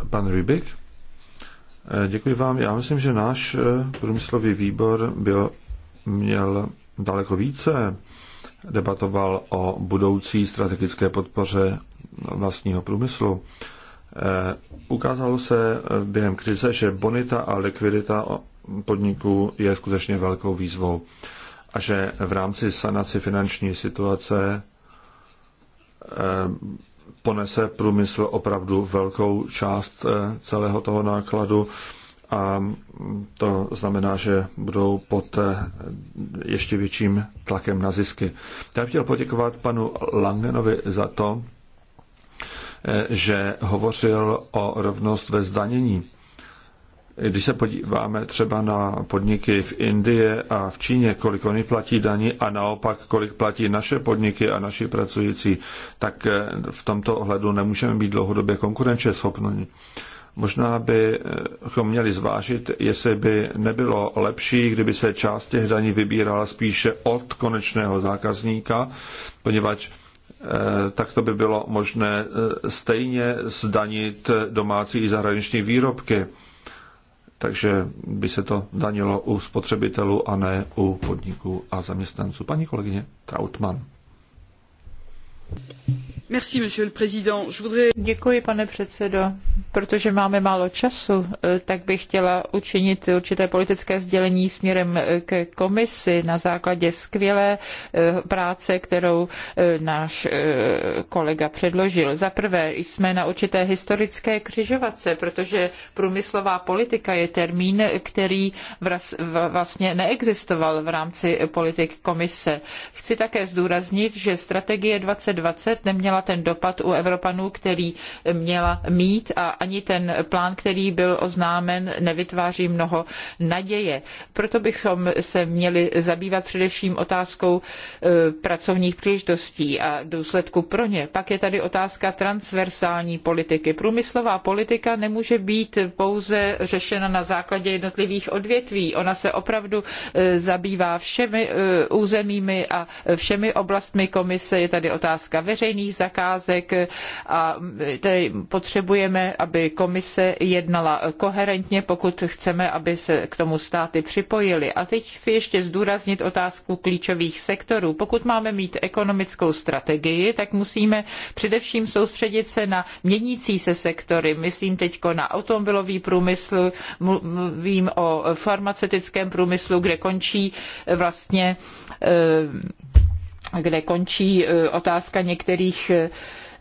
Pan Rybik. Eh, děkuji vám. Já myslím, že náš eh, průmyslový výbor byl, měl daleko více debatoval o budoucí strategické podpoře vlastního průmyslu. Eh, ukázalo se během krize, že bonita a likvidita podniků je skutečně velkou výzvou a že v rámci sanaci finanční situace eh, ponese průmysl opravdu velkou část eh, celého toho nákladu a to znamená, že budou pod eh, ještě větším tlakem na zisky. Já bych chtěl poděkovat panu Langenovi za to, že hovořil o rovnost ve zdanění. Když se podíváme třeba na podniky v Indii a v Číně, kolik oni platí daní a naopak, kolik platí naše podniky a naši pracující, tak eh, v tomto ohledu nemůžeme být dlouhodobě konkurenčně schopni. Možná bychom měli zvážit, jestli by nebylo lepší, kdyby se část těch daní vybírala spíše od konečného zákazníka, poněvadž eh, tak to by bylo možné eh, stejně zdanit domácí i zahraniční výrobky takže by se to danilo u spotřebitelů a ne u podniků a zaměstnanců. Paní kolegyně Trautmann. Děkuji, pane předsedající Protože máme málo času, eh, tak bych chtěla učinit určité politické sdělení směrem eh, ke komisi na základě skvělé eh, práce, kterou náš kolega předložil. Za prvé jsme na určité historické křižovatce, protože průmyslová politika je termín, který vlastně neexistoval v rámci politik komise. Chci také zdůraznit, že strategie 2020 neměla ten dopad u Evropanů, který měla mít a ani ten plán, který byl oznámen, nevytváří mnoho naděje. Proto bychom se měli zabývat především otázkou e, pracovních příležitostí a důsledku pro ně. Pak je tady otázka transversální politiky. Průmyslová politika nemůže být pouze řešena na základě jednotlivých odvětví. Ona se opravdu e, zabývá všemi e, územími a všemi oblastmi komise. Je tady otázka veřejných zakázek zakázek a tedy potřebujeme, aby komise jednala koherentně, pokud chceme, aby se k tomu státy připojily. A teď chci ještě zdůraznit otázku klíčových sektorů. Pokud máme mít ekonomickou strategii, tak musíme především soustředit se na měnící se sektory. Myslím teď na automobilový průmysl, mluvím o farmaceutickém průmyslu, kde končí vlastně eh, kde končí e, otázka některých e,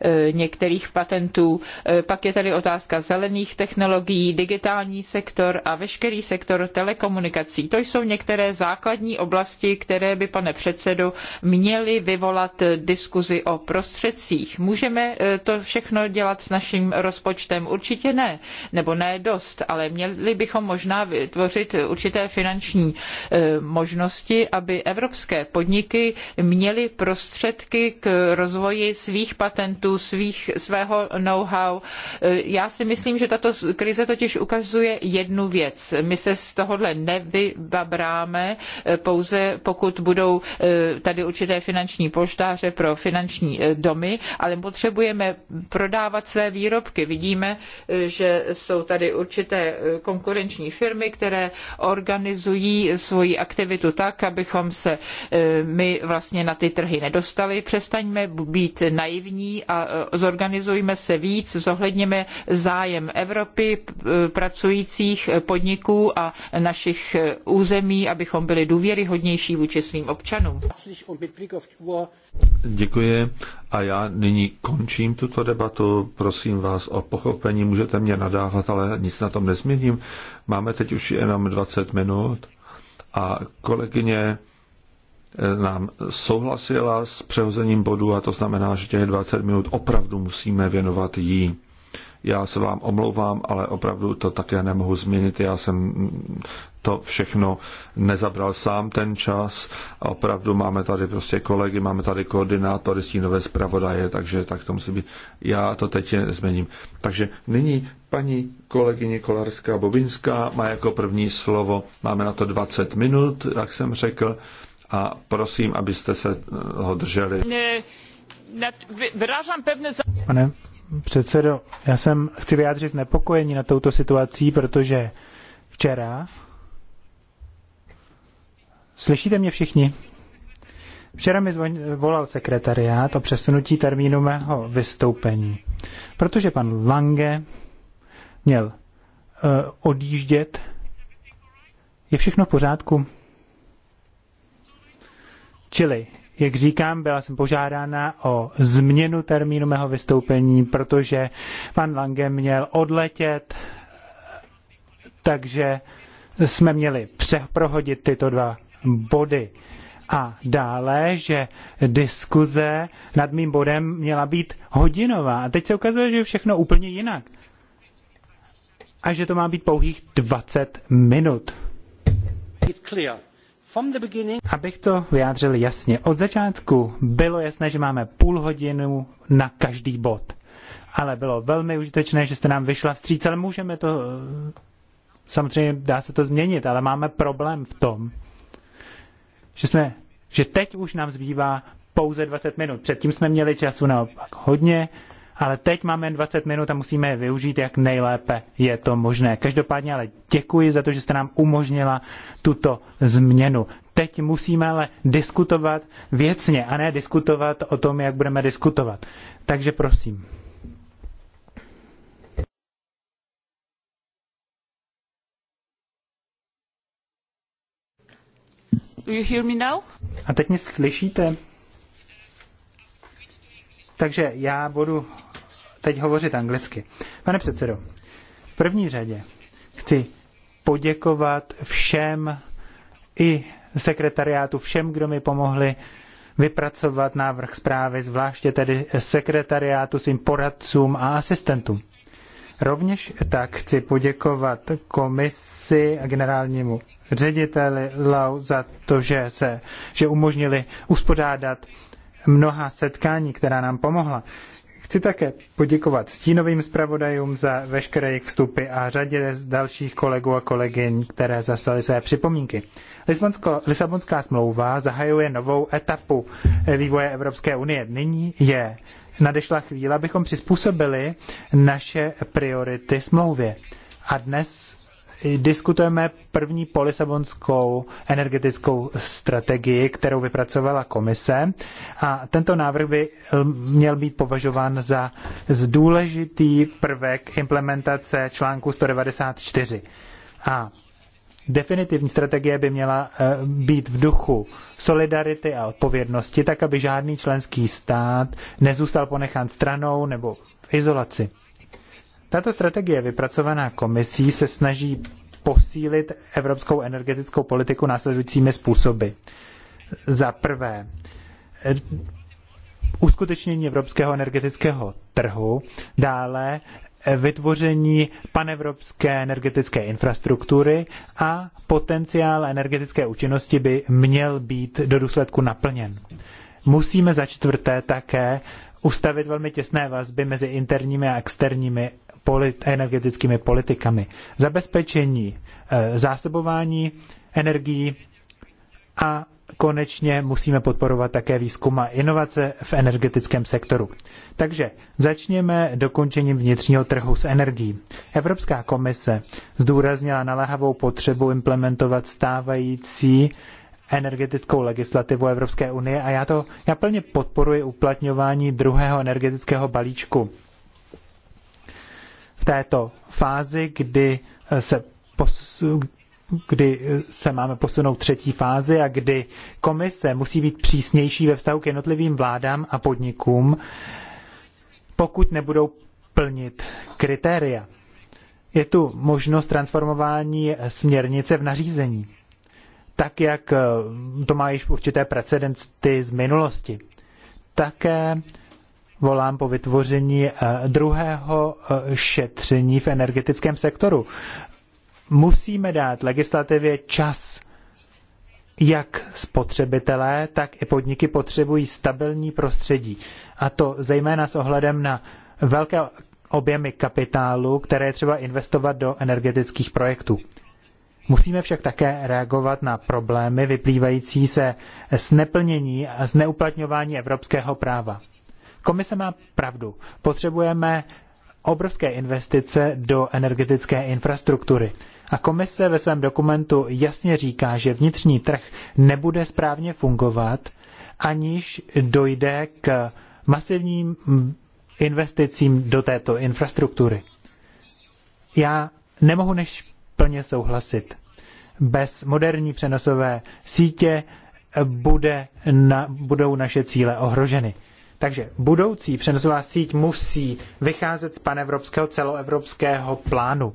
Eh, některých patentů. Eh, pak je tady otázka zelených technologií, digitální sektor a veškerý sektor telekomunikací. To jsou některé základní oblasti, které by, pane předsedo, měly vyvolat diskuzi o prostředcích. Můžeme eh, to všechno dělat s naším rozpočtem? Určitě ne, nebo ne dost, ale měli bychom možná vytvořit určité finanční možnosti, aby evropské podniky měly prostředky k rozvoji svých patentů svých, svého know-how. Eh, já si myslím, že tato krize totiž ukazuje jednu věc. My se z tohohle nevybabráme, eh, pouze pokud budou eh, tady určité finanční polštáře pro finanční domy, ale potřebujeme prodávat své výrobky. Vidíme, že jsou tady určité konkurenční firmy, které organizují svoji aktivitu tak, abychom se my vlastně na ty trhy nedostali. Přestaňme být naivní a Eh, zorganizujme se víc, zohledněme zájem Evropy, eh, pracujících eh, podniků a našich území, abychom byli důvěryhodnější vůči svým občanům. Děkuji a já nyní končím tuto debatu. Prosím vás o pochopení, můžete mě nadávat, ale nic na tom nezměním. Máme teď už jenom 20 minut a kolegyně nám souhlasila s přehozením bodu a to znamená, že těch 20 minut opravdu musíme věnovat jí. Já se vám omlouvám, ale opravdu to také nemohu změnit. Já jsem to všechno nezabral sám ten čas. A opravdu máme tady prostě kolegy, máme tady koordinátory, stínové zpravodaje, takže tak to musí být. Já to teď změním. Takže nyní paní kolegyně Kolarská Bobinská má jako první slovo. Máme na to 20 minut, jak jsem řekl a prosím, abyste se eh, ho drželi. Pane předsedo, já jsem chci vyjádřit znepokojení na touto situací, protože včera... Slyšíte mě všichni? Včera mi zvon, volal sekretariát o přesunutí termínu mého vystoupení, protože pan Lange měl uh, odjíždět. Je všechno v pořádku? Čili, jak říkám, byla jsem požádána o změnu termínu mého vystoupení, protože pan Lange měl odletět, takže jsme měli přeprohodit tyto dva body. A dále, že diskuze nad mým bodem měla být hodinová. A teď se ukazuje, že je všechno úplně jinak. A že to má být pouhých 20 minut. It's clear. Abych to vyjádřil jasně, od začátku bylo jasné, že máme půl hodinu na každý bod. Ale bylo velmi užitečné, že jste nám vyšla vstříc, ale můžeme to... Eh, samozřejmě dá se to změnit, ale máme problém v tom, že jsme že teď už nám zbývá pouze 20 minut. Předtím jsme měli času naopak hodně ale teď máme jen 20 minut a musíme je využít, jak nejlépe je to možné. Každopádně ale děkuji za to, že jste nám umožnila tuto změnu. Teď musíme ale diskutovat věcně a ne diskutovat o tom, jak budeme diskutovat. Takže prosím. Do you hear me now? A teď mě slyšíte? Takže já budu teď hovořit anglicky. Pane předsedo, v první řadě chci poděkovat všem i sekretariátu, všem, kdo mi pomohli vypracovat návrh zprávy, zvláště tedy sekretariátu, svým poradcům a asistentům. Rovněž tak chci poděkovat komisi a generálnímu řediteli Lau za to, že, se, že umožnili uspořádat mnoha setkání, která nám pomohla. Chci také poděkovat stínovým zpravodajům za veškeré jejich vstupy a řadě z dalších kolegů a kolegyň, které zaslali své připomínky. Lisbonsko, Lisabonská smlouva zahajuje novou etapu vývoje Evropské unie. Nyní je nadešla chvíle, abychom přizpůsobili naše priority smlouvě. A dnes diskutujeme první polisabonskou energetickou strategii, kterou vypracovala komise a tento návrh by um, měl být považován za důležitý prvek implementace článku 194. A definitivní strategie by měla eh, být v duchu solidarity a odpovědnosti, tak aby žádný členský stát nezůstal ponechán stranou nebo v izolaci. Tato strategie vypracovaná komisí se snaží posílit evropskou energetickou politiku následujícími způsoby. Za prvé, uskutečnění evropského energetického trhu, dále vytvoření panevropské energetické infrastruktury a potenciál energetické účinnosti by měl být do důsledku naplněn. Musíme za čtvrté také ustavit velmi těsné vazby mezi interními a externími polit, energetickými politikami. Zabezpečení eh, zásobování energií a konečně musíme podporovat také výzkum a inovace v energetickém sektoru. Takže začněme dokončením vnitřního trhu s energií. Evropská komise zdůraznila naléhavou potřebu implementovat stávající energetickou legislativu Evropské unie a já to já plně podporuji uplatňování druhého energetického balíčku v této fázi, kdy eh, se, posu, kdy eh, se máme posunout třetí fázi a kdy komise musí být přísnější ve vztahu k jednotlivým vládám a podnikům, pokud nebudou plnit kritéria. Je tu možnost transformování směrnice v nařízení, tak jak eh, to má již určité precedenty z minulosti. Také volám po vytvoření eh, druhého eh, šetření v energetickém sektoru. Musíme dát legislativě čas. Jak spotřebitelé, tak i podniky potřebují stabilní prostředí. A to zejména s ohledem na velké objemy kapitálu, které je třeba investovat do energetických projektů. Musíme však také reagovat na problémy vyplývající se z neplnění a z neuplatňování evropského práva. Komise má pravdu. Potřebujeme obrovské investice do energetické infrastruktury. A komise ve svém dokumentu jasně říká, že vnitřní trh nebude správně fungovat, aniž dojde k masivním investicím do této infrastruktury. Já nemohu než plně souhlasit. Bez moderní přenosové sítě bude na, budou naše cíle ohroženy. Takže budoucí přenosová síť musí vycházet z panevropského celoevropského plánu.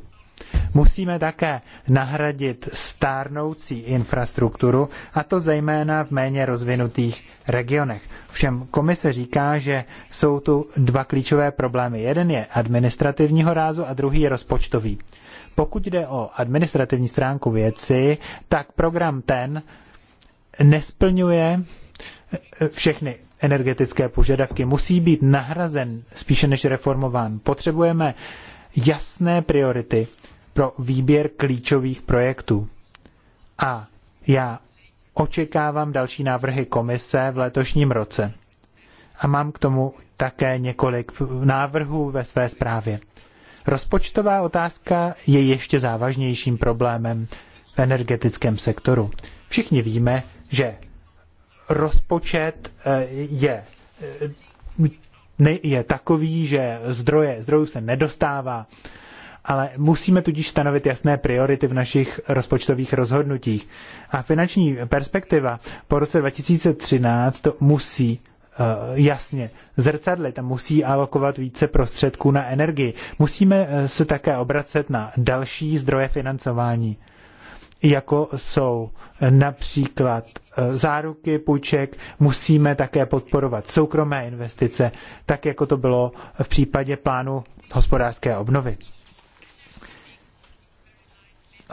Musíme také nahradit stárnoucí infrastrukturu, a to zejména v méně rozvinutých regionech. Všem komise říká, že jsou tu dva klíčové problémy. Jeden je administrativního rázu a druhý je rozpočtový. Pokud jde o administrativní stránku věci, tak program ten nesplňuje všechny energetické požadavky musí být nahrazen spíše než reformován. Potřebujeme jasné priority pro výběr klíčových projektů. A já očekávám další návrhy komise v letošním roce. A mám k tomu také několik návrhů ve své zprávě. Rozpočtová otázka je ještě závažnějším problémem v energetickém sektoru. Všichni víme, že rozpočet eh, je eh, je takový, že zdroje, zdrojů se nedostává, ale musíme tudíž stanovit jasné priority v našich rozpočtových rozhodnutích. A finanční perspektiva po roce 2013 to musí eh, jasně zrcadlit a musí alokovat více prostředků na energii. Musíme se také obracet na další zdroje financování, jako jsou například Eh, záruky půjček, musíme také podporovat soukromé investice, tak jako to bylo v případě plánu hospodářské obnovy.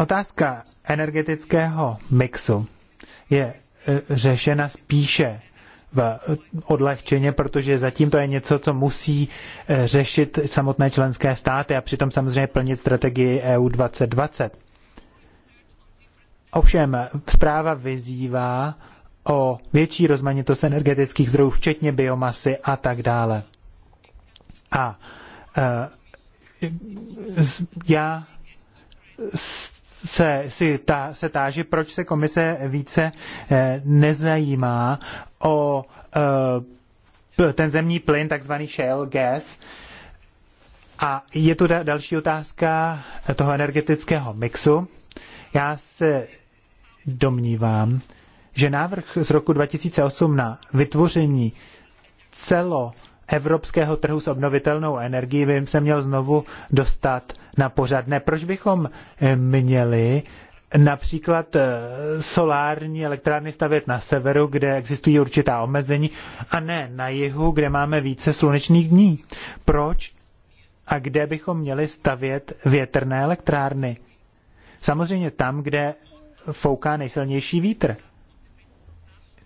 Otázka energetického mixu je eh, řešena spíše v odlehčeně, protože zatím to je něco, co musí eh, řešit samotné členské státy a přitom samozřejmě plnit strategii EU 2020. Ovšem zpráva vyzývá o větší rozmanitost energetických zdrojů, včetně biomasy a tak dále. A eh, já se, si ta, se táži, proč se komise více eh, nezajímá o eh, ten zemní plyn, takzvaný shale gas. A je tu další otázka toho energetického mixu. Já se domnívám, že návrh z roku 2008 na vytvoření celo evropského trhu s obnovitelnou energií by se měl znovu dostat na pořadné. Proč bychom eh, měli například eh, solární elektrárny stavět na severu, kde existují určitá omezení, a ne na jihu, kde máme více slunečných dní? Proč a kde bychom měli stavět větrné elektrárny? Samozřejmě tam, kde fouká nejsilnější vítr.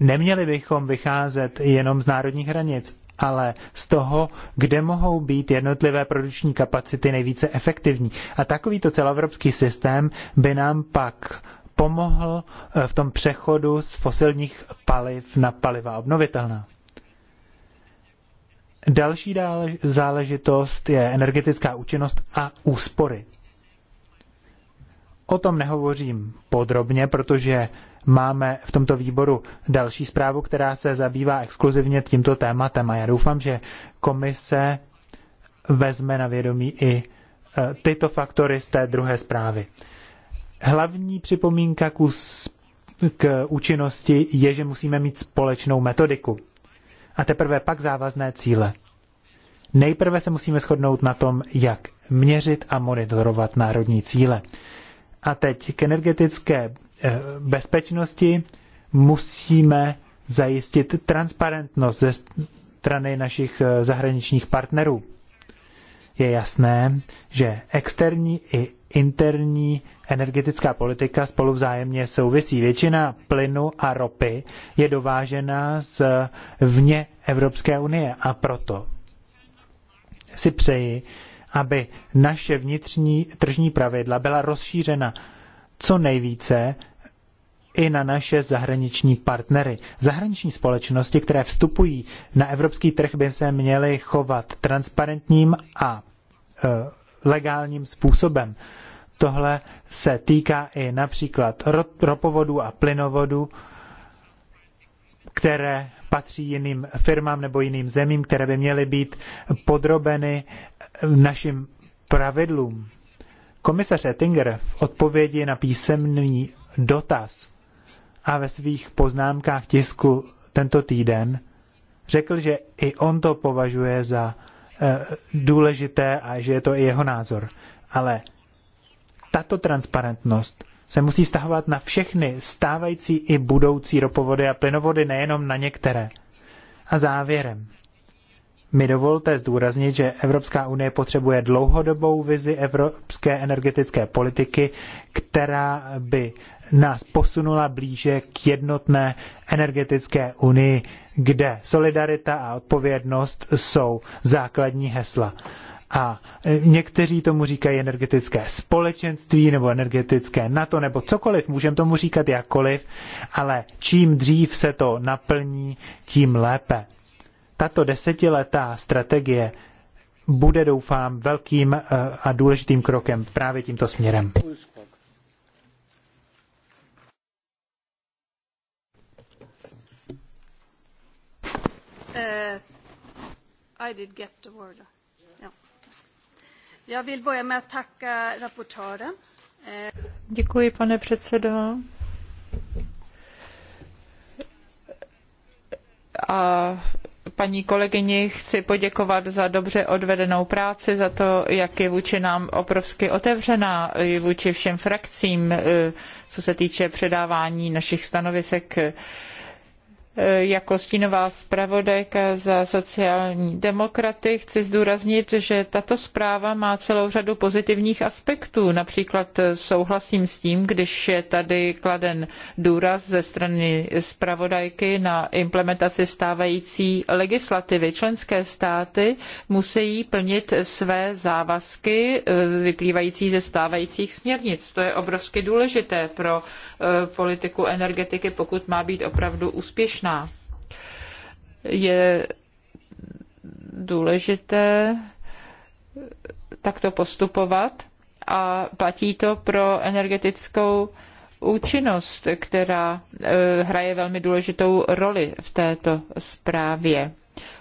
Neměli bychom vycházet jenom z národních hranic, ale z toho, kde mohou být jednotlivé produkční kapacity nejvíce efektivní. A takovýto celoevropský systém by nám pak pomohl eh, v tom přechodu z fosilních paliv na paliva obnovitelná. Další záležitost je energetická účinnost a úspory. O tom nehovořím podrobně, protože máme v tomto výboru další zprávu, která se zabývá exkluzivně tímto tématem a já doufám, že komise vezme na vědomí i e, tyto faktory z té druhé zprávy. Hlavní připomínka k, k účinnosti je, že musíme mít společnou metodiku a teprve pak závazné cíle. Nejprve se musíme shodnout na tom, jak měřit a monitorovat národní cíle. A teď k energetické eh, bezpečnosti musíme zajistit transparentnost ze strany našich eh, zahraničních partnerů. Je jasné, že externí i interní energetická politika spolu vzájemně souvisí. Většina plynu a ropy je dovážena z eh, vně Evropské unie a proto si přeji, aby naše vnitřní tržní pravidla byla rozšířena co nejvíce i na naše zahraniční partnery. Zahraniční společnosti, které vstupují na evropský trh, by se měly chovat transparentním a e, legálním způsobem. Tohle se týká i například ropovodů a plynovodů, které patří jiným firmám nebo jiným zemím, které by měly být podrobeny našim pravidlům. Komisař Ettinger v odpovědi na písemný dotaz a ve svých poznámkách tisku tento týden řekl, že i on to považuje za e, důležité a že je to i jeho názor. Ale tato transparentnost se musí stahovat na všechny stávající i budoucí ropovody a plynovody, nejenom na některé. A závěrem, mi dovolte zdůraznit, že Evropská unie potřebuje dlouhodobou vizi evropské energetické politiky, která by nás posunula blíže k jednotné energetické unii, kde solidarita a odpovědnost jsou základní hesla. A e, někteří tomu říkají energetické společenství nebo energetické NATO nebo cokoliv, můžeme tomu říkat jakkoliv, ale čím dřív se to naplní, tím lépe tato desetiletá strategie bude, doufám, velkým eh, a důležitým krokem právě tímto směrem. Eh, I did get the word. Ja. Jag vill börja med eh, Děkuji, pane předsedo. A paní kolegyni chci poděkovat za dobře odvedenou práci, za to, jak je vůči nám obrovsky otevřená, vůči všem frakcím, eh, co se týče předávání našich stanovisek E, jako stínová zpravodajka za sociální demokraty chci zdůraznit, že tato zpráva má celou řadu pozitivních aspektů. Například souhlasím s tím, když je tady kladen důraz ze strany zpravodajky na implementaci stávající legislativy. Členské státy musí plnit své závazky e, vyplývající ze stávajících směrnic. To je obrovsky důležité pro e, politiku energetiky, pokud má být opravdu úspěšná možná. Je důležité takto postupovat a platí to pro energetickou účinnost, která eh, hraje velmi důležitou roli v této zprávě.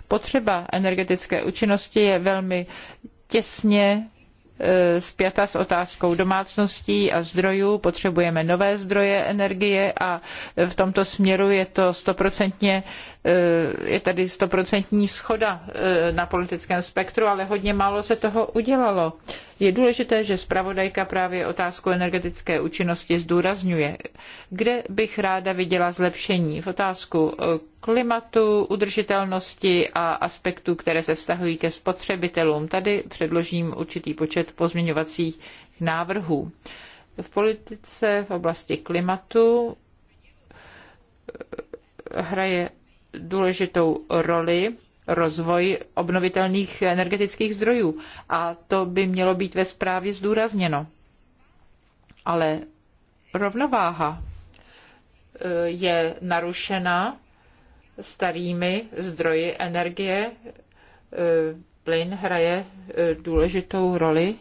Potřeba energetické účinnosti je velmi těsně E, spjata s otázkou domácností a zdrojů. Potřebujeme nové zdroje energie a v tomto směru je to stoprocentně Eh, je tady stoprocentní schoda eh, na politickém spektru, ale hodně málo se toho udělalo. Je důležité, že zpravodajka právě otázku energetické účinnosti zdůrazňuje. Kde bych ráda viděla zlepšení? V otázku eh, klimatu, udržitelnosti a aspektů, které se vztahují ke spotřebitelům. Tady předložím určitý počet pozměňovacích návrhů. V politice v oblasti klimatu hraje důležitou roli rozvoj obnovitelných energetických zdrojů a to by mělo být ve zprávě zdůrazněno. Ale rovnováha eh, je narušena starými zdroji energie. Eh, plyn hraje eh, důležitou roli,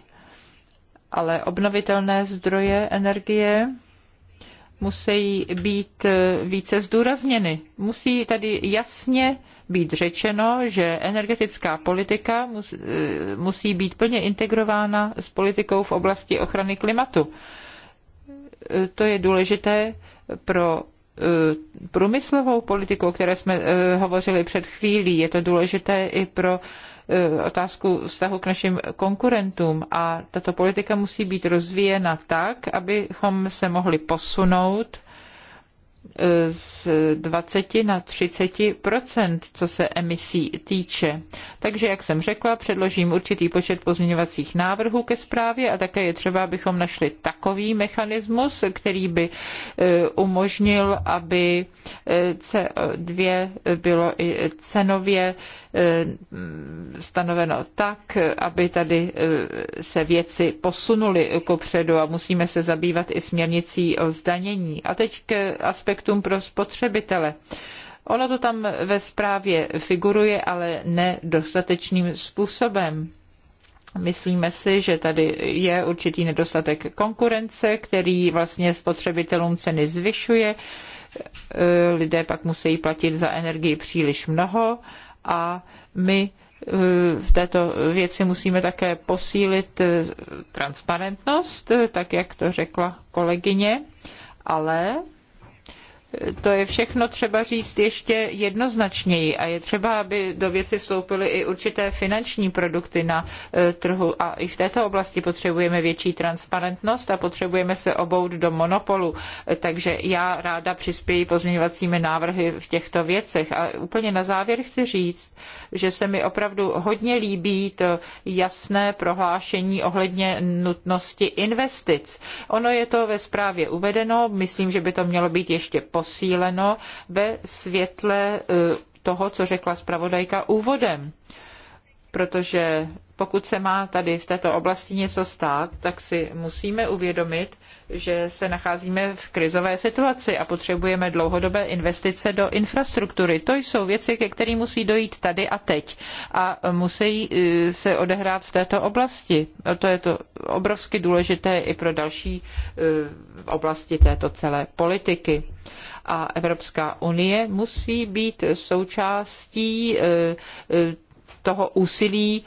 ale obnovitelné zdroje energie musí být eh, více zdůrazněny. Musí tady jasně být řečeno, že energetická politika eh, musí být plně integrována s politikou v oblasti ochrany klimatu. Eh, to je důležité pro průmyslovou politiku, o které jsme hovořili před chvílí. Je to důležité i pro E, otázku vztahu k našim konkurentům a tato politika musí být rozvíjena tak, abychom se mohli posunout e, z 20 na 30 co se emisí týče. Takže, jak jsem řekla, předložím určitý počet pozměňovacích návrhů ke zprávě a také je třeba, abychom našli takový mechanismus, který by e, umožnil, aby CO2 bylo i cenově Eh, stanoveno tak, aby tady eh, se věci posunuly kopředu a musíme se zabývat i směrnicí o zdanění. A teď k aspektům pro spotřebitele. Ono to tam ve zprávě figuruje, ale ne dostatečným způsobem. Myslíme si, že tady je určitý nedostatek konkurence, který vlastně spotřebitelům ceny zvyšuje. Eh, lidé pak musí platit za energii příliš mnoho a my eh, v této věci musíme také posílit eh, transparentnost, eh, tak jak to řekla kolegyně, ale to je všechno třeba říct ještě jednoznačněji a je třeba, aby do věci vstoupily i určité finanční produkty na e, trhu a i v této oblasti potřebujeme větší transparentnost a potřebujeme se obout do monopolu. E, takže já ráda přispěji pozměňovacími návrhy v těchto věcech. A úplně na závěr chci říct, že se mi opravdu hodně líbí to jasné prohlášení ohledně nutnosti investic. Ono je to ve zprávě uvedeno, myslím, že by to mělo být ještě posíleno ve světle e, toho, co řekla zpravodajka úvodem. Protože pokud se má tady v této oblasti něco stát, tak si musíme uvědomit, že se nacházíme v krizové situaci a potřebujeme dlouhodobé investice do infrastruktury. To jsou věci, ke kterým musí dojít tady a teď a musí e, se odehrát v této oblasti. To je to obrovsky důležité i pro další e, oblasti této celé politiky a Evropská unie musí být součástí eh, eh, toho úsilí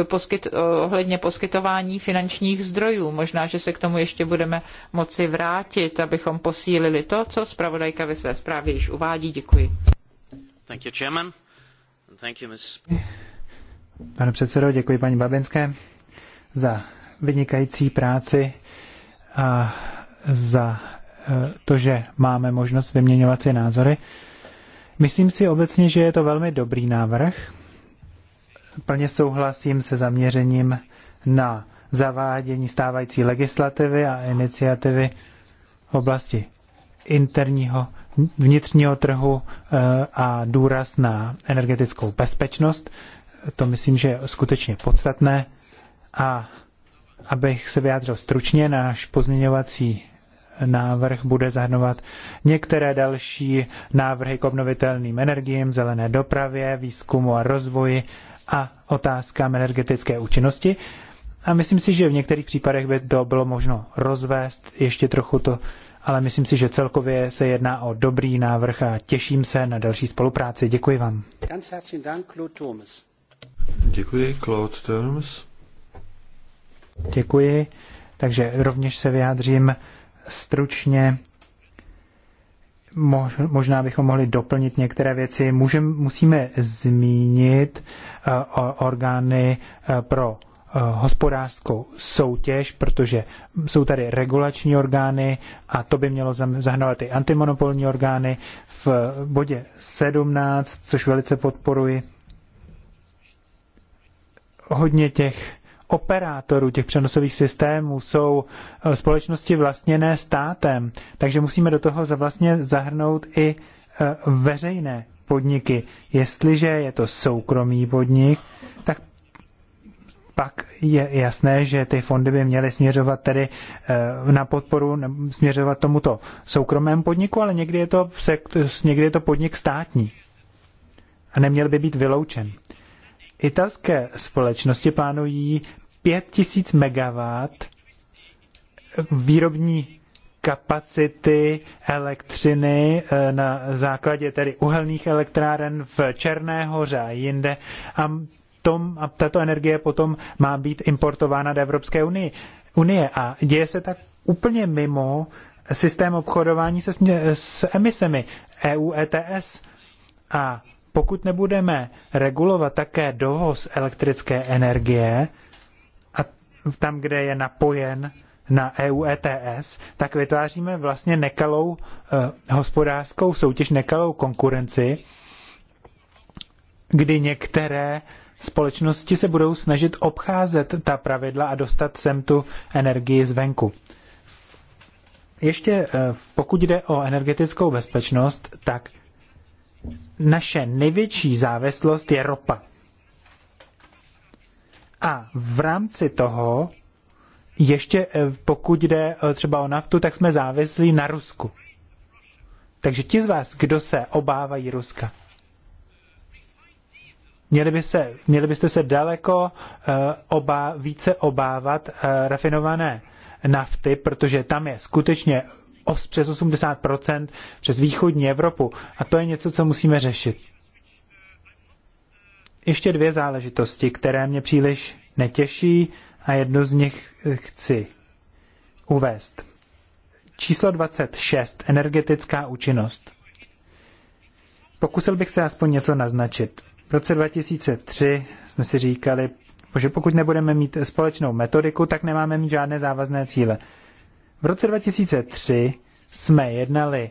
eh, poskyt, ohledně poskytování finančních zdrojů. Možná, že se k tomu ještě budeme moci vrátit, abychom posílili to, co zpravodajka ve své zprávě již uvádí. Děkuji. Thank you, chairman. Thank you, Ms. Pane předsedo, děkuji paní Babinské za vynikající práci a za Eh, to, že máme možnost vyměňovat si názory. Myslím si obecně, že je to velmi dobrý návrh. Plně souhlasím se zaměřením na zavádění stávající legislativy a iniciativy v oblasti interního vnitřního trhu eh, a důraz na energetickou bezpečnost. To myslím, že je skutečně podstatné. A abych se vyjádřil stručně, náš pozměňovací návrh bude zahrnovat některé další návrhy k obnovitelným energiím, zelené dopravě, výzkumu a rozvoji a otázkám energetické účinnosti. A myslím si, že v některých případech by to bylo možno rozvést ještě trochu to, ale myslím si, že celkově se jedná o dobrý návrh a těším se na další spolupráci. Děkuji vám. Děkuji, Claude Terms. Děkuji. Takže rovněž se vyjádřím stručně. Možná bychom mohli doplnit některé věci. Můžem, musíme zmínit eh, orgány eh, pro eh, hospodářskou soutěž, protože jsou tady regulační orgány a to by mělo zahrnovat i antimonopolní orgány. V bodě 17, což velice podporuji, hodně těch operátorů těch přenosových systémů jsou eh, společnosti vlastněné státem, takže musíme do toho vlastně zahrnout i eh, veřejné podniky. Jestliže je to soukromý podnik, tak pak je jasné, že ty fondy by měly směřovat tedy eh, na podporu, směřovat tomuto soukromému podniku, ale někdy je to, někdy je to podnik státní a neměl by být vyloučen. Italské společnosti plánují 5000 MW výrobní kapacity elektřiny eh, na základě tedy uhelných elektráren v Černé hoře a jinde. A, tom, a tato energie potom má být importována do Evropské unie. unie. A děje se tak úplně mimo systém obchodování se s emisemi EU ETS. A pokud nebudeme regulovat také dovoz elektrické energie, tam, kde je napojen na EU ETS, tak vytváříme vlastně nekalou eh, hospodářskou soutěž, nekalou konkurenci, kdy některé společnosti se budou snažit obcházet ta pravidla a dostat sem tu energii zvenku. Ještě eh, pokud jde o energetickou bezpečnost, tak naše největší závislost je ropa. A v rámci toho, ještě eh, pokud jde eh, třeba o naftu, tak jsme závislí na Rusku. Takže ti z vás, kdo se obávají Ruska, měli, by se, měli byste se daleko uh, eh, obá, více obávat uh, rafinované nafty, protože tam je skutečně os, přes 80% přes východní Evropu a to je něco, co musíme řešit ještě dvě záležitosti, které mě příliš netěší a jednu z nich chci uvést. Číslo 26. Energetická účinnost. Pokusil bych se aspoň něco naznačit. V roce 2003 jsme si říkali, že pokud nebudeme mít společnou metodiku, tak nemáme mít žádné závazné cíle. V roce 2003 jsme jednali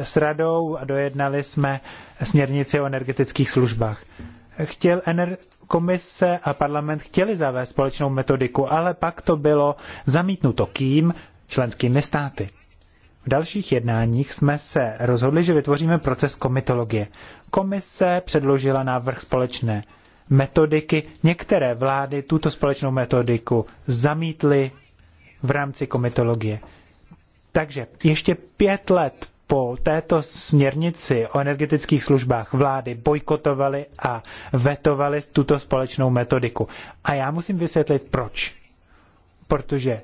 s, radou a dojednali jsme směrnici o energetických službách chtěl ener- komise a parlament chtěli zavést společnou metodiku, ale pak to bylo zamítnuto kým? Členskými státy. V dalších jednáních jsme se rozhodli, že vytvoříme proces komitologie. Komise předložila návrh společné metodiky. Některé vlády tuto společnou metodiku zamítly v rámci komitologie. Takže ještě pět let po této směrnici o energetických službách vlády bojkotovaly a vetovaly tuto společnou metodiku. A já musím vysvětlit proč. Protože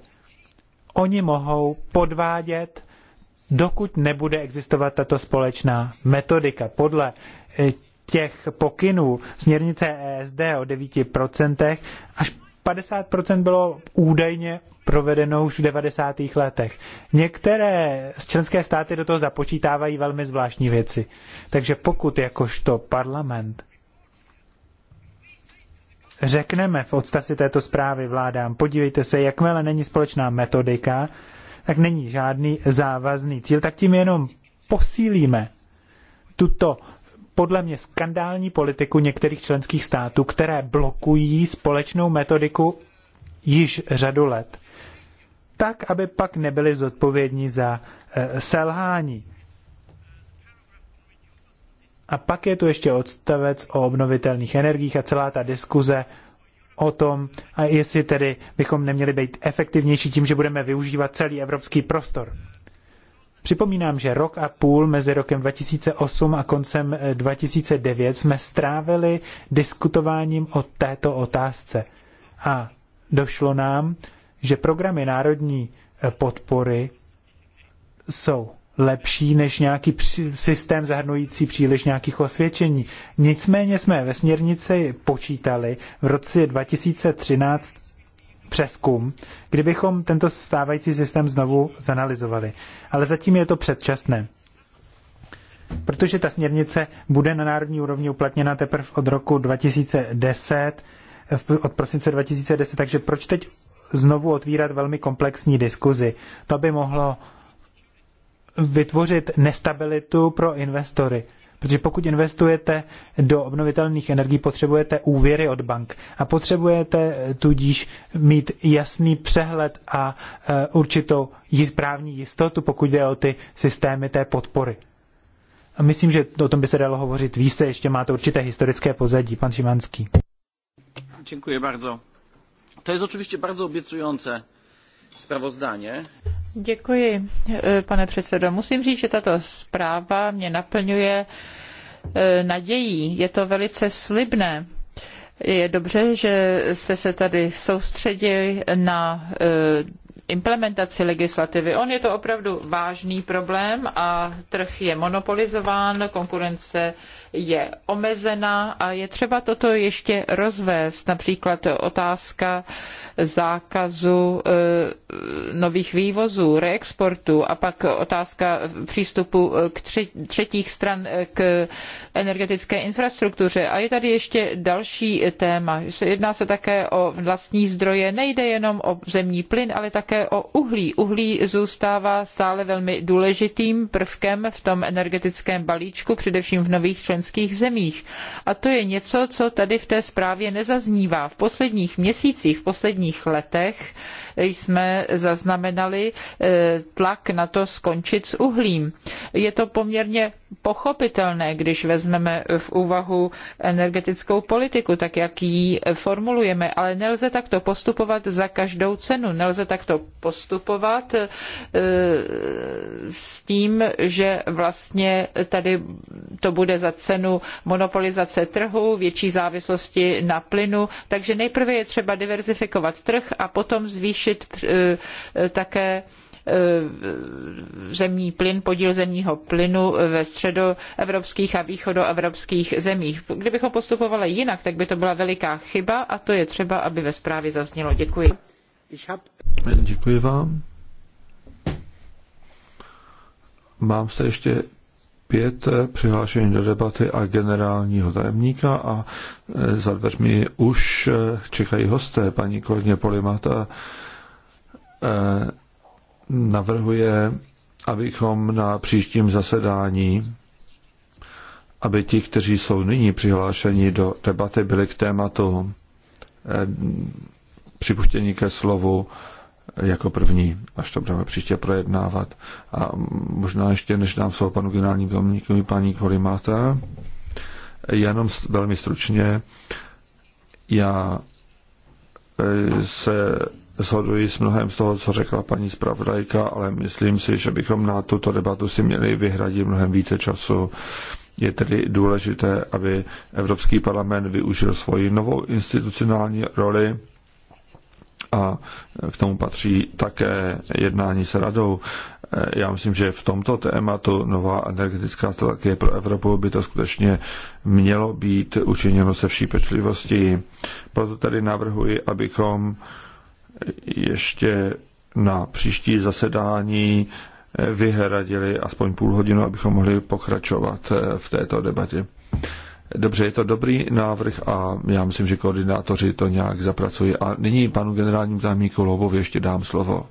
oni mohou podvádět, dokud nebude existovat tato společná metodika. Podle eh, těch pokynů směrnice ESD o 9% až 50% bylo údajně provedenou už v 90. letech. Některé z členské státy do toho započítávají velmi zvláštní věci. Takže pokud jakožto parlament řekneme v odstavci této zprávy vládám, podívejte se, jakmile není společná metodika, tak není žádný závazný cíl, tak tím jenom posílíme tuto podle mě skandální politiku některých členských států, které blokují společnou metodiku již řadu let tak, aby pak nebyli zodpovědní za e, selhání. A pak je tu ještě odstavec o obnovitelných energiích a celá ta diskuze o tom, a jestli tedy bychom neměli být efektivnější tím, že budeme využívat celý evropský prostor. Připomínám, že rok a půl mezi rokem 2008 a koncem 2009 e, jsme strávili diskutováním o této otázce. A došlo nám, že programy národní eh, podpory jsou lepší než nějaký systém zahrnující příliš nějakých osvědčení. Nicméně jsme ve směrnici počítali v roce 2013 přeskum, kdybychom tento stávající systém znovu zanalizovali. Ale zatím je to předčasné. Protože ta směrnice bude na národní úrovni uplatněna teprve od roku 2010, od prosince 2010, takže proč teď znovu otvírat velmi komplexní diskuzi. To by mohlo vytvořit nestabilitu pro investory. Protože pokud investujete do obnovitelných energií, potřebujete úvěry od bank a potřebujete tudíž mít jasný přehled a e, určitou právní jistotu, pokud jde o ty systémy té podpory. A myslím, že o tom by se dalo hovořit více, ještě máte určité historické pozadí. Pan Šimanský. Děkuji bardzo. To jest oczywiście bardzo obiecujące sprawozdanie. Děkuji, e, pane předsedo. Musím říct, že tato zpráva mě naplňuje e, nadějí. Je to velice slibné. Je dobře, že jste se tady soustředili na e, implementaci legislativy. On je to opravdu vážný problém a trh je monopolizován, konkurence je omezená a je třeba toto ještě rozvést. Například otázka zákazu e, nových vývozů, reexportu a pak otázka přístupu k třetích stran e, k energetické infrastruktuře. A je tady ještě další téma. Jedná se také o vlastní zdroje. Nejde jenom o zemní plyn, ale také o uhlí. Uhlí zůstává stále velmi důležitým prvkem v tom energetickém balíčku, především v nových členských členských zemích. A to je něco, co tady v té zprávě nezaznívá. V posledních měsících, v posledních letech jsme zaznamenali eh, tlak na to skončit s uhlím. Je to poměrně pochopitelné, když vezmeme v úvahu energetickou politiku, tak jak ji formulujeme, ale nelze takto postupovat za každou cenu. Nelze takto postupovat eh, s tím, že vlastně tady to bude za cenu monopolizace trhu, větší závislosti na plynu. Takže nejprve je třeba diverzifikovat trh a potom zvýšit eh, eh, také eh, zemní plyn, podíl zemního plynu ve středoevropských a východoevropských zemích. Kdybychom postupovali jinak, tak by to byla veliká chyba a to je třeba, aby ve zprávě zaznělo. Děkuji. Děkuji vám. Mám se ještě pět přihlášení do debaty a generálního tajemníka a e, za dveřmi už e, čekají hosté. Paní kolegyně Polimata e, navrhuje, abychom na příštím zasedání aby ti, kteří jsou nyní přihlášeni do debaty, byli k tématu připuštění ke slovu jako první, až to budeme příště projednávat. A možná ještě, než nám slovo panu generálnímu domníkovi, paní Kolimáta, jenom velmi stručně, já e, se shoduji s mnohem z toho, co řekla paní zpravodajka, ale myslím si, že bychom na tuto debatu si měli vyhradit mnohem více času. Je tedy důležité, aby Evropský parlament využil svoji novou institucionální roli a k tomu patří také jednání s radou. Já myslím, že v tomto tématu nová energetická strategie pro Evropu by to skutečně mělo být učiněno se vší pečlivostí. Proto tady navrhuji, abychom ještě na příští zasedání vyhradili aspoň půl hodinu, abychom mohli pokračovat v této debatě. Dobře, je to dobrý návrh a já myslím, že koordinátoři to nějak zapracují. A nyní panu generálnímu tajemníku Lobovi ještě dám slovo.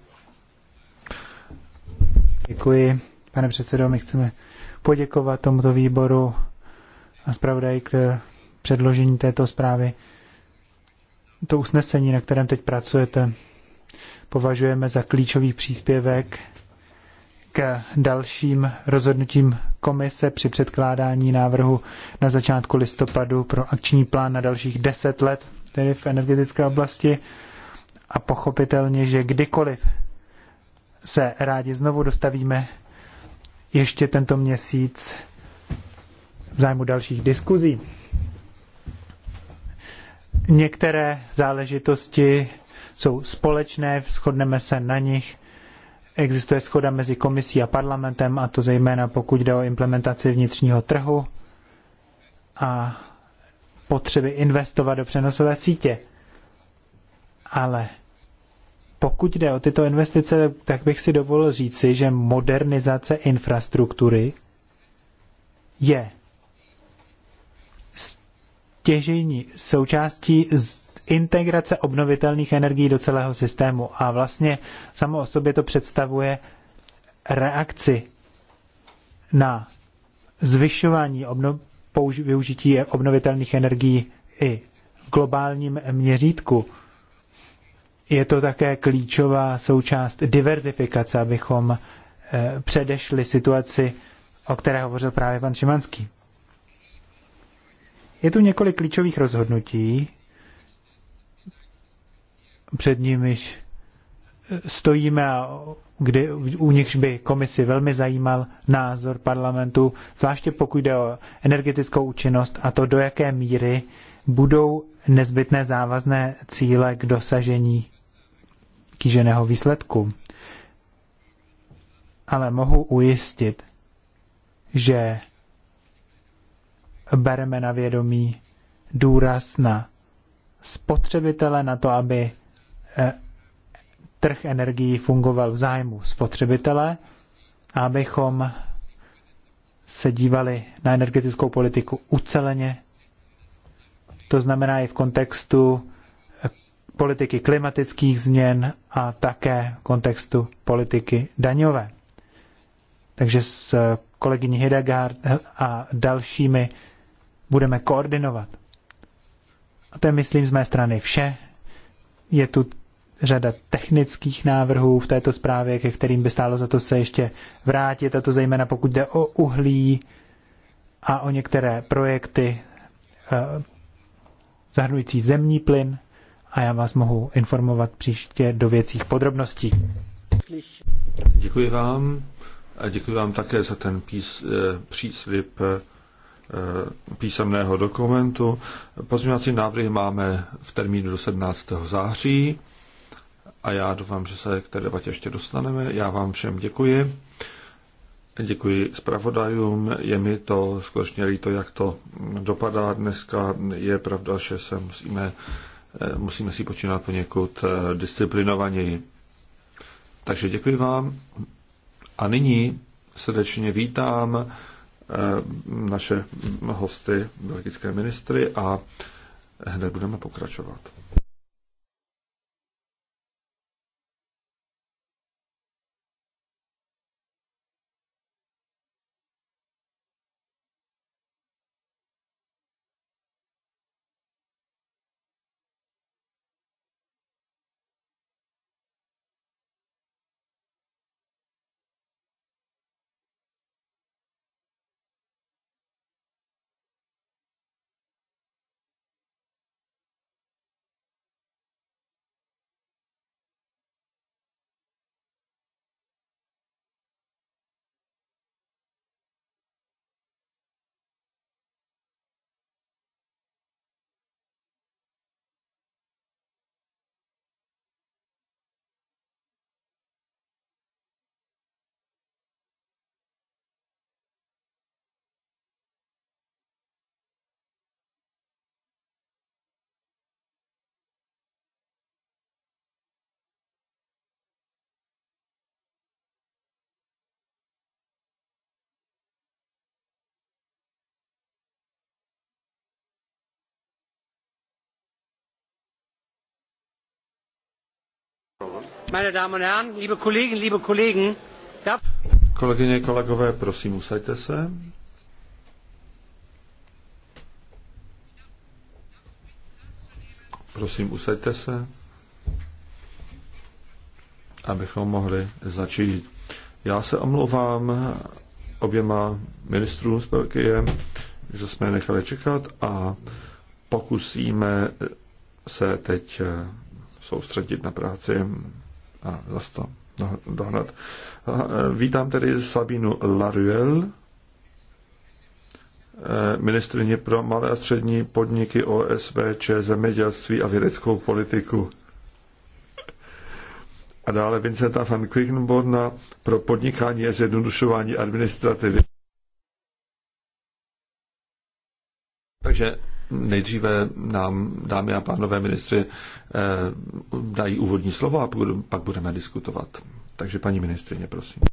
Děkuji, pane předsedo. My chceme poděkovat tomuto výboru a zpravodaj k předložení této zprávy. To usnesení, na kterém teď pracujete, považujeme za klíčový příspěvek k dalším rozhodnutím komise při předkládání návrhu na začátku listopadu pro akční plán na dalších deset let, tedy v energetické oblasti. A pochopitelně, že kdykoliv se rádi znovu dostavíme ještě tento měsíc v zájmu dalších diskuzí. Některé záležitosti jsou společné, shodneme se na nich existuje schoda mezi komisí a parlamentem, a to zejména pokud jde o implementaci vnitřního trhu a potřeby investovat do přenosové sítě. Ale pokud jde o tyto investice, tak bych si dovolil říci, že modernizace infrastruktury je stěžení součástí z integrace obnovitelných energií do celého systému. A vlastně samo o sobě to představuje reakci na zvyšování obno- použ- využití obnovitelných energií i v globálním měřítku. Je to také klíčová součást diverzifikace, abychom eh, předešli situaci, o které hovořil právě pan Šimanský. Je tu několik klíčových rozhodnutí, před nimiž eh, stojíme a kdy, u nichž by komisi velmi zajímal názor parlamentu, zvláště pokud jde o energetickou účinnost a to, do jaké míry budou nezbytné závazné cíle k dosažení kýženého výsledku. Ale mohu ujistit, že bereme na vědomí důraz na spotřebitele, na to, aby Eh, trh energií fungoval v zájmu spotřebitele, abychom se dívali na energetickou politiku uceleně. To znamená i v kontextu eh, politiky klimatických změn a také v kontextu politiky daňové. Takže s eh, kolegyní Hidegard a dalšími budeme koordinovat. A to je, myslím, z mé strany vše. Je tu řada technických návrhů v této zprávě, ke kterým by stálo za to se ještě vrátit, a to zejména pokud jde o uhlí a o některé projekty eh, zahrnující zemní plyn a já vás mohu informovat příště do věcích podrobností. Děkuji vám a děkuji vám také za ten pís, eh, příslip eh, písemného dokumentu. Pozměňovací návrhy máme v termínu do 17. září a já doufám, že se k té debatě ještě dostaneme. Já vám všem děkuji. Děkuji zpravodajům. Je mi to skutečně líto, jak to dopadá dneska. Je pravda, že se musíme, eh, musíme si počínat poněkud eh, disciplinovaněji. Takže děkuji vám. A nyní srdečně vítám eh, naše hosty, belgické ministry a hned budeme pokračovat. Meine Damen und Herren, liebe Kollegen, liebe Kollegen, Kolegyně, kolegové, prosím, usaďte se. Prosím, usaďte se, abychom mohli začít. Já se omlouvám oběma ministrům z Belgie, že jsme je nechali čekat a pokusíme se teď soustředit na práci a zase to dohnat. E, vítám tedy Sabinu Laruel, e, ministrině pro malé a střední podniky OSVČ, zemědělství a vědeckou politiku. A dále Vincenta van Quickenborna pro podnikání a zjednodušování administrativy. Takže nejdříve nám, dámy a pánové ministři, eh, dají úvodní slovo a pak budeme diskutovat. Takže paní ministrině, prosím.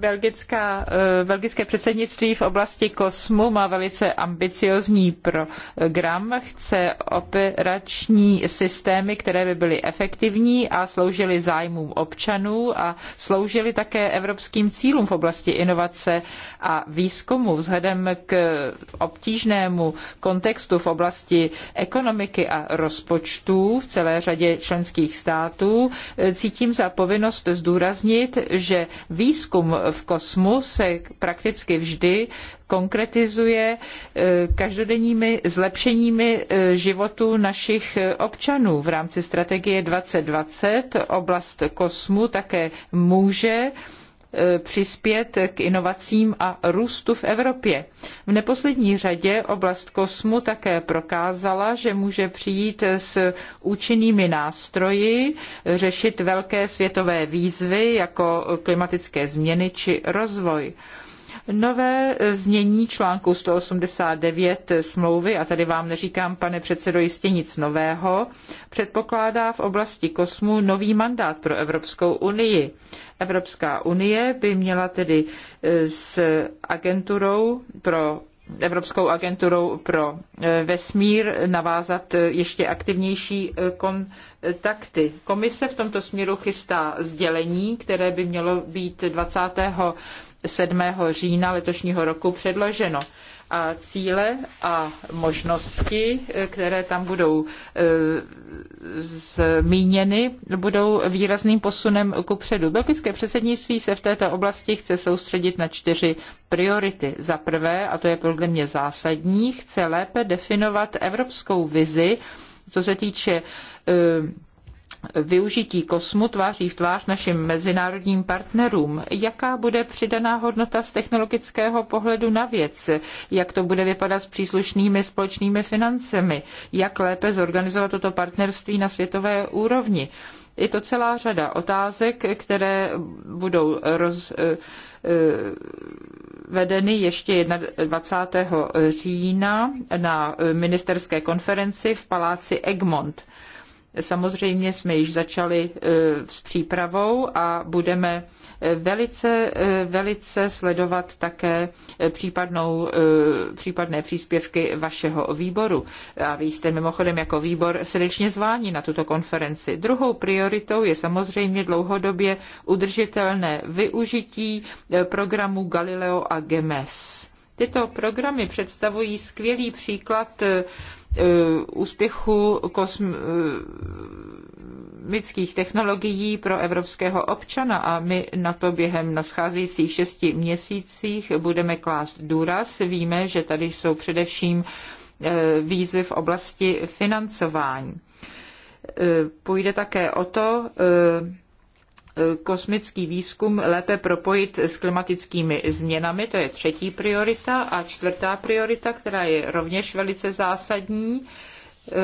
Belgická, eh, belgické předsednictví v oblasti kosmu má velice ambiciózní program. Chce operační systémy, které by byly efektivní a sloužily zájmům občanů a sloužily také evropským cílům v oblasti inovace a výzkumu. Vzhledem k obtížnému kontextu v oblasti ekonomiky a rozpočtů v celé řadě členských států, cítím za povinnost zdůraznit, že výzkum v kosmu se prakticky vždy konkretizuje eh, každodenními zlepšeními eh, životů našich eh, občanů. V rámci strategie 2020 oblast kosmu také může E, přispět k inovacím a růstu v Evropě. V neposlední řadě oblast kosmu také prokázala, že může přijít s účinnými nástroji, řešit velké světové výzvy jako klimatické změny či rozvoj nové znění článku 189 smlouvy, a tady vám neříkám, pane předsedo, jistě nic nového, předpokládá v oblasti kosmu nový mandát pro Evropskou unii. Evropská unie by měla tedy eh, s agenturou pro Evropskou agenturou pro eh, vesmír navázat eh, ještě aktivnější kontakty. Komise v tomto směru chystá sdělení, které by mělo být 20. 7. října letošního roku předloženo. A cíle a možnosti, které tam budou e, zmíněny, budou výrazným posunem ku předu. Belgické předsednictví se v této oblasti chce soustředit na čtyři priority. Za prvé, a to je podle mě zásadní, chce lépe definovat evropskou vizi, co se týče e, využití kosmu tváří v tvář našim mezinárodním partnerům. Jaká bude přidaná hodnota z technologického pohledu na věc? Jak to bude vypadat s příslušnými společnými financemi? Jak lépe zorganizovat toto partnerství na světové úrovni? Je to celá řada otázek, které budou roz, eh, eh, vedeny ještě 21. října na ministerské konferenci v paláci Egmont. Samozřejmě jsme již začali e, s přípravou a budeme e, velice, e, velice sledovat také případnou, případné příspěvky vašeho výboru. A vy jste mimochodem jako výbor srdečně zváni na tuto konferenci. Druhou prioritou je samozřejmě dlouhodobě udržitelné využití programu Galileo a GEMES. Tyto programy představují skvělý příklad Eh, úspěchu kosmických technologií pro evropského občana a my na to během nascházejících šesti měsících budeme klást důraz. Víme, že tady jsou především eh, výzvy v oblasti financování. Eh, půjde také o to, kosmický výzkum lépe propojit s klimatickými změnami, to je třetí priorita. A čtvrtá priorita, která je rovněž velice zásadní, eh,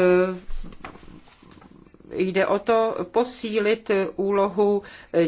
jde o to posílit úlohu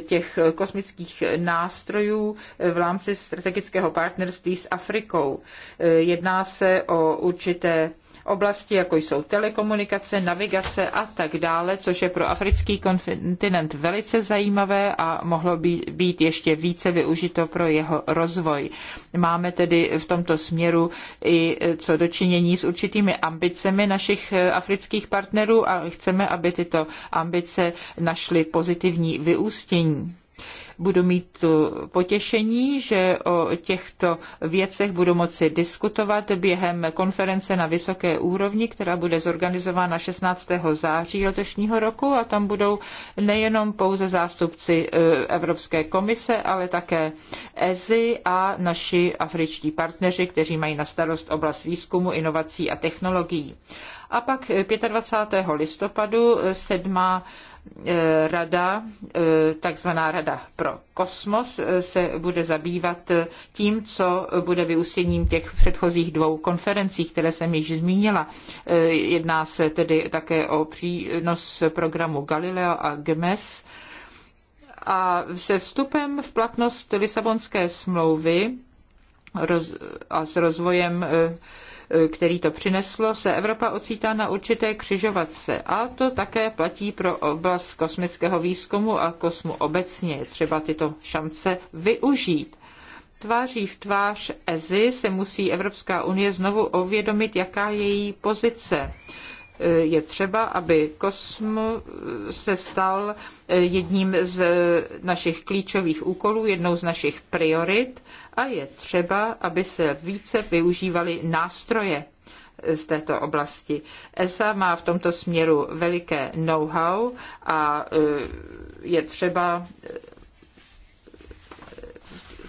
těch kosmických nástrojů v rámci strategického partnerství s Afrikou. Eh, jedná se o určité oblasti, jako jsou telekomunikace, navigace a tak dále, což je pro africký kontinent velice zajímavé a mohlo by být ještě více využito pro jeho rozvoj. Máme tedy v tomto směru i eh, co dočinění s určitými ambicemi našich eh, afrických partnerů a chceme, aby tyto ambice našly pozitivní vyústění budu mít tu potěšení, že o těchto věcech budu moci diskutovat během konference na vysoké úrovni, která bude zorganizována 16. září letošního roku a tam budou nejenom pouze zástupci e, Evropské komise, ale také EZI a naši afričtí partneři, kteří mají na starost oblast výzkumu, inovací a technologií. A pak 25. listopadu sedmá Eh, rada, eh, takzvaná rada pro kosmos, eh, se bude zabývat tím, co bude vyústěním těch předchozích dvou konferencí, které jsem již zmínila. Jedná se tedy také o přínos programu Galileo a GMES. A se vstupem v platnost Lisabonské smlouvy a s rozvojem který to přineslo, se Evropa ocitá na určité křižovatce. A to také platí pro oblast kosmického výzkumu a kosmu obecně. Je třeba tyto šance využít. Tváří v tvář EZI se musí Evropská unie znovu uvědomit, jaká je její pozice. Eh, je třeba, aby Kosmo eh, se stal eh, jedním z našich klíčových úkolů, jednou z našich priorit a je třeba, aby se více využívaly nástroje z této oblasti. ESA má v tomto směru veliké know-how a je třeba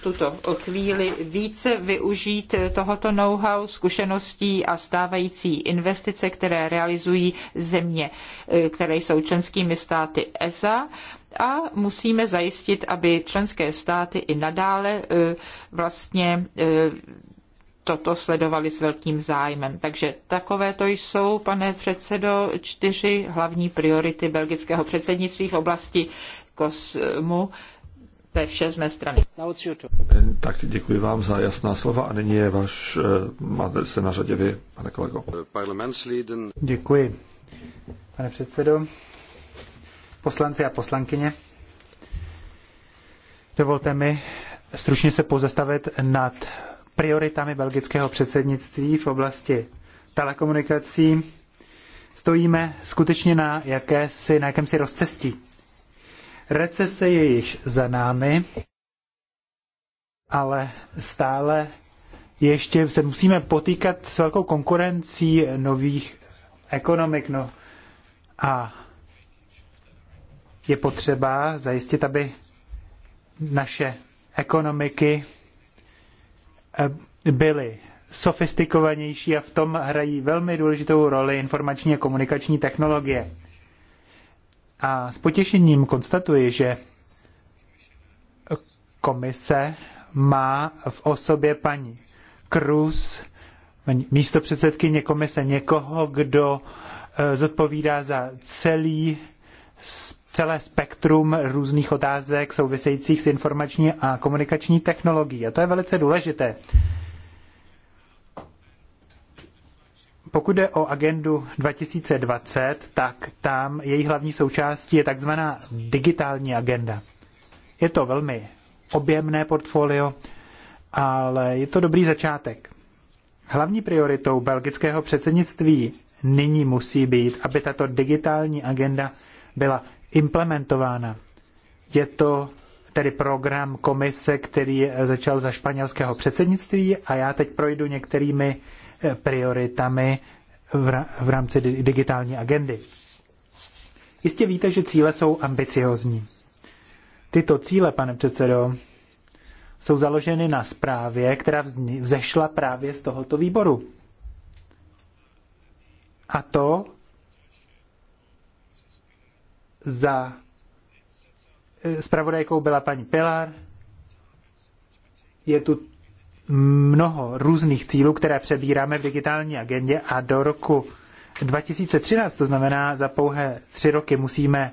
tuto chvíli více využít tohoto know-how, zkušeností a stávající investice, které realizují země, eh, které jsou členskými státy ESA a musíme zajistit, aby členské státy i nadále eh, vlastně eh, toto sledovali s velkým zájmem. Takže takové to jsou, pane předsedo, čtyři hlavní priority belgického předsednictví v oblasti kosmu to je vše z mé strany. Tak děkuji vám za jasná slova a nyní je váš, eh, máte se na řadě vy, pane kolego. Děkuji, pane předsedo, poslanci a poslankyně. Dovolte mi stručně se pozastavit nad prioritami belgického předsednictví v oblasti telekomunikací. Stojíme skutečně na, jakési, na jakémsi rozcestí Recese je již za námi, ale stále ještě se musíme potýkat s velkou konkurencí nových ekonomik. No. A je potřeba zajistit, aby naše ekonomiky eh, byly sofistikovanější a v tom hrají velmi důležitou roli informační a komunikační technologie. A s potěšením konstatuji, že komise má v osobě paní Cruz, místo předsedkyně komise, někoho, kdo e, zodpovídá za celý celé spektrum různých otázek souvisejících s informační a komunikační technologií. A to je velice důležité, Pokud jde o agendu 2020, tak tam její hlavní součástí je takzvaná digitální agenda. Je to velmi objemné portfolio, ale je to dobrý začátek. Hlavní prioritou belgického předsednictví nyní musí být, aby tato digitální agenda byla implementována. Je to tedy program komise, který začal za španělského předsednictví a já teď projdu některými prioritami v rámci digitální agendy. Jistě víte, že cíle jsou ambiciozní. Tyto cíle, pane předsedo, jsou založeny na zprávě, která vzešla právě z tohoto výboru. A to za eh, zpravodajkou byla paní Pilar. Je tu mnoho různých cílů, které přebíráme v digitální agendě a do roku 2013, to znamená za pouhé tři roky, musíme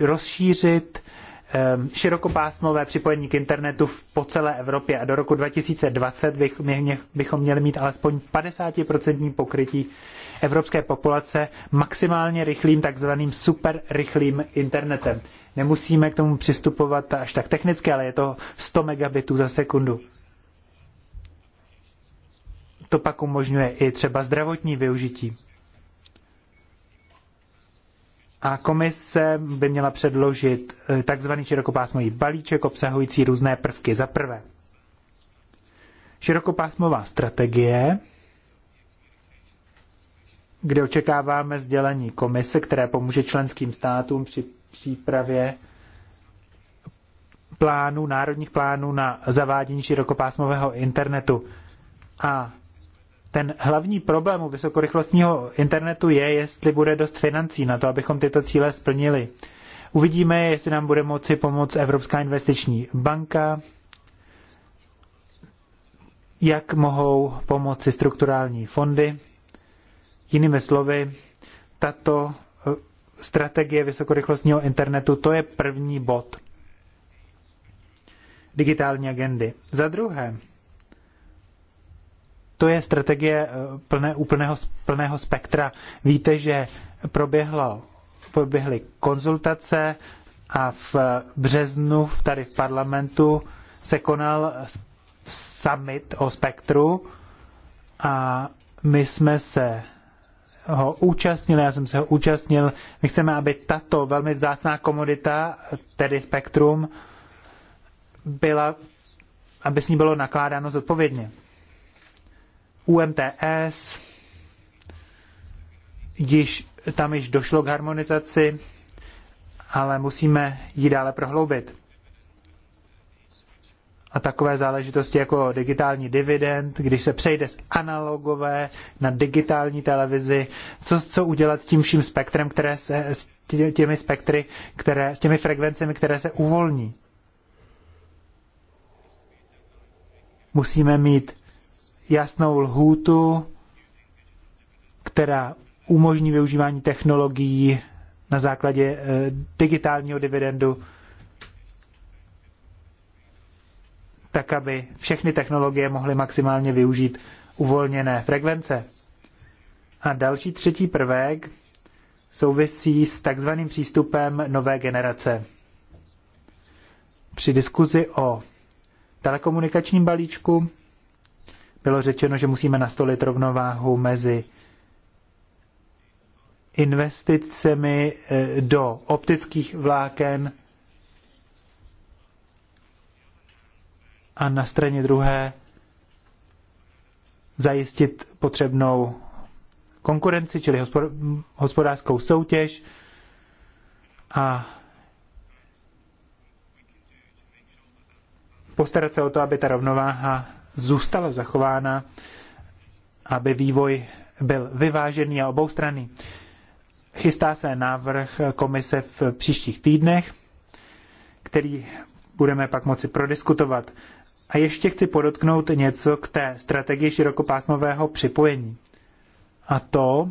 rozšířit ehm, širokopásmové připojení k internetu v, po celé Evropě a do roku 2020 bychom měli mít alespoň 50% pokrytí evropské populace maximálně rychlým, takzvaným superrychlým internetem. Nemusíme k tomu přistupovat až tak technicky, ale je to 100 megabitů za sekundu to pak umožňuje i třeba zdravotní využití. A komise by měla předložit eh, takzvaný širokopásmový balíček obsahující různé prvky. Za prvé, širokopásmová strategie, kde očekáváme sdělení komise, které pomůže členským státům při přípravě plánů, národních plánů na zavádění širokopásmového internetu. A ten hlavní problém u vysokorychlostního internetu je, jestli bude dost financí na to, abychom tyto cíle splnili. Uvidíme, jestli nám bude moci pomoct Evropská investiční banka, jak mohou pomoci strukturální fondy. Jinými slovy, tato eh, strategie vysokorychlostního internetu, to je první bod digitální agendy. Za druhé, to je strategie eh, plné, úplného, plného spektra. Víte, že proběhlo, proběhly konzultace a v březnu tady v parlamentu se konal summit o spektru a my jsme se ho účastnil, já jsem se ho účastnil. My chceme, aby tato velmi vzácná komodita, tedy spektrum, byla, aby s ní bylo nakládáno zodpovědně. UMTS, již, tam již došlo k harmonizaci, ale musíme ji dále prohloubit. A takové záležitosti jako digitální dividend, když se přejde z analogové na digitální televizi, co, co udělat s tím vším spektrem, které se, s těmi spektry, které, s těmi frekvencemi, které se uvolní. Musíme mít jasnou lhůtu, která umožní využívání technologií na základě eh, digitálního dividendu, tak aby všechny technologie mohly maximálně využít uvolněné frekvence. A další třetí prvek souvisí s takzvaným přístupem nové generace. Při diskuzi o telekomunikačním balíčku bylo řečeno, že musíme nastolit rovnováhu mezi investicemi eh, do optických vláken a na straně druhé zajistit potřebnou konkurenci, čili hospodářskou soutěž a postarat se o to, aby ta rovnováha zůstala zachována, aby vývoj byl vyvážený a oboustranný. Chystá se návrh komise v příštích týdnech, který budeme pak moci prodiskutovat. A ještě chci podotknout něco k té strategii širokopásmového připojení. A to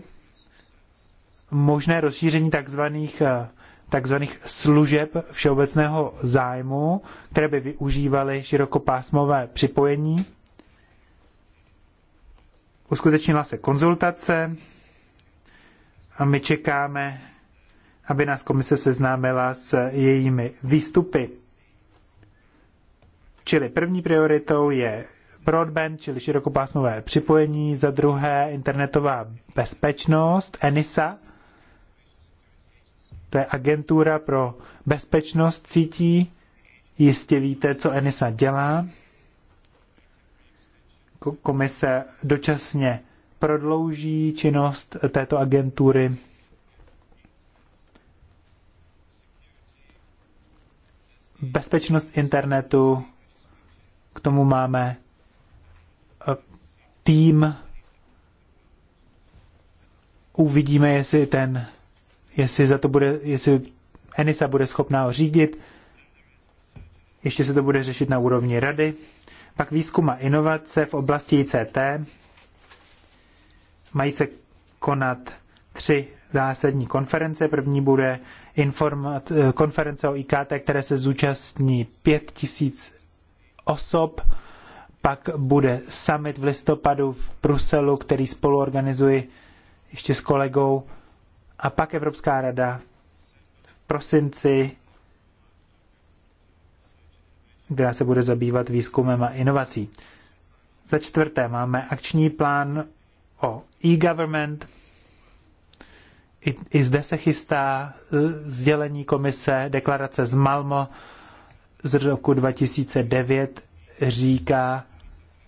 možné rozšíření takzvaných eh, takzvaných služeb všeobecného zájmu, které by využívaly širokopásmové připojení. Uskutečnila se konzultace a my čekáme, aby nás komise seznámila s jejími výstupy. Čili první prioritou je broadband, čili širokopásmové připojení, za druhé internetová bezpečnost, ENISA, to je agentura pro bezpečnost sítí. Jistě víte, co ENISA dělá. Komise dočasně prodlouží činnost této agentury. Bezpečnost internetu, k tomu máme eh, tým. Uvidíme, jestli ten jestli za to bude, jestli Enisa bude schopná ho řídit, ještě se to bude řešit na úrovni rady. Pak výzkum a inovace v oblasti ICT. Mají se konat tři zásadní konference. První bude informat, eh, konference o IKT, které se zúčastní 5000 osob. Pak bude summit v listopadu v Bruselu, který spoluorganizuji ještě s kolegou a pak Evropská rada v prosinci, která se bude zabývat výzkumem a inovací. Za čtvrté máme akční plán o e-government. I, I zde se chystá eh, sdělení komise, deklarace z Malmo z roku 2009 říká,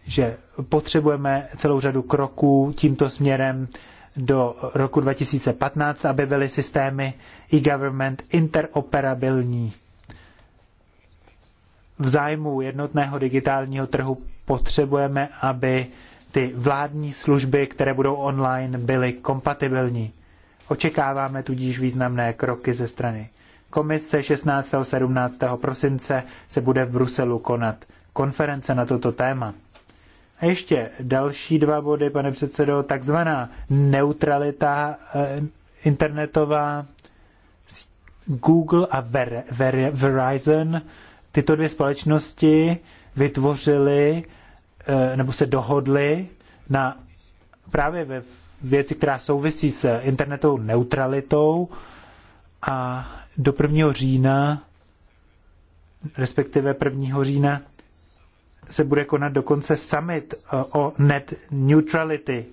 že potřebujeme celou řadu kroků tímto směrem do roku 2015, aby byly systémy e-government interoperabilní. V zájmu jednotného digitálního trhu potřebujeme, aby ty vládní služby, které budou online, byly kompatibilní. Očekáváme tudíž významné kroky ze strany komise 16. 17. prosince se bude v Bruselu konat konference na toto téma. A ještě další dva body, pane předsedo, takzvaná neutralita eh, internetová, Google a Ver, Ver, Verizon, tyto dvě společnosti vytvořily eh, nebo se dohodly na právě ve věci, která souvisí s internetovou neutralitou a do 1. října, respektive 1. října se bude konat dokonce summit eh, o net neutrality.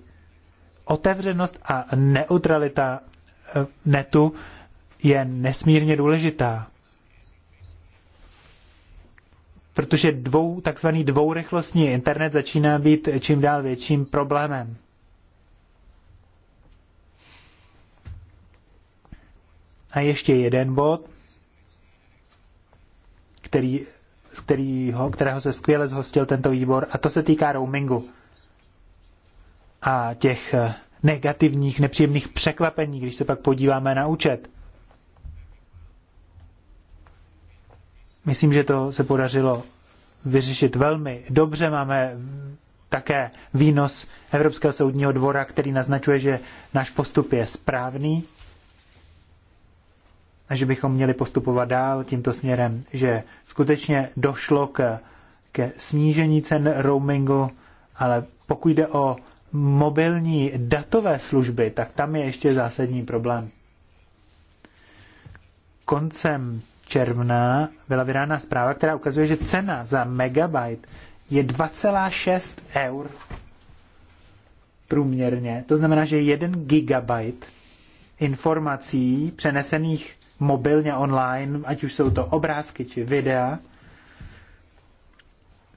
Otevřenost a neutralita eh, netu je nesmírně důležitá. Protože dvou, takzvaný dvourychlostní internet začíná být čím dál větším problémem. A ještě jeden bod, který z kterého, kterého se skvěle zhostil tento výbor, a to se týká roamingu a těch eh, negativních, nepříjemných překvapení, když se pak podíváme na účet. Myslím, že to se podařilo vyřešit velmi dobře. Máme také výnos Evropského soudního dvora, který naznačuje, že náš postup je správný a že bychom měli postupovat dál tímto směrem, že skutečně došlo k, ke snížení cen roamingu, ale pokud jde o mobilní datové služby, tak tam je ještě zásadní problém. Koncem června byla vydána zpráva, která ukazuje, že cena za megabyte je 2,6 eur průměrně. To znamená, že 1 gigabyte informací přenesených mobilně online, ať už jsou to obrázky či videa.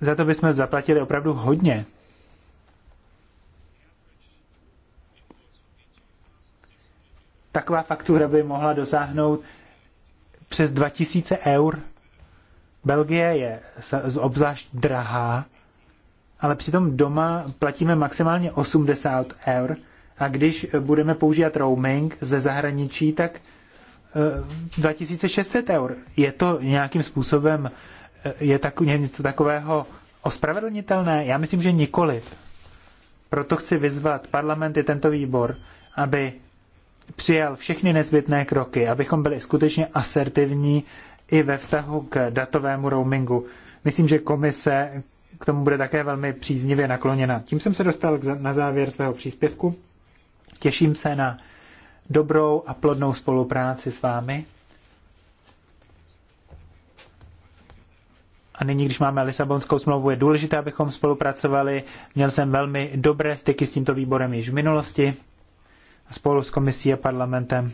Za to bychom zaplatili opravdu hodně. Taková faktura by mohla dosáhnout přes 2000 eur. Belgie je obzvlášť drahá, ale přitom doma platíme maximálně 80 eur a když budeme používat roaming ze zahraničí, tak 2600 eh, eur. Je to nějakým způsobem, eh, je tak, něco takového ospravedlnitelné? Já myslím, že nikoliv. Proto chci vyzvat parlament i tento výbor, aby přijal všechny nezbytné kroky, abychom byli skutečně asertivní i ve vztahu k datovému roamingu. Myslím, že komise k tomu bude také velmi příznivě nakloněna. Tím jsem se dostal na závěr svého příspěvku. Těším se na dobrou a plodnou spolupráci s vámi. A nyní, když máme Lisabonskou smlouvu, je důležité, abychom spolupracovali. Měl jsem velmi dobré styky s tímto výborem již v minulosti spolu s komisí a parlamentem.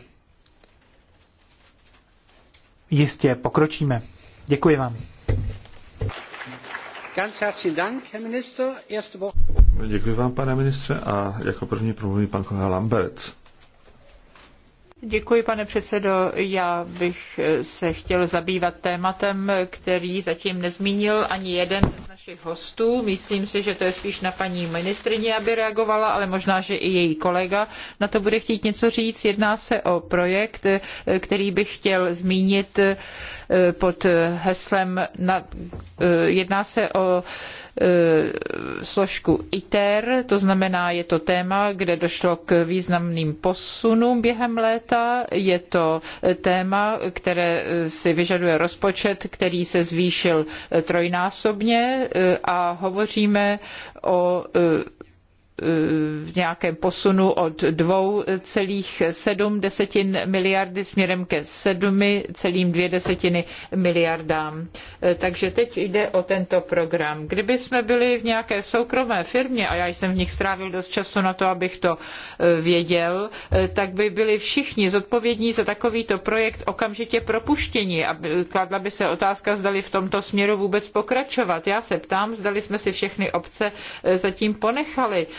Jistě pokročíme. Děkuji vám. Děkuji vám, pane ministře, a jako první promluví pan kolega Lambert. Děkuji, pane předsedo. Já bych eh, se chtěl zabývat tématem, který zatím nezmínil ani jeden z našich hostů. Myslím si, že to je spíš na paní ministrině, aby reagovala, ale možná, že i její kolega na to bude chtít něco říct. Jedná se o projekt, eh, který bych chtěl zmínit eh, pod heslem, na, jedná se o Eh, složku ITER, to znamená, je to téma, kde došlo k významným posunům během léta, je to eh, téma, které eh, si vyžaduje rozpočet, který se zvýšil trojnásobně a hovoříme o v nějakém posunu od 2,7 miliardy směrem ke 7,2 miliardám. Takže teď jde o tento program. Kdyby jsme byli v nějaké soukromé firmě, a já jsem v nich strávil dost času na to, abych to eh, věděl, eh, tak by byli všichni zodpovědní za takovýto projekt okamžitě propuštěni. A kladla by se otázka, zdali v tomto směru vůbec pokračovat. Já se ptám, zdali jsme si všechny obce eh, zatím ponechali.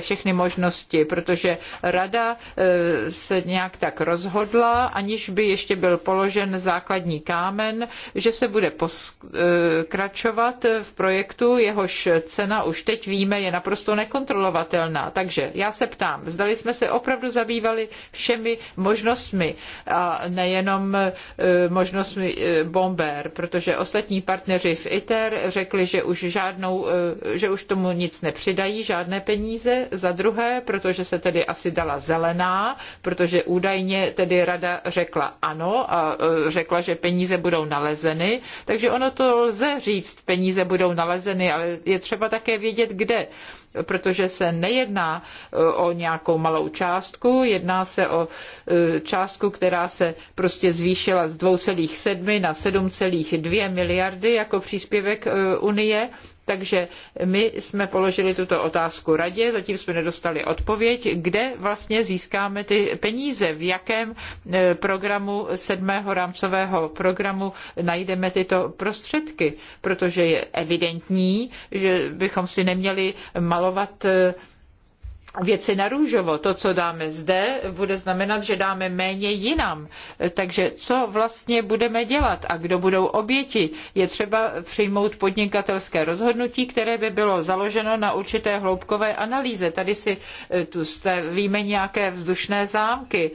všechny možnosti, protože rada e, se nějak tak rozhodla, aniž by ještě byl položen základní kámen, že se bude pokračovat v projektu, jehož cena už teď víme je naprosto nekontrolovatelná. Takže já se ptám, zdali jsme se opravdu zabývali všemi možnostmi a nejenom e, možnostmi e, bomber, protože ostatní partneři v ITER řekli, že už žádnou, že už tomu nic nepřidají, žádné peníze, za druhé, protože se tedy asi dala zelená, protože údajně tedy rada řekla ano a e, řekla, že peníze budou nalezeny, takže ono to lze říct, peníze budou nalezeny, ale je třeba také vědět, kde protože se nejedná e, o nějakou malou částku, jedná se o e, částku, která se prostě zvýšila z 2,7 na 7,2 miliardy jako příspěvek e, Unie. Takže my jsme položili tuto otázku radě, zatím jsme nedostali odpověď, kde vlastně získáme ty peníze, v jakém programu sedmého rámcového programu najdeme tyto prostředky, protože je evidentní, že bychom si neměli malou malovat eh, věci na růžovo. To, co dáme zde, bude znamenat, že dáme méně jinam. Eh, takže co vlastně budeme dělat a kdo budou oběti? Je třeba přijmout podnikatelské rozhodnutí, které by bylo založeno na určité hloubkové analýze. Tady si eh, tu stavíme nějaké vzdušné zámky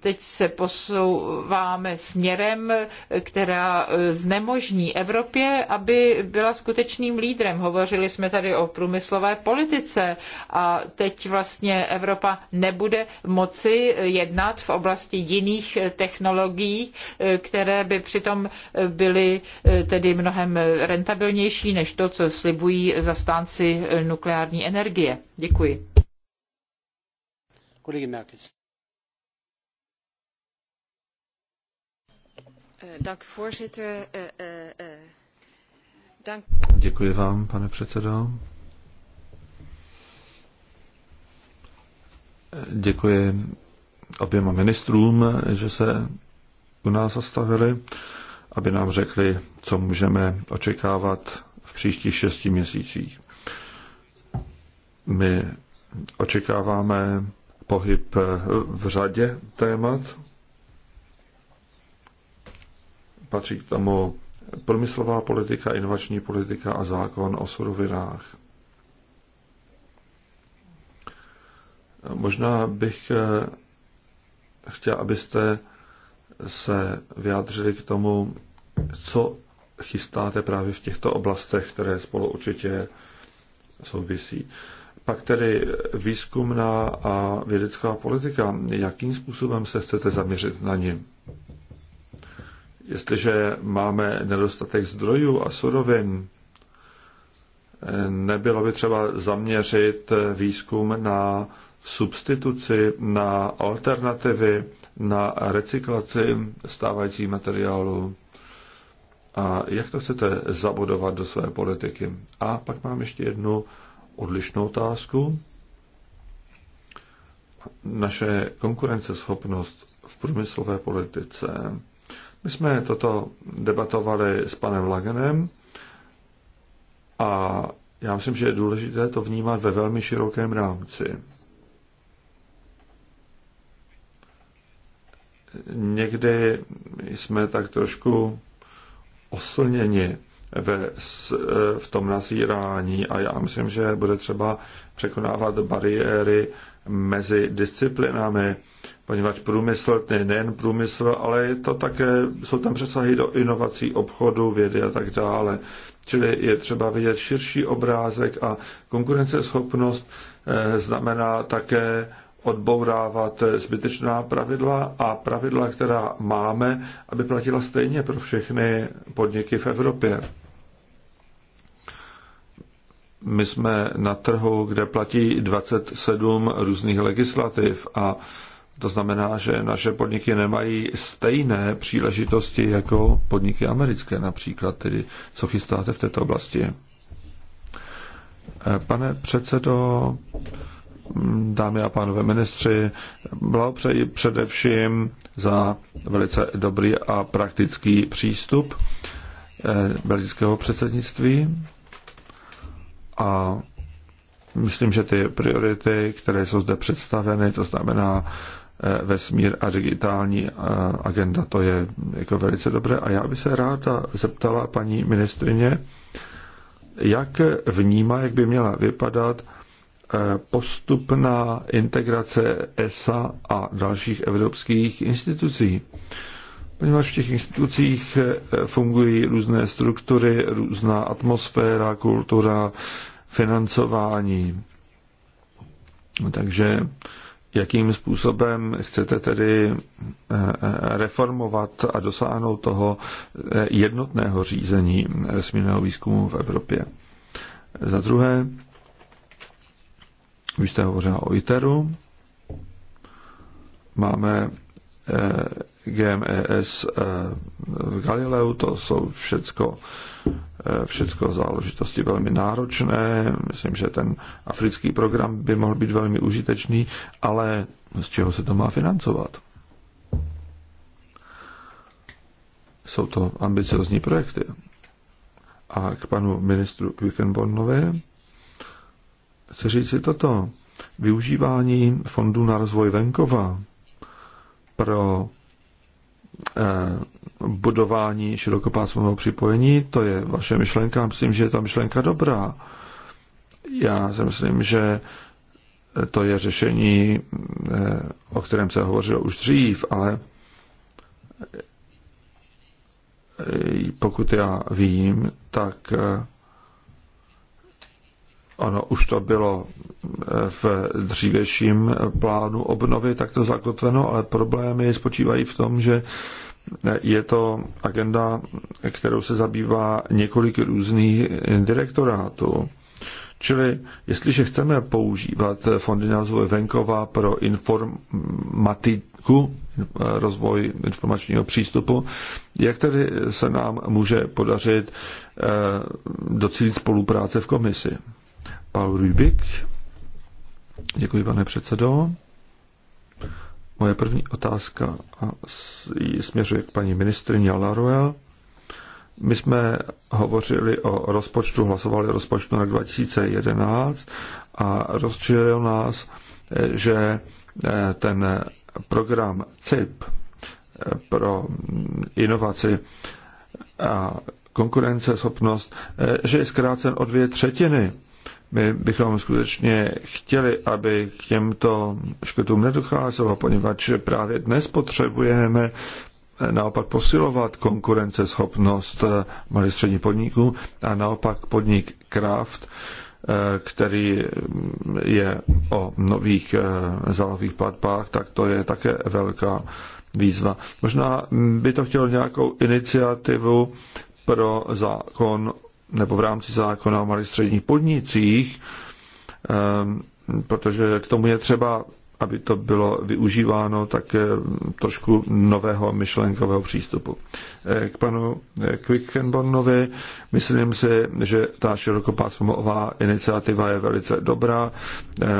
teď se posouváme směrem, která znemožní Evropě, aby byla skutečným lídrem. Hovořili jsme tady o průmyslové politice a teď vlastně Evropa nebude moci jednat v oblasti jiných technologií, které by přitom byly eh, tedy mnohem rentabilnější než to, co slibují zastánci nukleární energie. Děkuji. Kolega Merkis. Eh, voorzitter. Eh, eh, dank. Děkuji vám, pane předsedo. Děkuji oběma ministrům, že se u nás zastavili, aby nám řekli, co můžeme očekávat v příštích šesti měsících. My očekáváme pohyb v řadě témat, patří k tomu průmyslová politika, inovační politika a zákon o surovinách. Možná bych eh, chtěl, abyste se vyjádřili k tomu, co chystáte právě v těchto oblastech, které spolu určitě souvisí. Pak tedy výzkumná a vědecká politika. Jakým způsobem se chcete zaměřit na ně? Jestliže máme nedostatek zdrojů a surovin, nebylo by třeba zaměřit výzkum na substituci, na alternativy, na recyklaci stávajících materiálů. A jak to chcete zabudovat do své politiky? A pak mám ještě jednu odlišnou otázku. Naše konkurenceschopnost v průmyslové politice my jsme toto debatovali s panem Lagenem a já myslím, že je důležité to vnímat ve velmi širokém rámci. Někdy jsme tak trošku oslněni ve, v tom nazírání a já myslím, že bude třeba překonávat bariéry mezi disciplinami, poněvadž průmysl je nejen průmysl, ale je to také, jsou tam přesahy do inovací, obchodu, vědy a tak dále. Čili je třeba vidět širší obrázek a konkurenceschopnost eh, znamená také odbourávat eh, zbytečná pravidla a pravidla, která máme, aby platila stejně pro všechny podniky v Evropě my jsme na trhu, kde platí 27 různých legislativ a to znamená, že naše podniky nemají stejné příležitosti jako podniky americké například, tedy co chystáte v této oblasti. Pane předsedo, dámy a pánové ministři, blahopřeji především za velice dobrý a praktický přístup eh, belgického předsednictví a myslím, že ty priority, které jsou zde představeny, to znamená eh, vesmír a digitální eh, agenda, to je jako velice dobré. A já bych se ráda zeptala paní ministrině, jak vnímá, jak by měla vypadat eh, postupná integrace ESA a dalších evropských institucí poněvadž v těch institucích eh, fungují různé struktury, různá atmosféra, kultura, financování. Takže jakým způsobem chcete tedy eh, reformovat a dosáhnout toho eh, jednotného řízení vesmírného výzkumu v Evropě. Za druhé, vy jste hovořila o ITERu. Máme GMES eh, v Galileu, to jsou všecko, eh, všecko záležitosti velmi náročné. Myslím, že ten africký program by mohl být velmi užitečný, ale z čeho se to má financovat? Jsou to ambiciozní projekty. A k panu ministru Quickenbornové chci říct si toto. Využívání fondů na rozvoj venkova pro Eh, budování širokopásmového připojení, to je vaše myšlenka, myslím, že je ta myšlenka dobrá. Já si myslím, že to je řešení, eh, o kterém se hovořilo už dřív, ale eh, pokud já vím, tak Ono už to bylo eh, v dřívějším plánu obnovy takto zakotveno, ale problémy spočívají v tom, že eh, je to agenda, kterou se zabývá několik různých direktorátů. Čili jestliže chceme používat fondy na rozvoj venkova pro informatiku, eh, rozvoj informačního přístupu, jak tedy se nám může podařit docílit spolupráce v komisi? Paul Rubik. Děkuji, pane předsedo. Moje první otázka směřuje k paní ministrině Laruel. My jsme hovořili o rozpočtu, hlasovali o rozpočtu na 2011 a rozčililo nás, že eh, ten program CIP eh, pro mm, inovaci a konkurenceschopnost, eh, že je zkrácen o dvě třetiny my bychom skutečně chtěli, aby k těmto škrtům nedocházelo, poněvadž právě dnes potřebujeme eh, naopak posilovat konkurenceschopnost eh, malých středních podniků a naopak podnik Kraft, eh, který mm, je o nových zálohových platbách, tak to je také velká výzva. Možná mm, by to chtělo nějakou iniciativu pro zákon nebo v rámci zákona o malých středních podnicích, ehm, protože k tomu je třeba, aby to bylo využíváno tak eh, trošku nového myšlenkového přístupu. Eh, k panu eh, Quickenbornovi myslím si, že ta širokopásmová iniciativa je velice dobrá.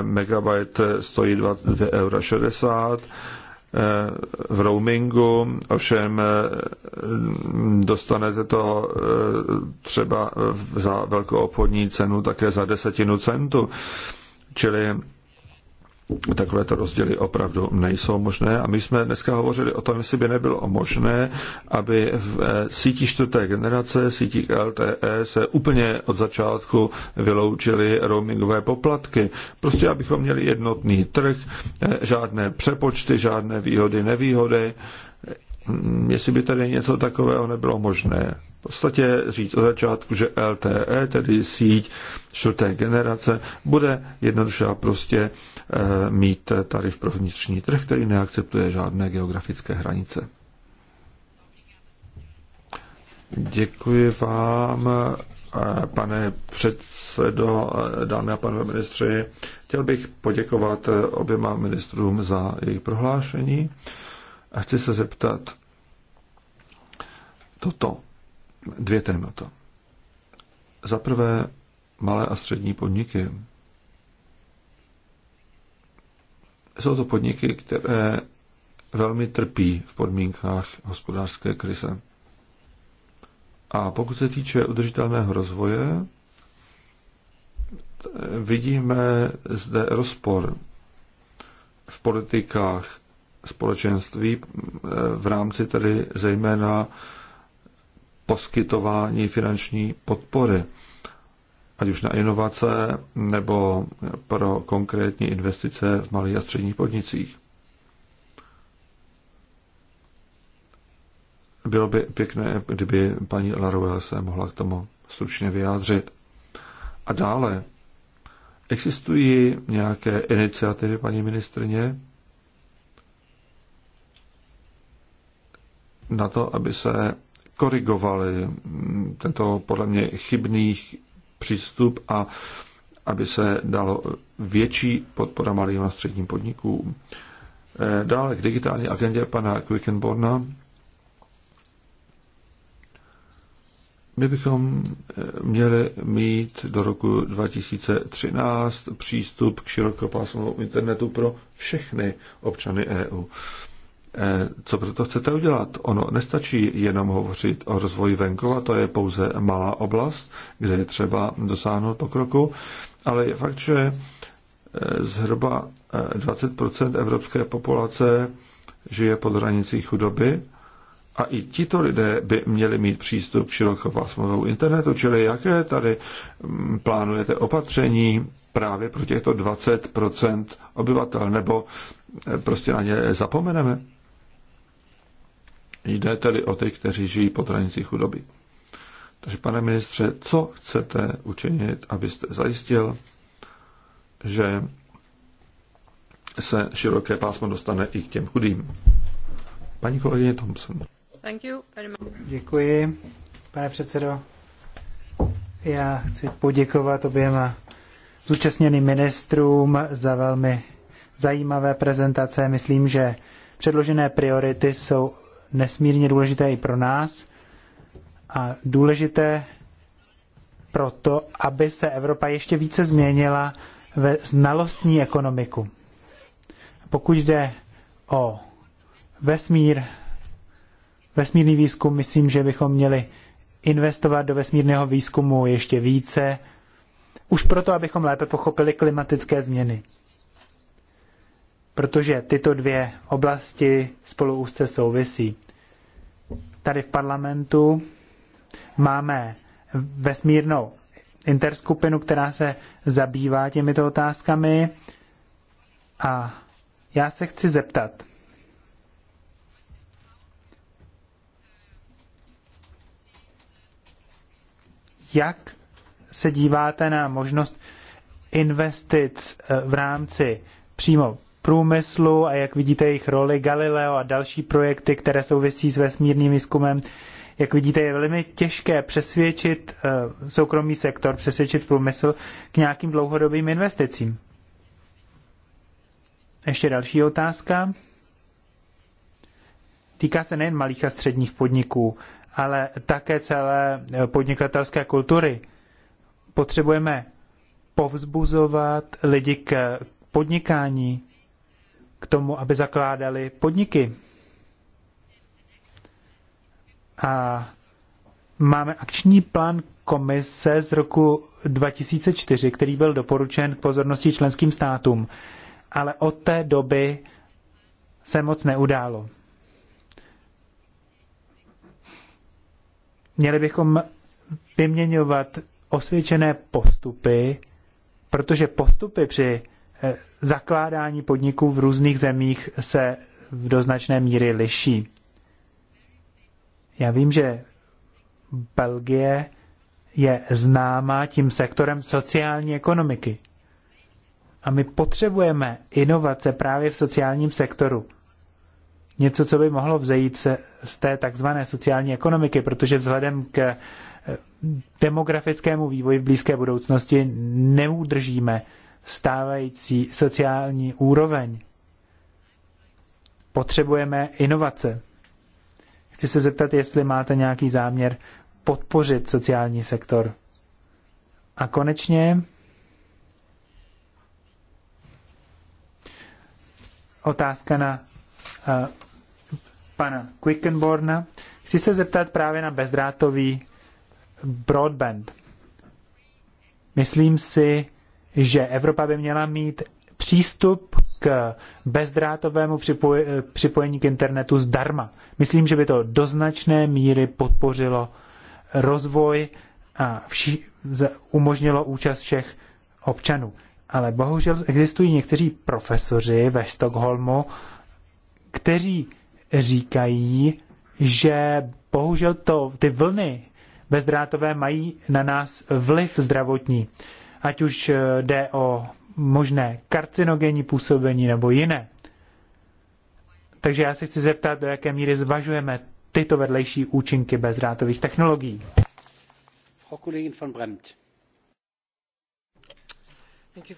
Megabyte stojí 2,60 euro Eh, v roamingu, ovšem eh, dostanete to eh, třeba za velkou obchodní cenu také za desetinu centu. Čili takovéto rozdíly opravdu nejsou možné. A my jsme dneska hovořili o tom, jestli by nebylo možné, aby v eh, síti čtvrté generace, sítí LTE, se úplně od začátku vyloučily roamingové poplatky. Prostě abychom měli jednotný trh, eh, žádné přepočty, žádné výhody, nevýhody. Mm, jestli by tady něco takového nebylo možné. V podstatě říct od začátku, že LTE, tedy síť čtvrté generace, bude jednoduše a prostě Eh, mít tarif pro vnitřní trh, který neakceptuje žádné geografické hranice. Děkuji vám, eh, pane předsedo, eh, dámy a pánové ministři. Chtěl bych poděkovat oběma ministrům za jejich prohlášení a chci se zeptat toto. Dvě témata. Za prvé malé a střední podniky. jsou to podniky, které velmi trpí v podmínkách hospodářské krize. A pokud se týče udržitelného rozvoje, vidíme zde rozpor v politikách společenství v rámci tedy zejména poskytování finanční podpory ať už na inovace nebo pro konkrétní investice v malých a středních podnicích. Bylo by pěkné, kdyby paní Laruel se mohla k tomu stručně vyjádřit. A dále, existují nějaké iniciativy, paní ministrně, na to, aby se korigovaly tento podle mě chybný přístup a aby se dalo větší podpora malým a středním podnikům. Eh, dále k digitální agendě pana Quickenborna. My bychom eh, měli mít do roku 2013 přístup k širokopásmovému internetu pro všechny občany EU. Eh, co proto chcete udělat? Ono nestačí jenom hovořit o rozvoji venkova, to je pouze malá oblast, kde je třeba dosáhnout pokroku, ale je fakt, že eh, zhruba 20 eh, evropské populace žije pod hranicí chudoby a i tito lidé by měli mít přístup k širokopásmovému internetu, čili jaké tady mm, plánujete opatření právě pro těchto 20 obyvatel, nebo prostě na ně zapomeneme? Jde tedy o ty, kteří žijí pod hranicí chudoby. Takže, pane ministře, co chcete učinit, abyste zajistil, že se široké pásmo dostane i k těm chudým? Paní kolegyně Thompson. Thank you Děkuji, pane předsedo. Já chci poděkovat oběma zúčastněným ministrům za velmi zajímavé prezentace. Myslím, že předložené priority jsou nesmírně důležité i pro nás a důležité proto, aby se Evropa ještě více změnila ve znalostní ekonomiku. Pokud jde o vesmír, vesmírný výzkum, myslím, že bychom měli investovat do vesmírného výzkumu ještě více, už proto, abychom lépe pochopili klimatické změny protože tyto dvě oblasti spolu úzce souvisí. Tady v parlamentu máme vesmírnou interskupinu, která se zabývá těmito otázkami a já se chci zeptat, jak se díváte na možnost investic eh, v rámci přímo průmyslu a jak vidíte jejich roli Galileo a další projekty, které souvisí s vesmírným výzkumem. Jak vidíte, je velmi těžké přesvědčit eh, soukromý sektor, přesvědčit průmysl k nějakým dlouhodobým investicím. Ještě další otázka. Týká se nejen malých a středních podniků, ale také celé eh, podnikatelské kultury. Potřebujeme povzbuzovat lidi k podnikání, k tomu, aby zakládali podniky. A máme akční plán komise z roku 2004, který byl doporučen k pozornosti členským státům, ale od té doby se moc neudálo. Měli bychom vyměňovat osvědčené postupy, protože postupy při eh, zakládání podniků v různých zemích se v doznačné míry liší. Já vím, že Belgie je známá tím sektorem sociální ekonomiky. A my potřebujeme inovace právě v sociálním sektoru. Něco, co by mohlo vzejít se z té takzvané sociální ekonomiky, protože vzhledem k eh, demografickému vývoji v blízké budoucnosti neudržíme stávající sociální úroveň. Potřebujeme inovace. Chci se zeptat, jestli máte nějaký záměr podpořit sociální sektor. A konečně otázka na uh, pana Quickenborna. Chci se zeptat právě na bezdrátový broadband. Myslím si, že Evropa by měla mít přístup k bezdrátovému připojení k internetu zdarma. Myslím, že by to do značné míry podpořilo rozvoj a vši, umožnilo účast všech občanů. Ale bohužel existují někteří profesoři ve Stockholmu, kteří říkají, že bohužel to, ty vlny bezdrátové mají na nás vliv zdravotní ať už eh, jde o možné karcinogenní působení nebo jiné. Takže já se chci zeptat, do jaké míry zvažujeme tyto vedlejší účinky bezdrátových technologií. Frau Kollegin van Bremt.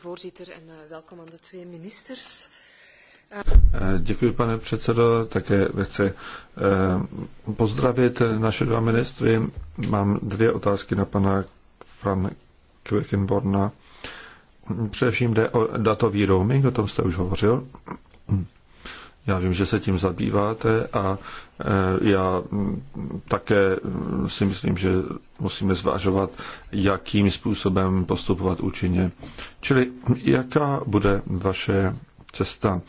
voorzitter en eh, welkom aan de twee ministers. Eh, děkuji, pane předsedo. Také chci pozdravit naše dva ministry. Mám dvě otázky na pana Fran Quickenborna. Především jde o datový roaming, o tom jste už hovořil. Já vím, že se tím zabýváte a e, já také si myslím, že musíme zvažovat, jakým způsobem postupovat účinně. Čili jaká bude vaše cesta?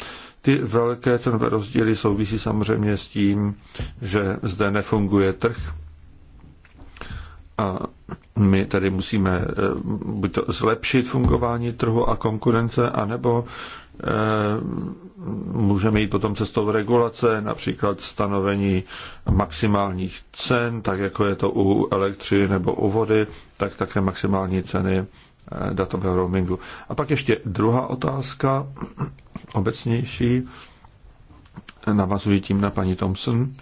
Ty velké cenové rozdíly souvisí samozřejmě s tím, že zde nefunguje trh a my tady musíme eh, buď to zlepšit fungování trhu a konkurence, anebo eh, můžeme jít potom cestou regulace, například stanovení maximálních cen, tak jako je to u elektřiny nebo u vody, tak také maximální ceny eh, datového roamingu. A pak ještě druhá otázka, obecnější, navazuji tím na paní Thompson.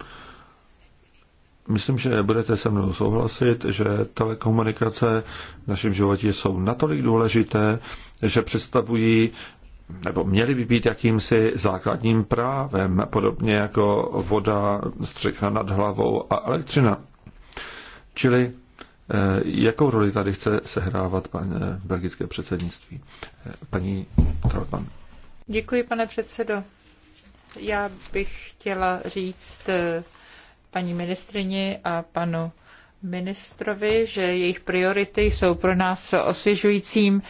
Myslím, že budete se mnou souhlasit, že telekomunikace v našem životě jsou natolik důležité, že představují nebo měly by být jakýmsi základním právem, podobně jako voda, střecha nad hlavou a elektřina. Čili eh, jakou roli tady chce sehrávat pan, eh, belgické předsednictví? Eh, paní Trautmann. Děkuji, pane předsedo. Já bych chtěla říct paní ministrini a panu ministrovi, že jejich priority jsou pro nás osvěžujícím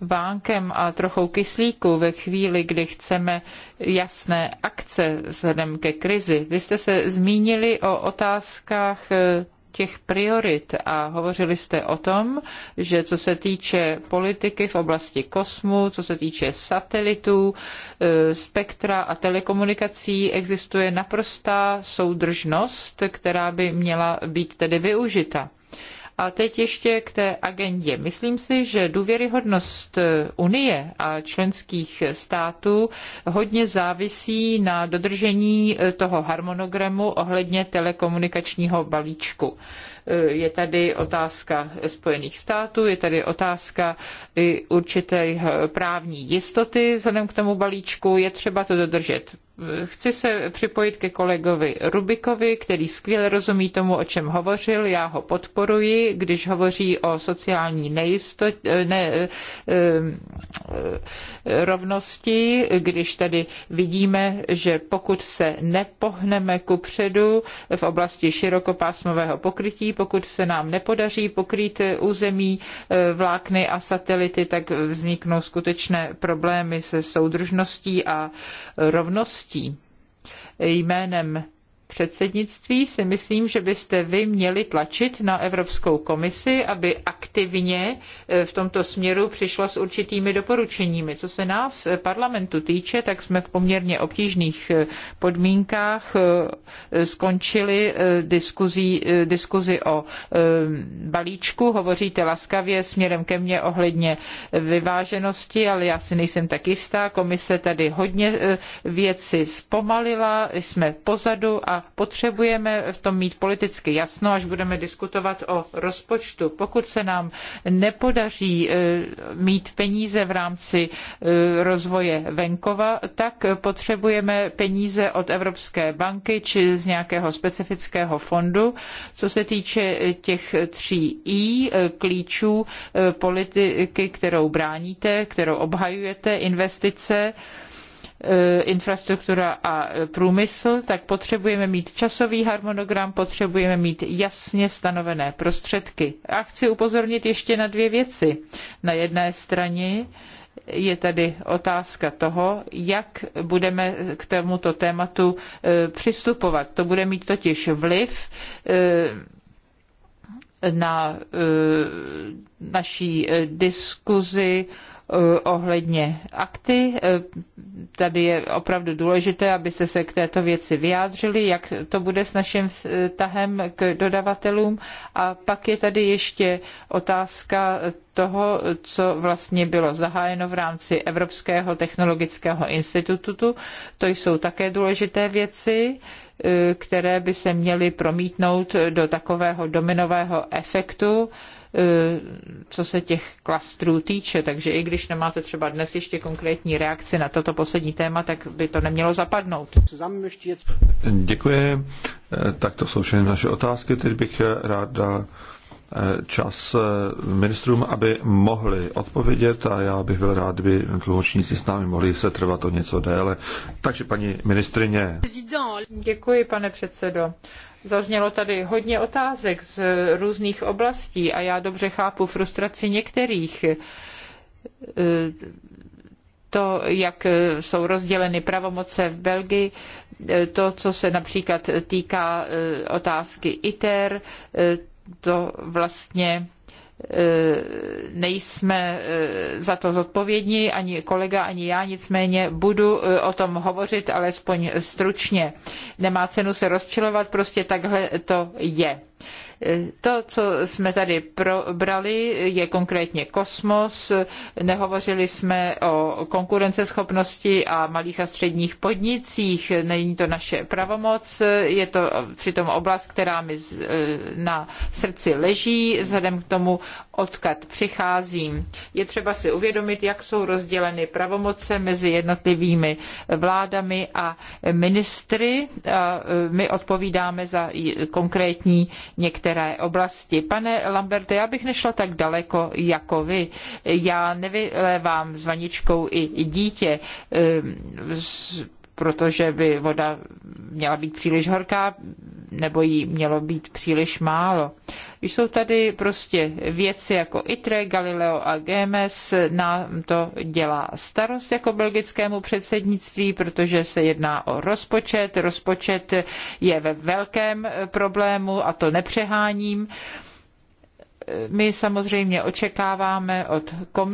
vánkem a trochou kyslíku ve chvíli, kdy chceme jasné akce vzhledem ke krizi. Vy jste se zmínili o otázkách eh, těch priorit a hovořili jste o tom, že co se týče politiky v oblasti kosmu, co se týče satelitů, e, spektra a telekomunikací, existuje naprostá soudržnost, která by měla být tedy využita. A teď ještě k té agendě. Myslím si, že důvěryhodnost eh, Unie a členských států hodně závisí na dodržení eh, toho harmonogramu ohledně telekomunikačního balíčku. Eh, je tady otázka Spojených států, je tady otázka i určité právní jistoty vzhledem k tomu balíčku. Je třeba to dodržet chci se připojit ke kolegovi Rubikovi, který skvěle rozumí tomu, o čem hovořil. Já ho podporuji, když hovoří o sociální nejistotě, ne, eh, rovnosti, když tady vidíme, že pokud se nepohneme ku předu v oblasti širokopásmového pokrytí, pokud se nám nepodaří pokrýt území eh, vlákny a satelity, tak vzniknou skutečné problémy se soudržností a rovností. Jménem předsednictví si myslím, že byste vy měli tlačit na Evropskou komisi, aby aktivně e, v tomto směru přišla s určitými doporučeními. Co se nás e, parlamentu týče, tak jsme v poměrně obtížných e, podmínkách skončili diskuzí, diskuzi o balíčku. Hovoříte laskavě směrem ke mně ohledně vyváženosti, ale já si nejsem tak jistá. Komise tady hodně věci zpomalila, jsme pozadu a potřebujeme v tom mít politicky jasno, až budeme diskutovat o rozpočtu. Pokud se nám nepodaří e, mít peníze v rámci e, rozvoje venkova, tak potřebujeme peníze od Evropské banky či z nějakého specifického fondu. Co se týče těch tří I e, klíčů politiky, kterou bráníte, kterou obhajujete, investice, E, infrastruktura a průmysl, tak potřebujeme mít časový harmonogram, potřebujeme mít jasně stanovené prostředky. A chci upozornit ještě na dvě věci. Na jedné straně je tady otázka toho, jak budeme k tomuto tématu e, přistupovat. To bude mít totiž vliv e, na naší diskuzi Eh, ohledně akty. Eh, tady je opravdu důležité, abyste se k této věci vyjádřili, jak to bude s naším eh, tahem k dodavatelům. A pak je tady ještě otázka toho, co vlastně bylo zahájeno v rámci Evropského technologického institutu. To jsou také důležité věci které by se měly promítnout do takového dominového efektu, E, co se těch klastrů týče. Takže i když nemáte třeba dnes ještě konkrétní reakci na toto poslední téma, tak by to nemělo zapadnout. Děkuji. E, tak to jsou všechny naše otázky. Teď bych ráda čas ministrům, aby mohli odpovědět a já bych byl rád, by tlumočníci s námi mohli se trvat o něco déle. Takže paní ministrině. Děkuji, pane předsedo. Zaznělo tady hodně otázek z různých oblastí a já dobře chápu frustraci některých e, to, jak jsou rozděleny pravomoce v Belgii, e, to, co se například týká e, otázky ITER, to vlastně e, nejsme e, za to zodpovědní, ani kolega, ani já, nicméně budu e, o tom hovořit alespoň stručně. Nemá cenu se rozčilovat, prostě takhle to je. To, co jsme tady probrali, je konkrétně kosmos. Nehovořili jsme o konkurenceschopnosti a malých a středních podnicích. Není to naše pravomoc, je to přitom oblast, která mi na srdci leží, vzhledem k tomu, odkud přicházím. Je třeba si uvědomit, jak jsou rozděleny pravomoce mezi jednotlivými vládami a ministry. E, my odpovídáme za konkrétní některé některé oblasti. Pane Lamberte, já bych nešla tak daleko jako vy. Já nevylévám s vaničkou i dítě ehm, protože by voda měla být příliš horká nebo jí mělo být příliš málo. Jsou tady prostě věci jako ITRE, Galileo a GMS, nám to dělá starost jako belgickému předsednictví, protože se jedná o rozpočet. Rozpočet je ve velkém problému a to nepřeháním. My samozřejmě očekáváme od komise,